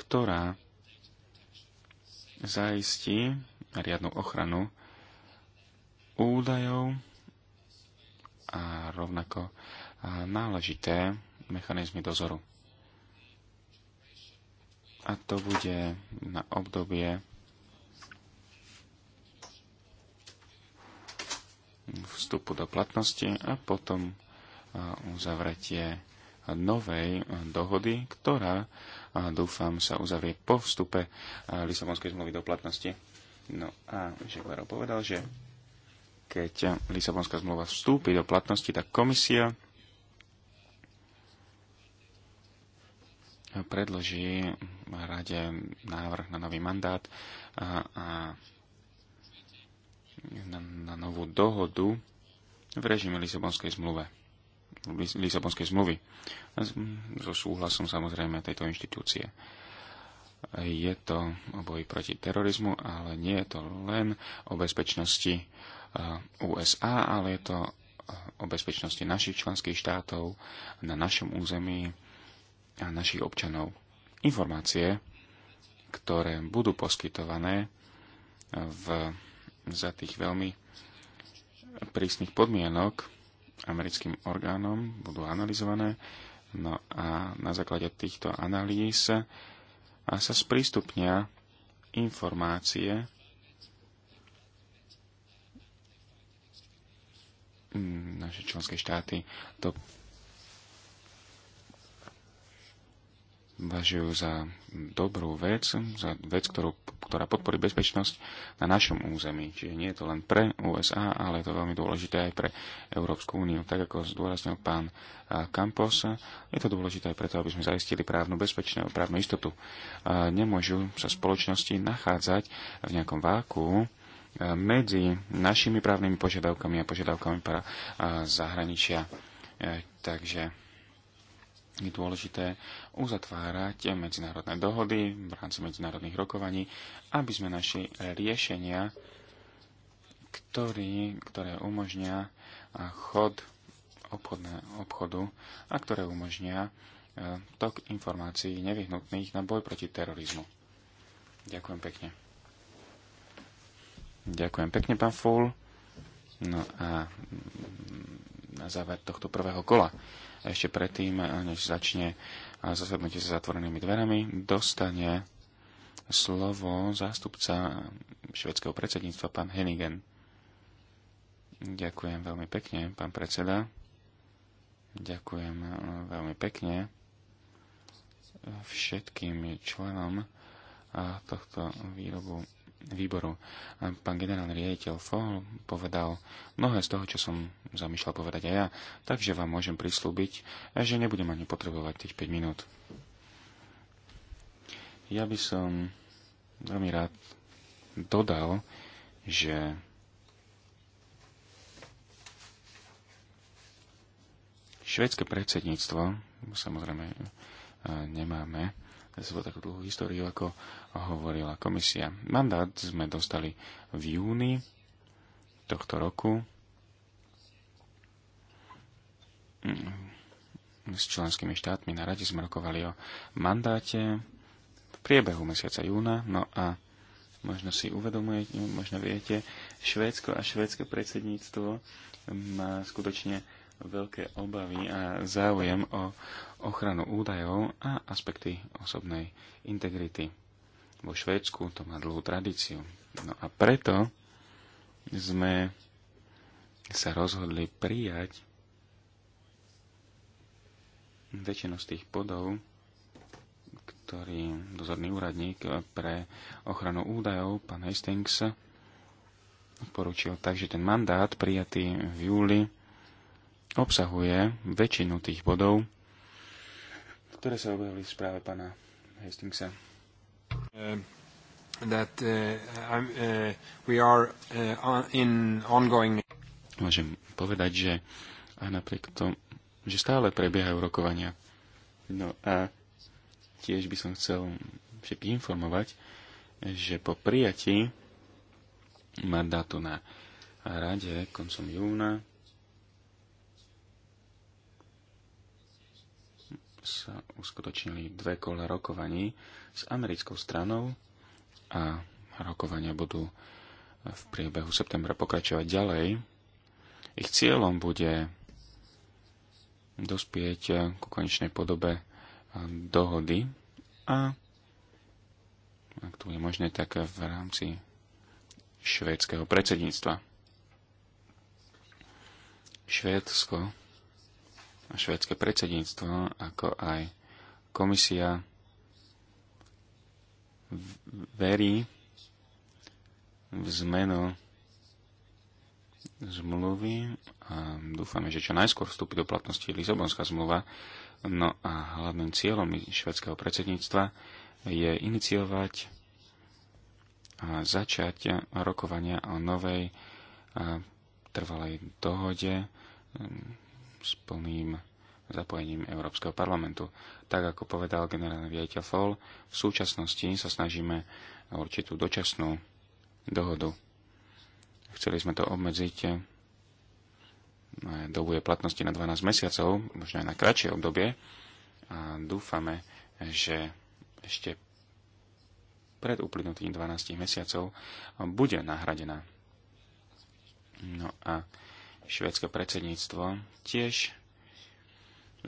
ktorá zaistí riadnu ochranu údajov a rovnako náležité mechanizmy dozoru. A to bude na obdobie vstupu do platnosti a potom uzavretie novej dohody, ktorá dúfam, sa uzavrie po vstupe Lisabonskej zmluvy do platnosti. No a Žeglero povedal, že keď Lisabonská zmluva vstúpi do platnosti, tak komisia predloží rade návrh na nový mandát a, a na, na novú dohodu v režime Lisabonskej zmluve. Lisabonskej zmluvy. So súhlasom samozrejme tejto inštitúcie. Je to o boji proti terorizmu, ale nie je to len o bezpečnosti USA, ale je to o bezpečnosti našich členských štátov na našom území a našich občanov. Informácie, ktoré budú poskytované v, za tých veľmi prísnych podmienok, americkým orgánom, budú analyzované. No a na základe týchto analýz a sa sprístupnia informácie naše členské štáty do považujú za dobrú vec, za vec, ktorú, ktorá podporí bezpečnosť na našom území. Čiže nie je to len pre USA, ale je to veľmi dôležité aj pre Európsku úniu. Tak ako zdôraznil pán Campos, je to dôležité aj preto, aby sme zaistili právnu bezpečnosť, právnu istotu. Nemôžu sa spoločnosti nachádzať v nejakom váku, medzi našimi právnymi požiadavkami a požiadavkami para zahraničia. E, takže je dôležité uzatvárať medzinárodné dohody v rámci medzinárodných rokovaní, aby sme našli riešenia, ktorý, ktoré umožnia chod obchodné, obchodu a ktoré umožnia e, tok informácií nevyhnutných na boj proti terorizmu. Ďakujem pekne. Ďakujem pekne, pán Fúl. No a na záver tohto prvého kola. Ešte predtým, než začne zasadnutie sa zatvorenými dverami, dostane slovo zástupca švedského predsedníctva, pán Henigen. Ďakujem veľmi pekne, pán predseda. Ďakujem veľmi pekne všetkým členom tohto výrobu výboru. Pán generálny riaditeľ Fohl povedal mnohé z toho, čo som zamýšľal povedať aj ja, takže vám môžem prislúbiť, že nebudem ani potrebovať tých 5 minút. Ja by som veľmi rád dodal, že švedské predsedníctvo, samozrejme e, nemáme takú dlhú históriu ako hovorila komisia. Mandát sme dostali v júni tohto roku mm, s členskými štátmi na rade sme rokovali o mandáte v priebehu mesiaca júna. No a možno si uvedomujete, možno viete, Švédsko a švédske predsedníctvo má skutočne veľké obavy a záujem o ochranu údajov a aspekty osobnej integrity vo Švédsku to má dlhú tradíciu. No a preto sme sa rozhodli prijať väčšinu z tých podov, ktorý dozorný úradník pre ochranu údajov, pán Hastings, poručil tak, že ten mandát prijatý v júli obsahuje väčšinu tých bodov, ktoré sa objavili v správe pána Hastingsa. Uh, uh, uh, Môžem povedať, že aj napriek tomu, že stále prebiehajú rokovania. No a tiež by som chcel všetkých informovať, že po prijatí mandátu na rade koncom júna sa uskutočnili dve kola rokovaní s americkou stranou a rokovania budú v priebehu septembra pokračovať ďalej. Ich cieľom bude dospieť ku konečnej podobe dohody a ak to je možné, tak v rámci švédskeho predsedníctva. Švédsko a švédske predsedníctvo, ako aj komisia verí v zmenu zmluvy a dúfame, že čo najskôr vstúpi do platnosti Lisabonská zmluva. No a hlavným cieľom švedského predsedníctva je iniciovať a začať rokovania o novej trvalej dohode s plným zapojením Európskeho parlamentu. Tak ako povedal generálny riaditeľ FOL, v súčasnosti sa snažíme určitú dočasnú dohodu. Chceli sme to obmedziť eh, dobu je platnosti na 12 mesiacov, možno aj na kratšie obdobie a dúfame, že ešte pred uplynutým 12 mesiacov bude nahradená. No a švédske predsedníctvo tiež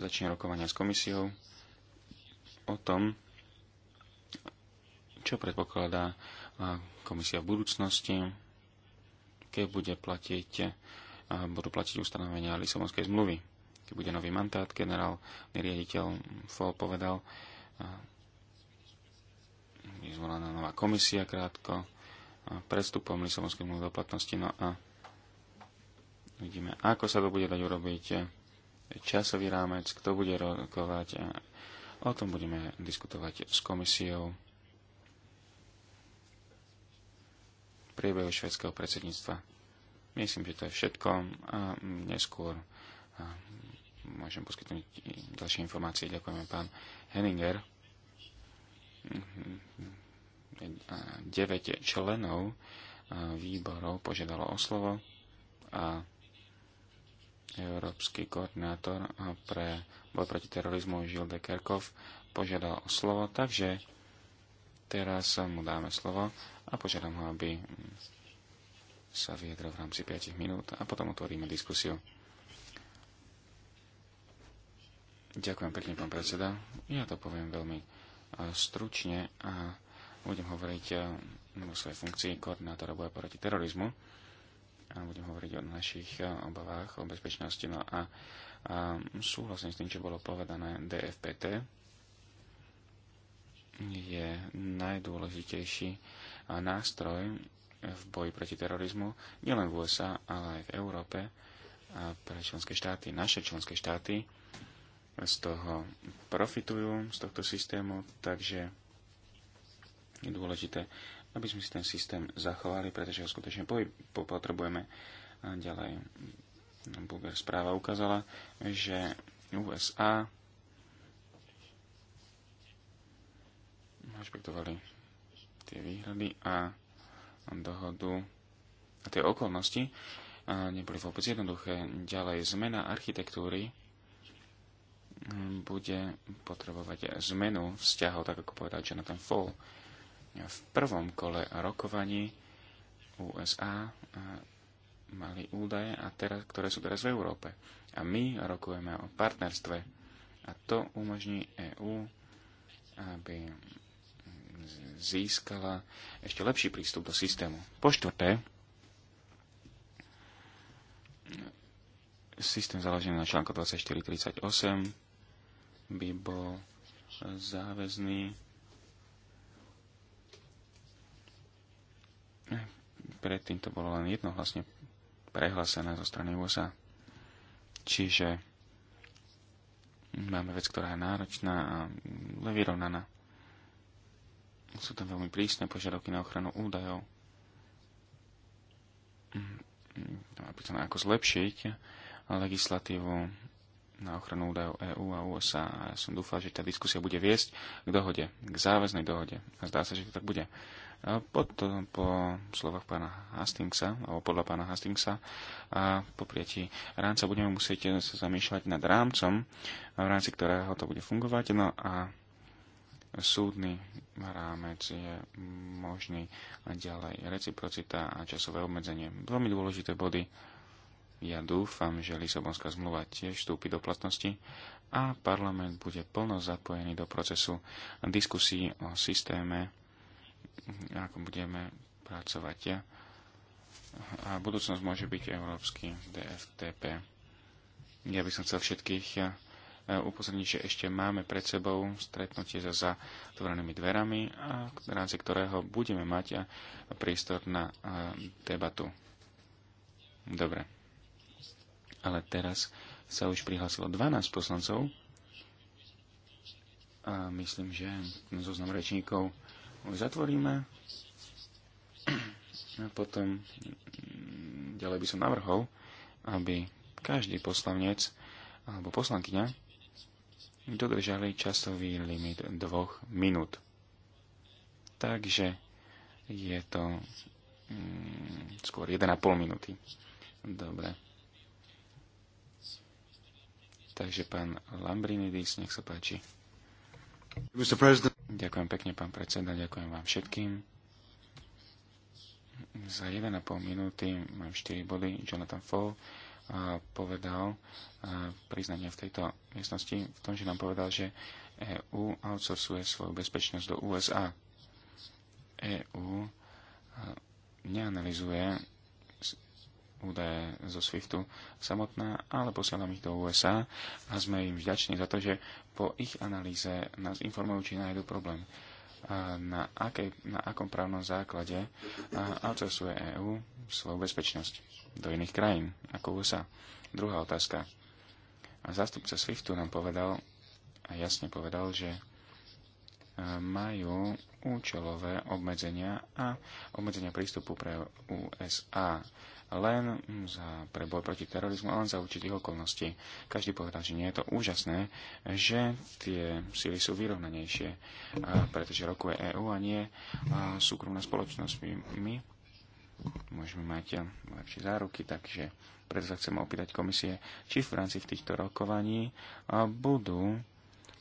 začne rokovania s komisiou o tom, čo predpokladá komisia v budúcnosti, keď bude platiť, budú platiť ustanovenia Lisabonskej zmluvy. Keď bude nový mandát, generál, riaditeľ FO povedal, je zvolaná nová komisia krátko, predstupom Lisabonskej zmluvy do platnosti, no a vidíme, ako sa to bude dať urobiť časový rámec, kto bude rokovať a o tom budeme diskutovať s komisiou v priebehu švedského predsedníctva. Myslím, že to je všetko a neskôr môžem poskytnúť ďalšie informácie. Ďakujeme pán Henninger. 9 členov výborov požiadalo o slovo a Európsky koordinátor pre boj proti terorizmu Žil de Kerkov požiadal o slovo, takže teraz mu dáme slovo a požiadam ho, aby sa vyjadril v rámci 5 minút a potom otvoríme diskusiu. Ďakujem pekne, pán predseda. Ja to poviem veľmi e, stručne a budem hovoriť e, vo svojej funkcii koordinátora boja proti terorizmu a budem hovoriť o našich obavách o bezpečnosti. No a, a súhlasím s tým, čo bolo povedané DFPT je najdôležitejší nástroj v boji proti terorizmu nielen v USA, ale aj v Európe a pre členské štáty, naše členské štáty z toho profitujú, z tohto systému, takže je dôležité aby sme si ten systém zachovali, pretože ho skutočne potrebujeme. A ďalej Bulger správa ukázala, že USA rešpektovali tie výhrady a dohodu a tie okolnosti a neboli vôbec jednoduché. Ďalej zmena architektúry bude potrebovať zmenu vzťahov, tak ako povedal Jonathan Fall v prvom kole rokovaní USA e, mali údaje, a teraz, ktoré sú teraz v Európe. A my rokujeme o partnerstve. A to umožní EÚ, aby získala ešte lepší prístup do systému. Po štvrté, systém založený na článku 2438 by bol záväzný predtým to bolo len jednohlasne prehlásené zo strany USA. Čiže máme vec, ktorá je náročná a vyrovnaná. Sú tam veľmi prísne požiadavky na ochranu údajov. Aby to ako zlepšiť legislatívu na ochranu údajov EÚ a USA a ja som dúfal, že tá diskusia bude viesť k dohode, k záväznej dohode. A zdá sa, že to tak bude pod, po slovách pána Hastingsa, alebo podľa pána Hastingsa, a po prijatí rámca budeme musieť sa zamýšľať nad rámcom, v rámci ktorého to bude fungovať. No a súdny rámec je možný a ďalej reciprocita a časové obmedzenie. Veľmi dôležité body. Ja dúfam, že Lisabonská zmluva tiež vstúpi do platnosti a parlament bude plno zapojený do procesu diskusí o systéme ako budeme pracovať. A budúcnosť môže byť európsky DFTP. Ja by som chcel všetkých eh, upozorniť, že ešte máme pred sebou stretnutie za zatvorenými dverami, a v rámci ktorého budeme mať eh, prístor na eh, debatu. Dobre. Ale teraz sa už prihlásilo 12 poslancov a myslím, že zoznam rečníkov zatvoríme. A potom mm, ďalej by som navrhol, aby každý poslanec alebo poslankyňa dodržali časový limit dvoch minút. Takže je to mm, skôr 1,5 minúty. Dobre. Takže pán Lambrinidis, nech sa páči. Ďakujem pekne, pán predseda, ďakujem vám všetkým. Za 1,5 minúty mám 4 body. Jonathan Fall eh, povedal eh, priznanie v tejto miestnosti v tom, že nám povedal, že EU outsourcuje svoju bezpečnosť do USA. EU eh, neanalizuje údaje zo SWIFTu samotná, ale posielam ich do USA a sme im vďační za to, že po ich analýze nás informujú, či nájdu problém. na, akej, na akom právnom základe outsourcuje EÚ svoju bezpečnosť do iných krajín ako USA. Druhá otázka. zástupca SWIFTu nám povedal a jasne povedal, že majú účelové obmedzenia a obmedzenia prístupu pre USA len za preboj proti terorizmu a len za určitých okolností. Každý povedal, že nie je to úžasné, že tie síly sú vyrovnanejšie, pretože roku je EÚ a nie súkromná spoločnosť. My, my môžeme mať lepšie záruky, takže preto sa chcem opýtať komisie, či v rámci v týchto rokovaní budú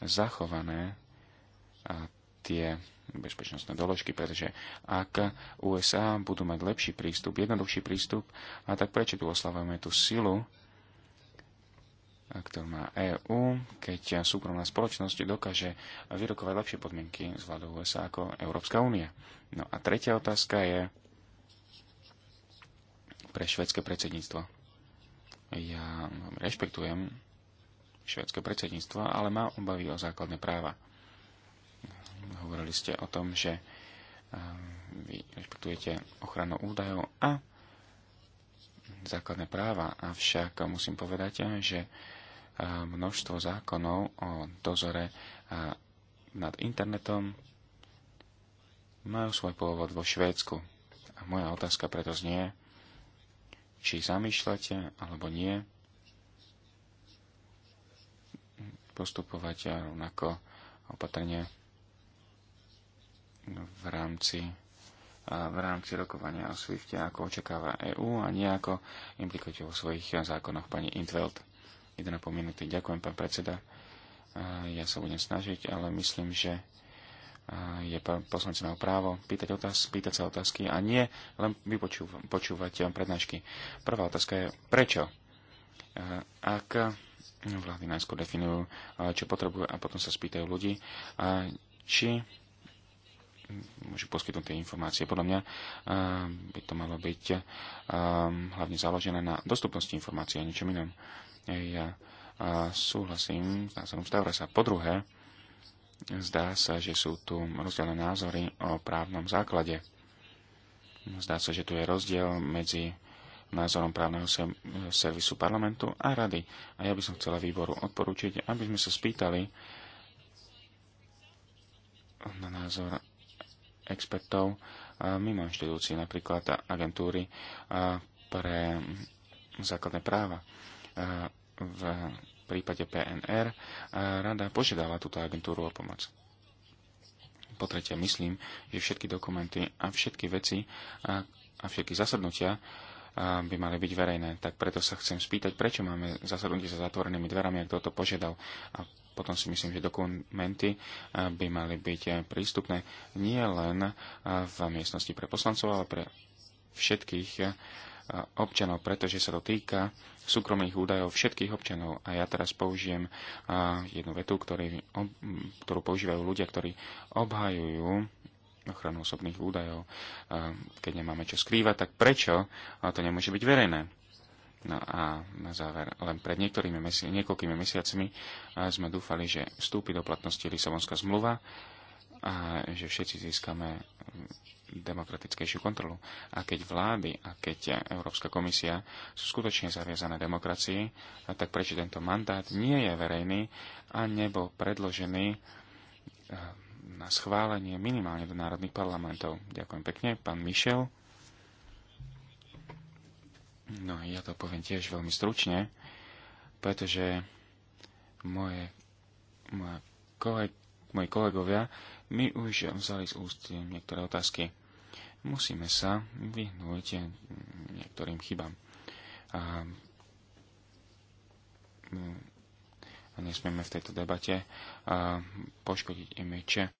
zachované tie bezpečnostné doložky, pretože ak USA budú mať lepší prístup, jednoduchší prístup, a tak prečo tu oslavujeme tú silu, ktorú má EÚ, keď súkromná spoločnosť dokáže vyrokovať lepšie podmienky z vládu USA ako Európska únia. No a tretia otázka je pre švedské predsedníctvo. Ja rešpektujem švedské predsedníctvo, ale má obavy o základné práva. Hovorili ste o tom, že ehm, vy rešpektujete ochranu údajov a základné práva, avšak musím povedať, že ehm, množstvo zákonov o dozore e, nad internetom majú svoj pôvod vo Švédsku. A moja otázka preto znie, či zamýšľate alebo nie postupovať rovnako opatrne v rámci v rámci rokovania o SWIFT, ako očakáva EÚ a nejako implikujete vo svojich zákonoch pani Intveld. 1,5 minúty. Ďakujem, pán predseda. Ja sa budem snažiť, ale myslím, že je poslanci mal právo pýtať, otáz, pýtať sa otázky a nie len vypočúvať prednášky. Prvá otázka je, prečo? Ak vlády najskôr definujú, čo potrebujú a potom sa spýtajú ľudí, či môžu poskytnúť tie informácie. Podľa mňa eh, by to malo byť eh, hlavne založené na dostupnosti informácií a ničom inom. Eh, ja súhlasím s názorom sa. Po druhé, zdá sa, že sú tu rozdielne názory o právnom základe. Zdá sa, že tu je rozdiel medzi názorom právneho servisu parlamentu a rady. A ja by som chcela výboru odporúčiť, aby sme sa spýtali na názor expertov mimo inštitúcií, napríklad agentúry pre základné práva. V prípade PNR rada požiadala túto agentúru o pomoc. Po tretie, myslím, že všetky dokumenty a všetky veci a, všetky zasadnutia by mali byť verejné. Tak preto sa chcem spýtať, prečo máme zasadnutie sa zatvorenými dverami, ak toto požiadal. A potom si myslím, že dokumenty eh, by mali byť eh, prístupné nie len eh, v miestnosti pre poslancov, ale pre všetkých občanov, pretože sa to týka súkromných údajov všetkých občanov. A ja teraz použijem jednu vetu, ktorý, ktorú používajú ľudia, ktorí obhajujú ochranu osobných údajov. Keď nemáme čo skrývať, tak prečo to nemôže byť verejné? No a na záver, len pred niektorými mesi- niekoľkými mesiacmi sme dúfali, že vstúpi do platnosti Lisabonská zmluva a že všetci získame demokratickejšiu kontrolu. A keď vlády a keď Európska komisia sú skutočne zaviazané demokracii, tak prečo tento mandát nie je verejný a nebol predložený na schválenie minimálne do národných parlamentov. Ďakujem pekne, pán Mišel. No, ja to poviem tiež veľmi stručne, pretože moje, moje koleg, moji kolegovia mi už vzali z úst niektoré otázky. Musíme sa vyhnúť niektorým chybám. A, mm, a nesmieme v tejto debate a, poškodiť imiče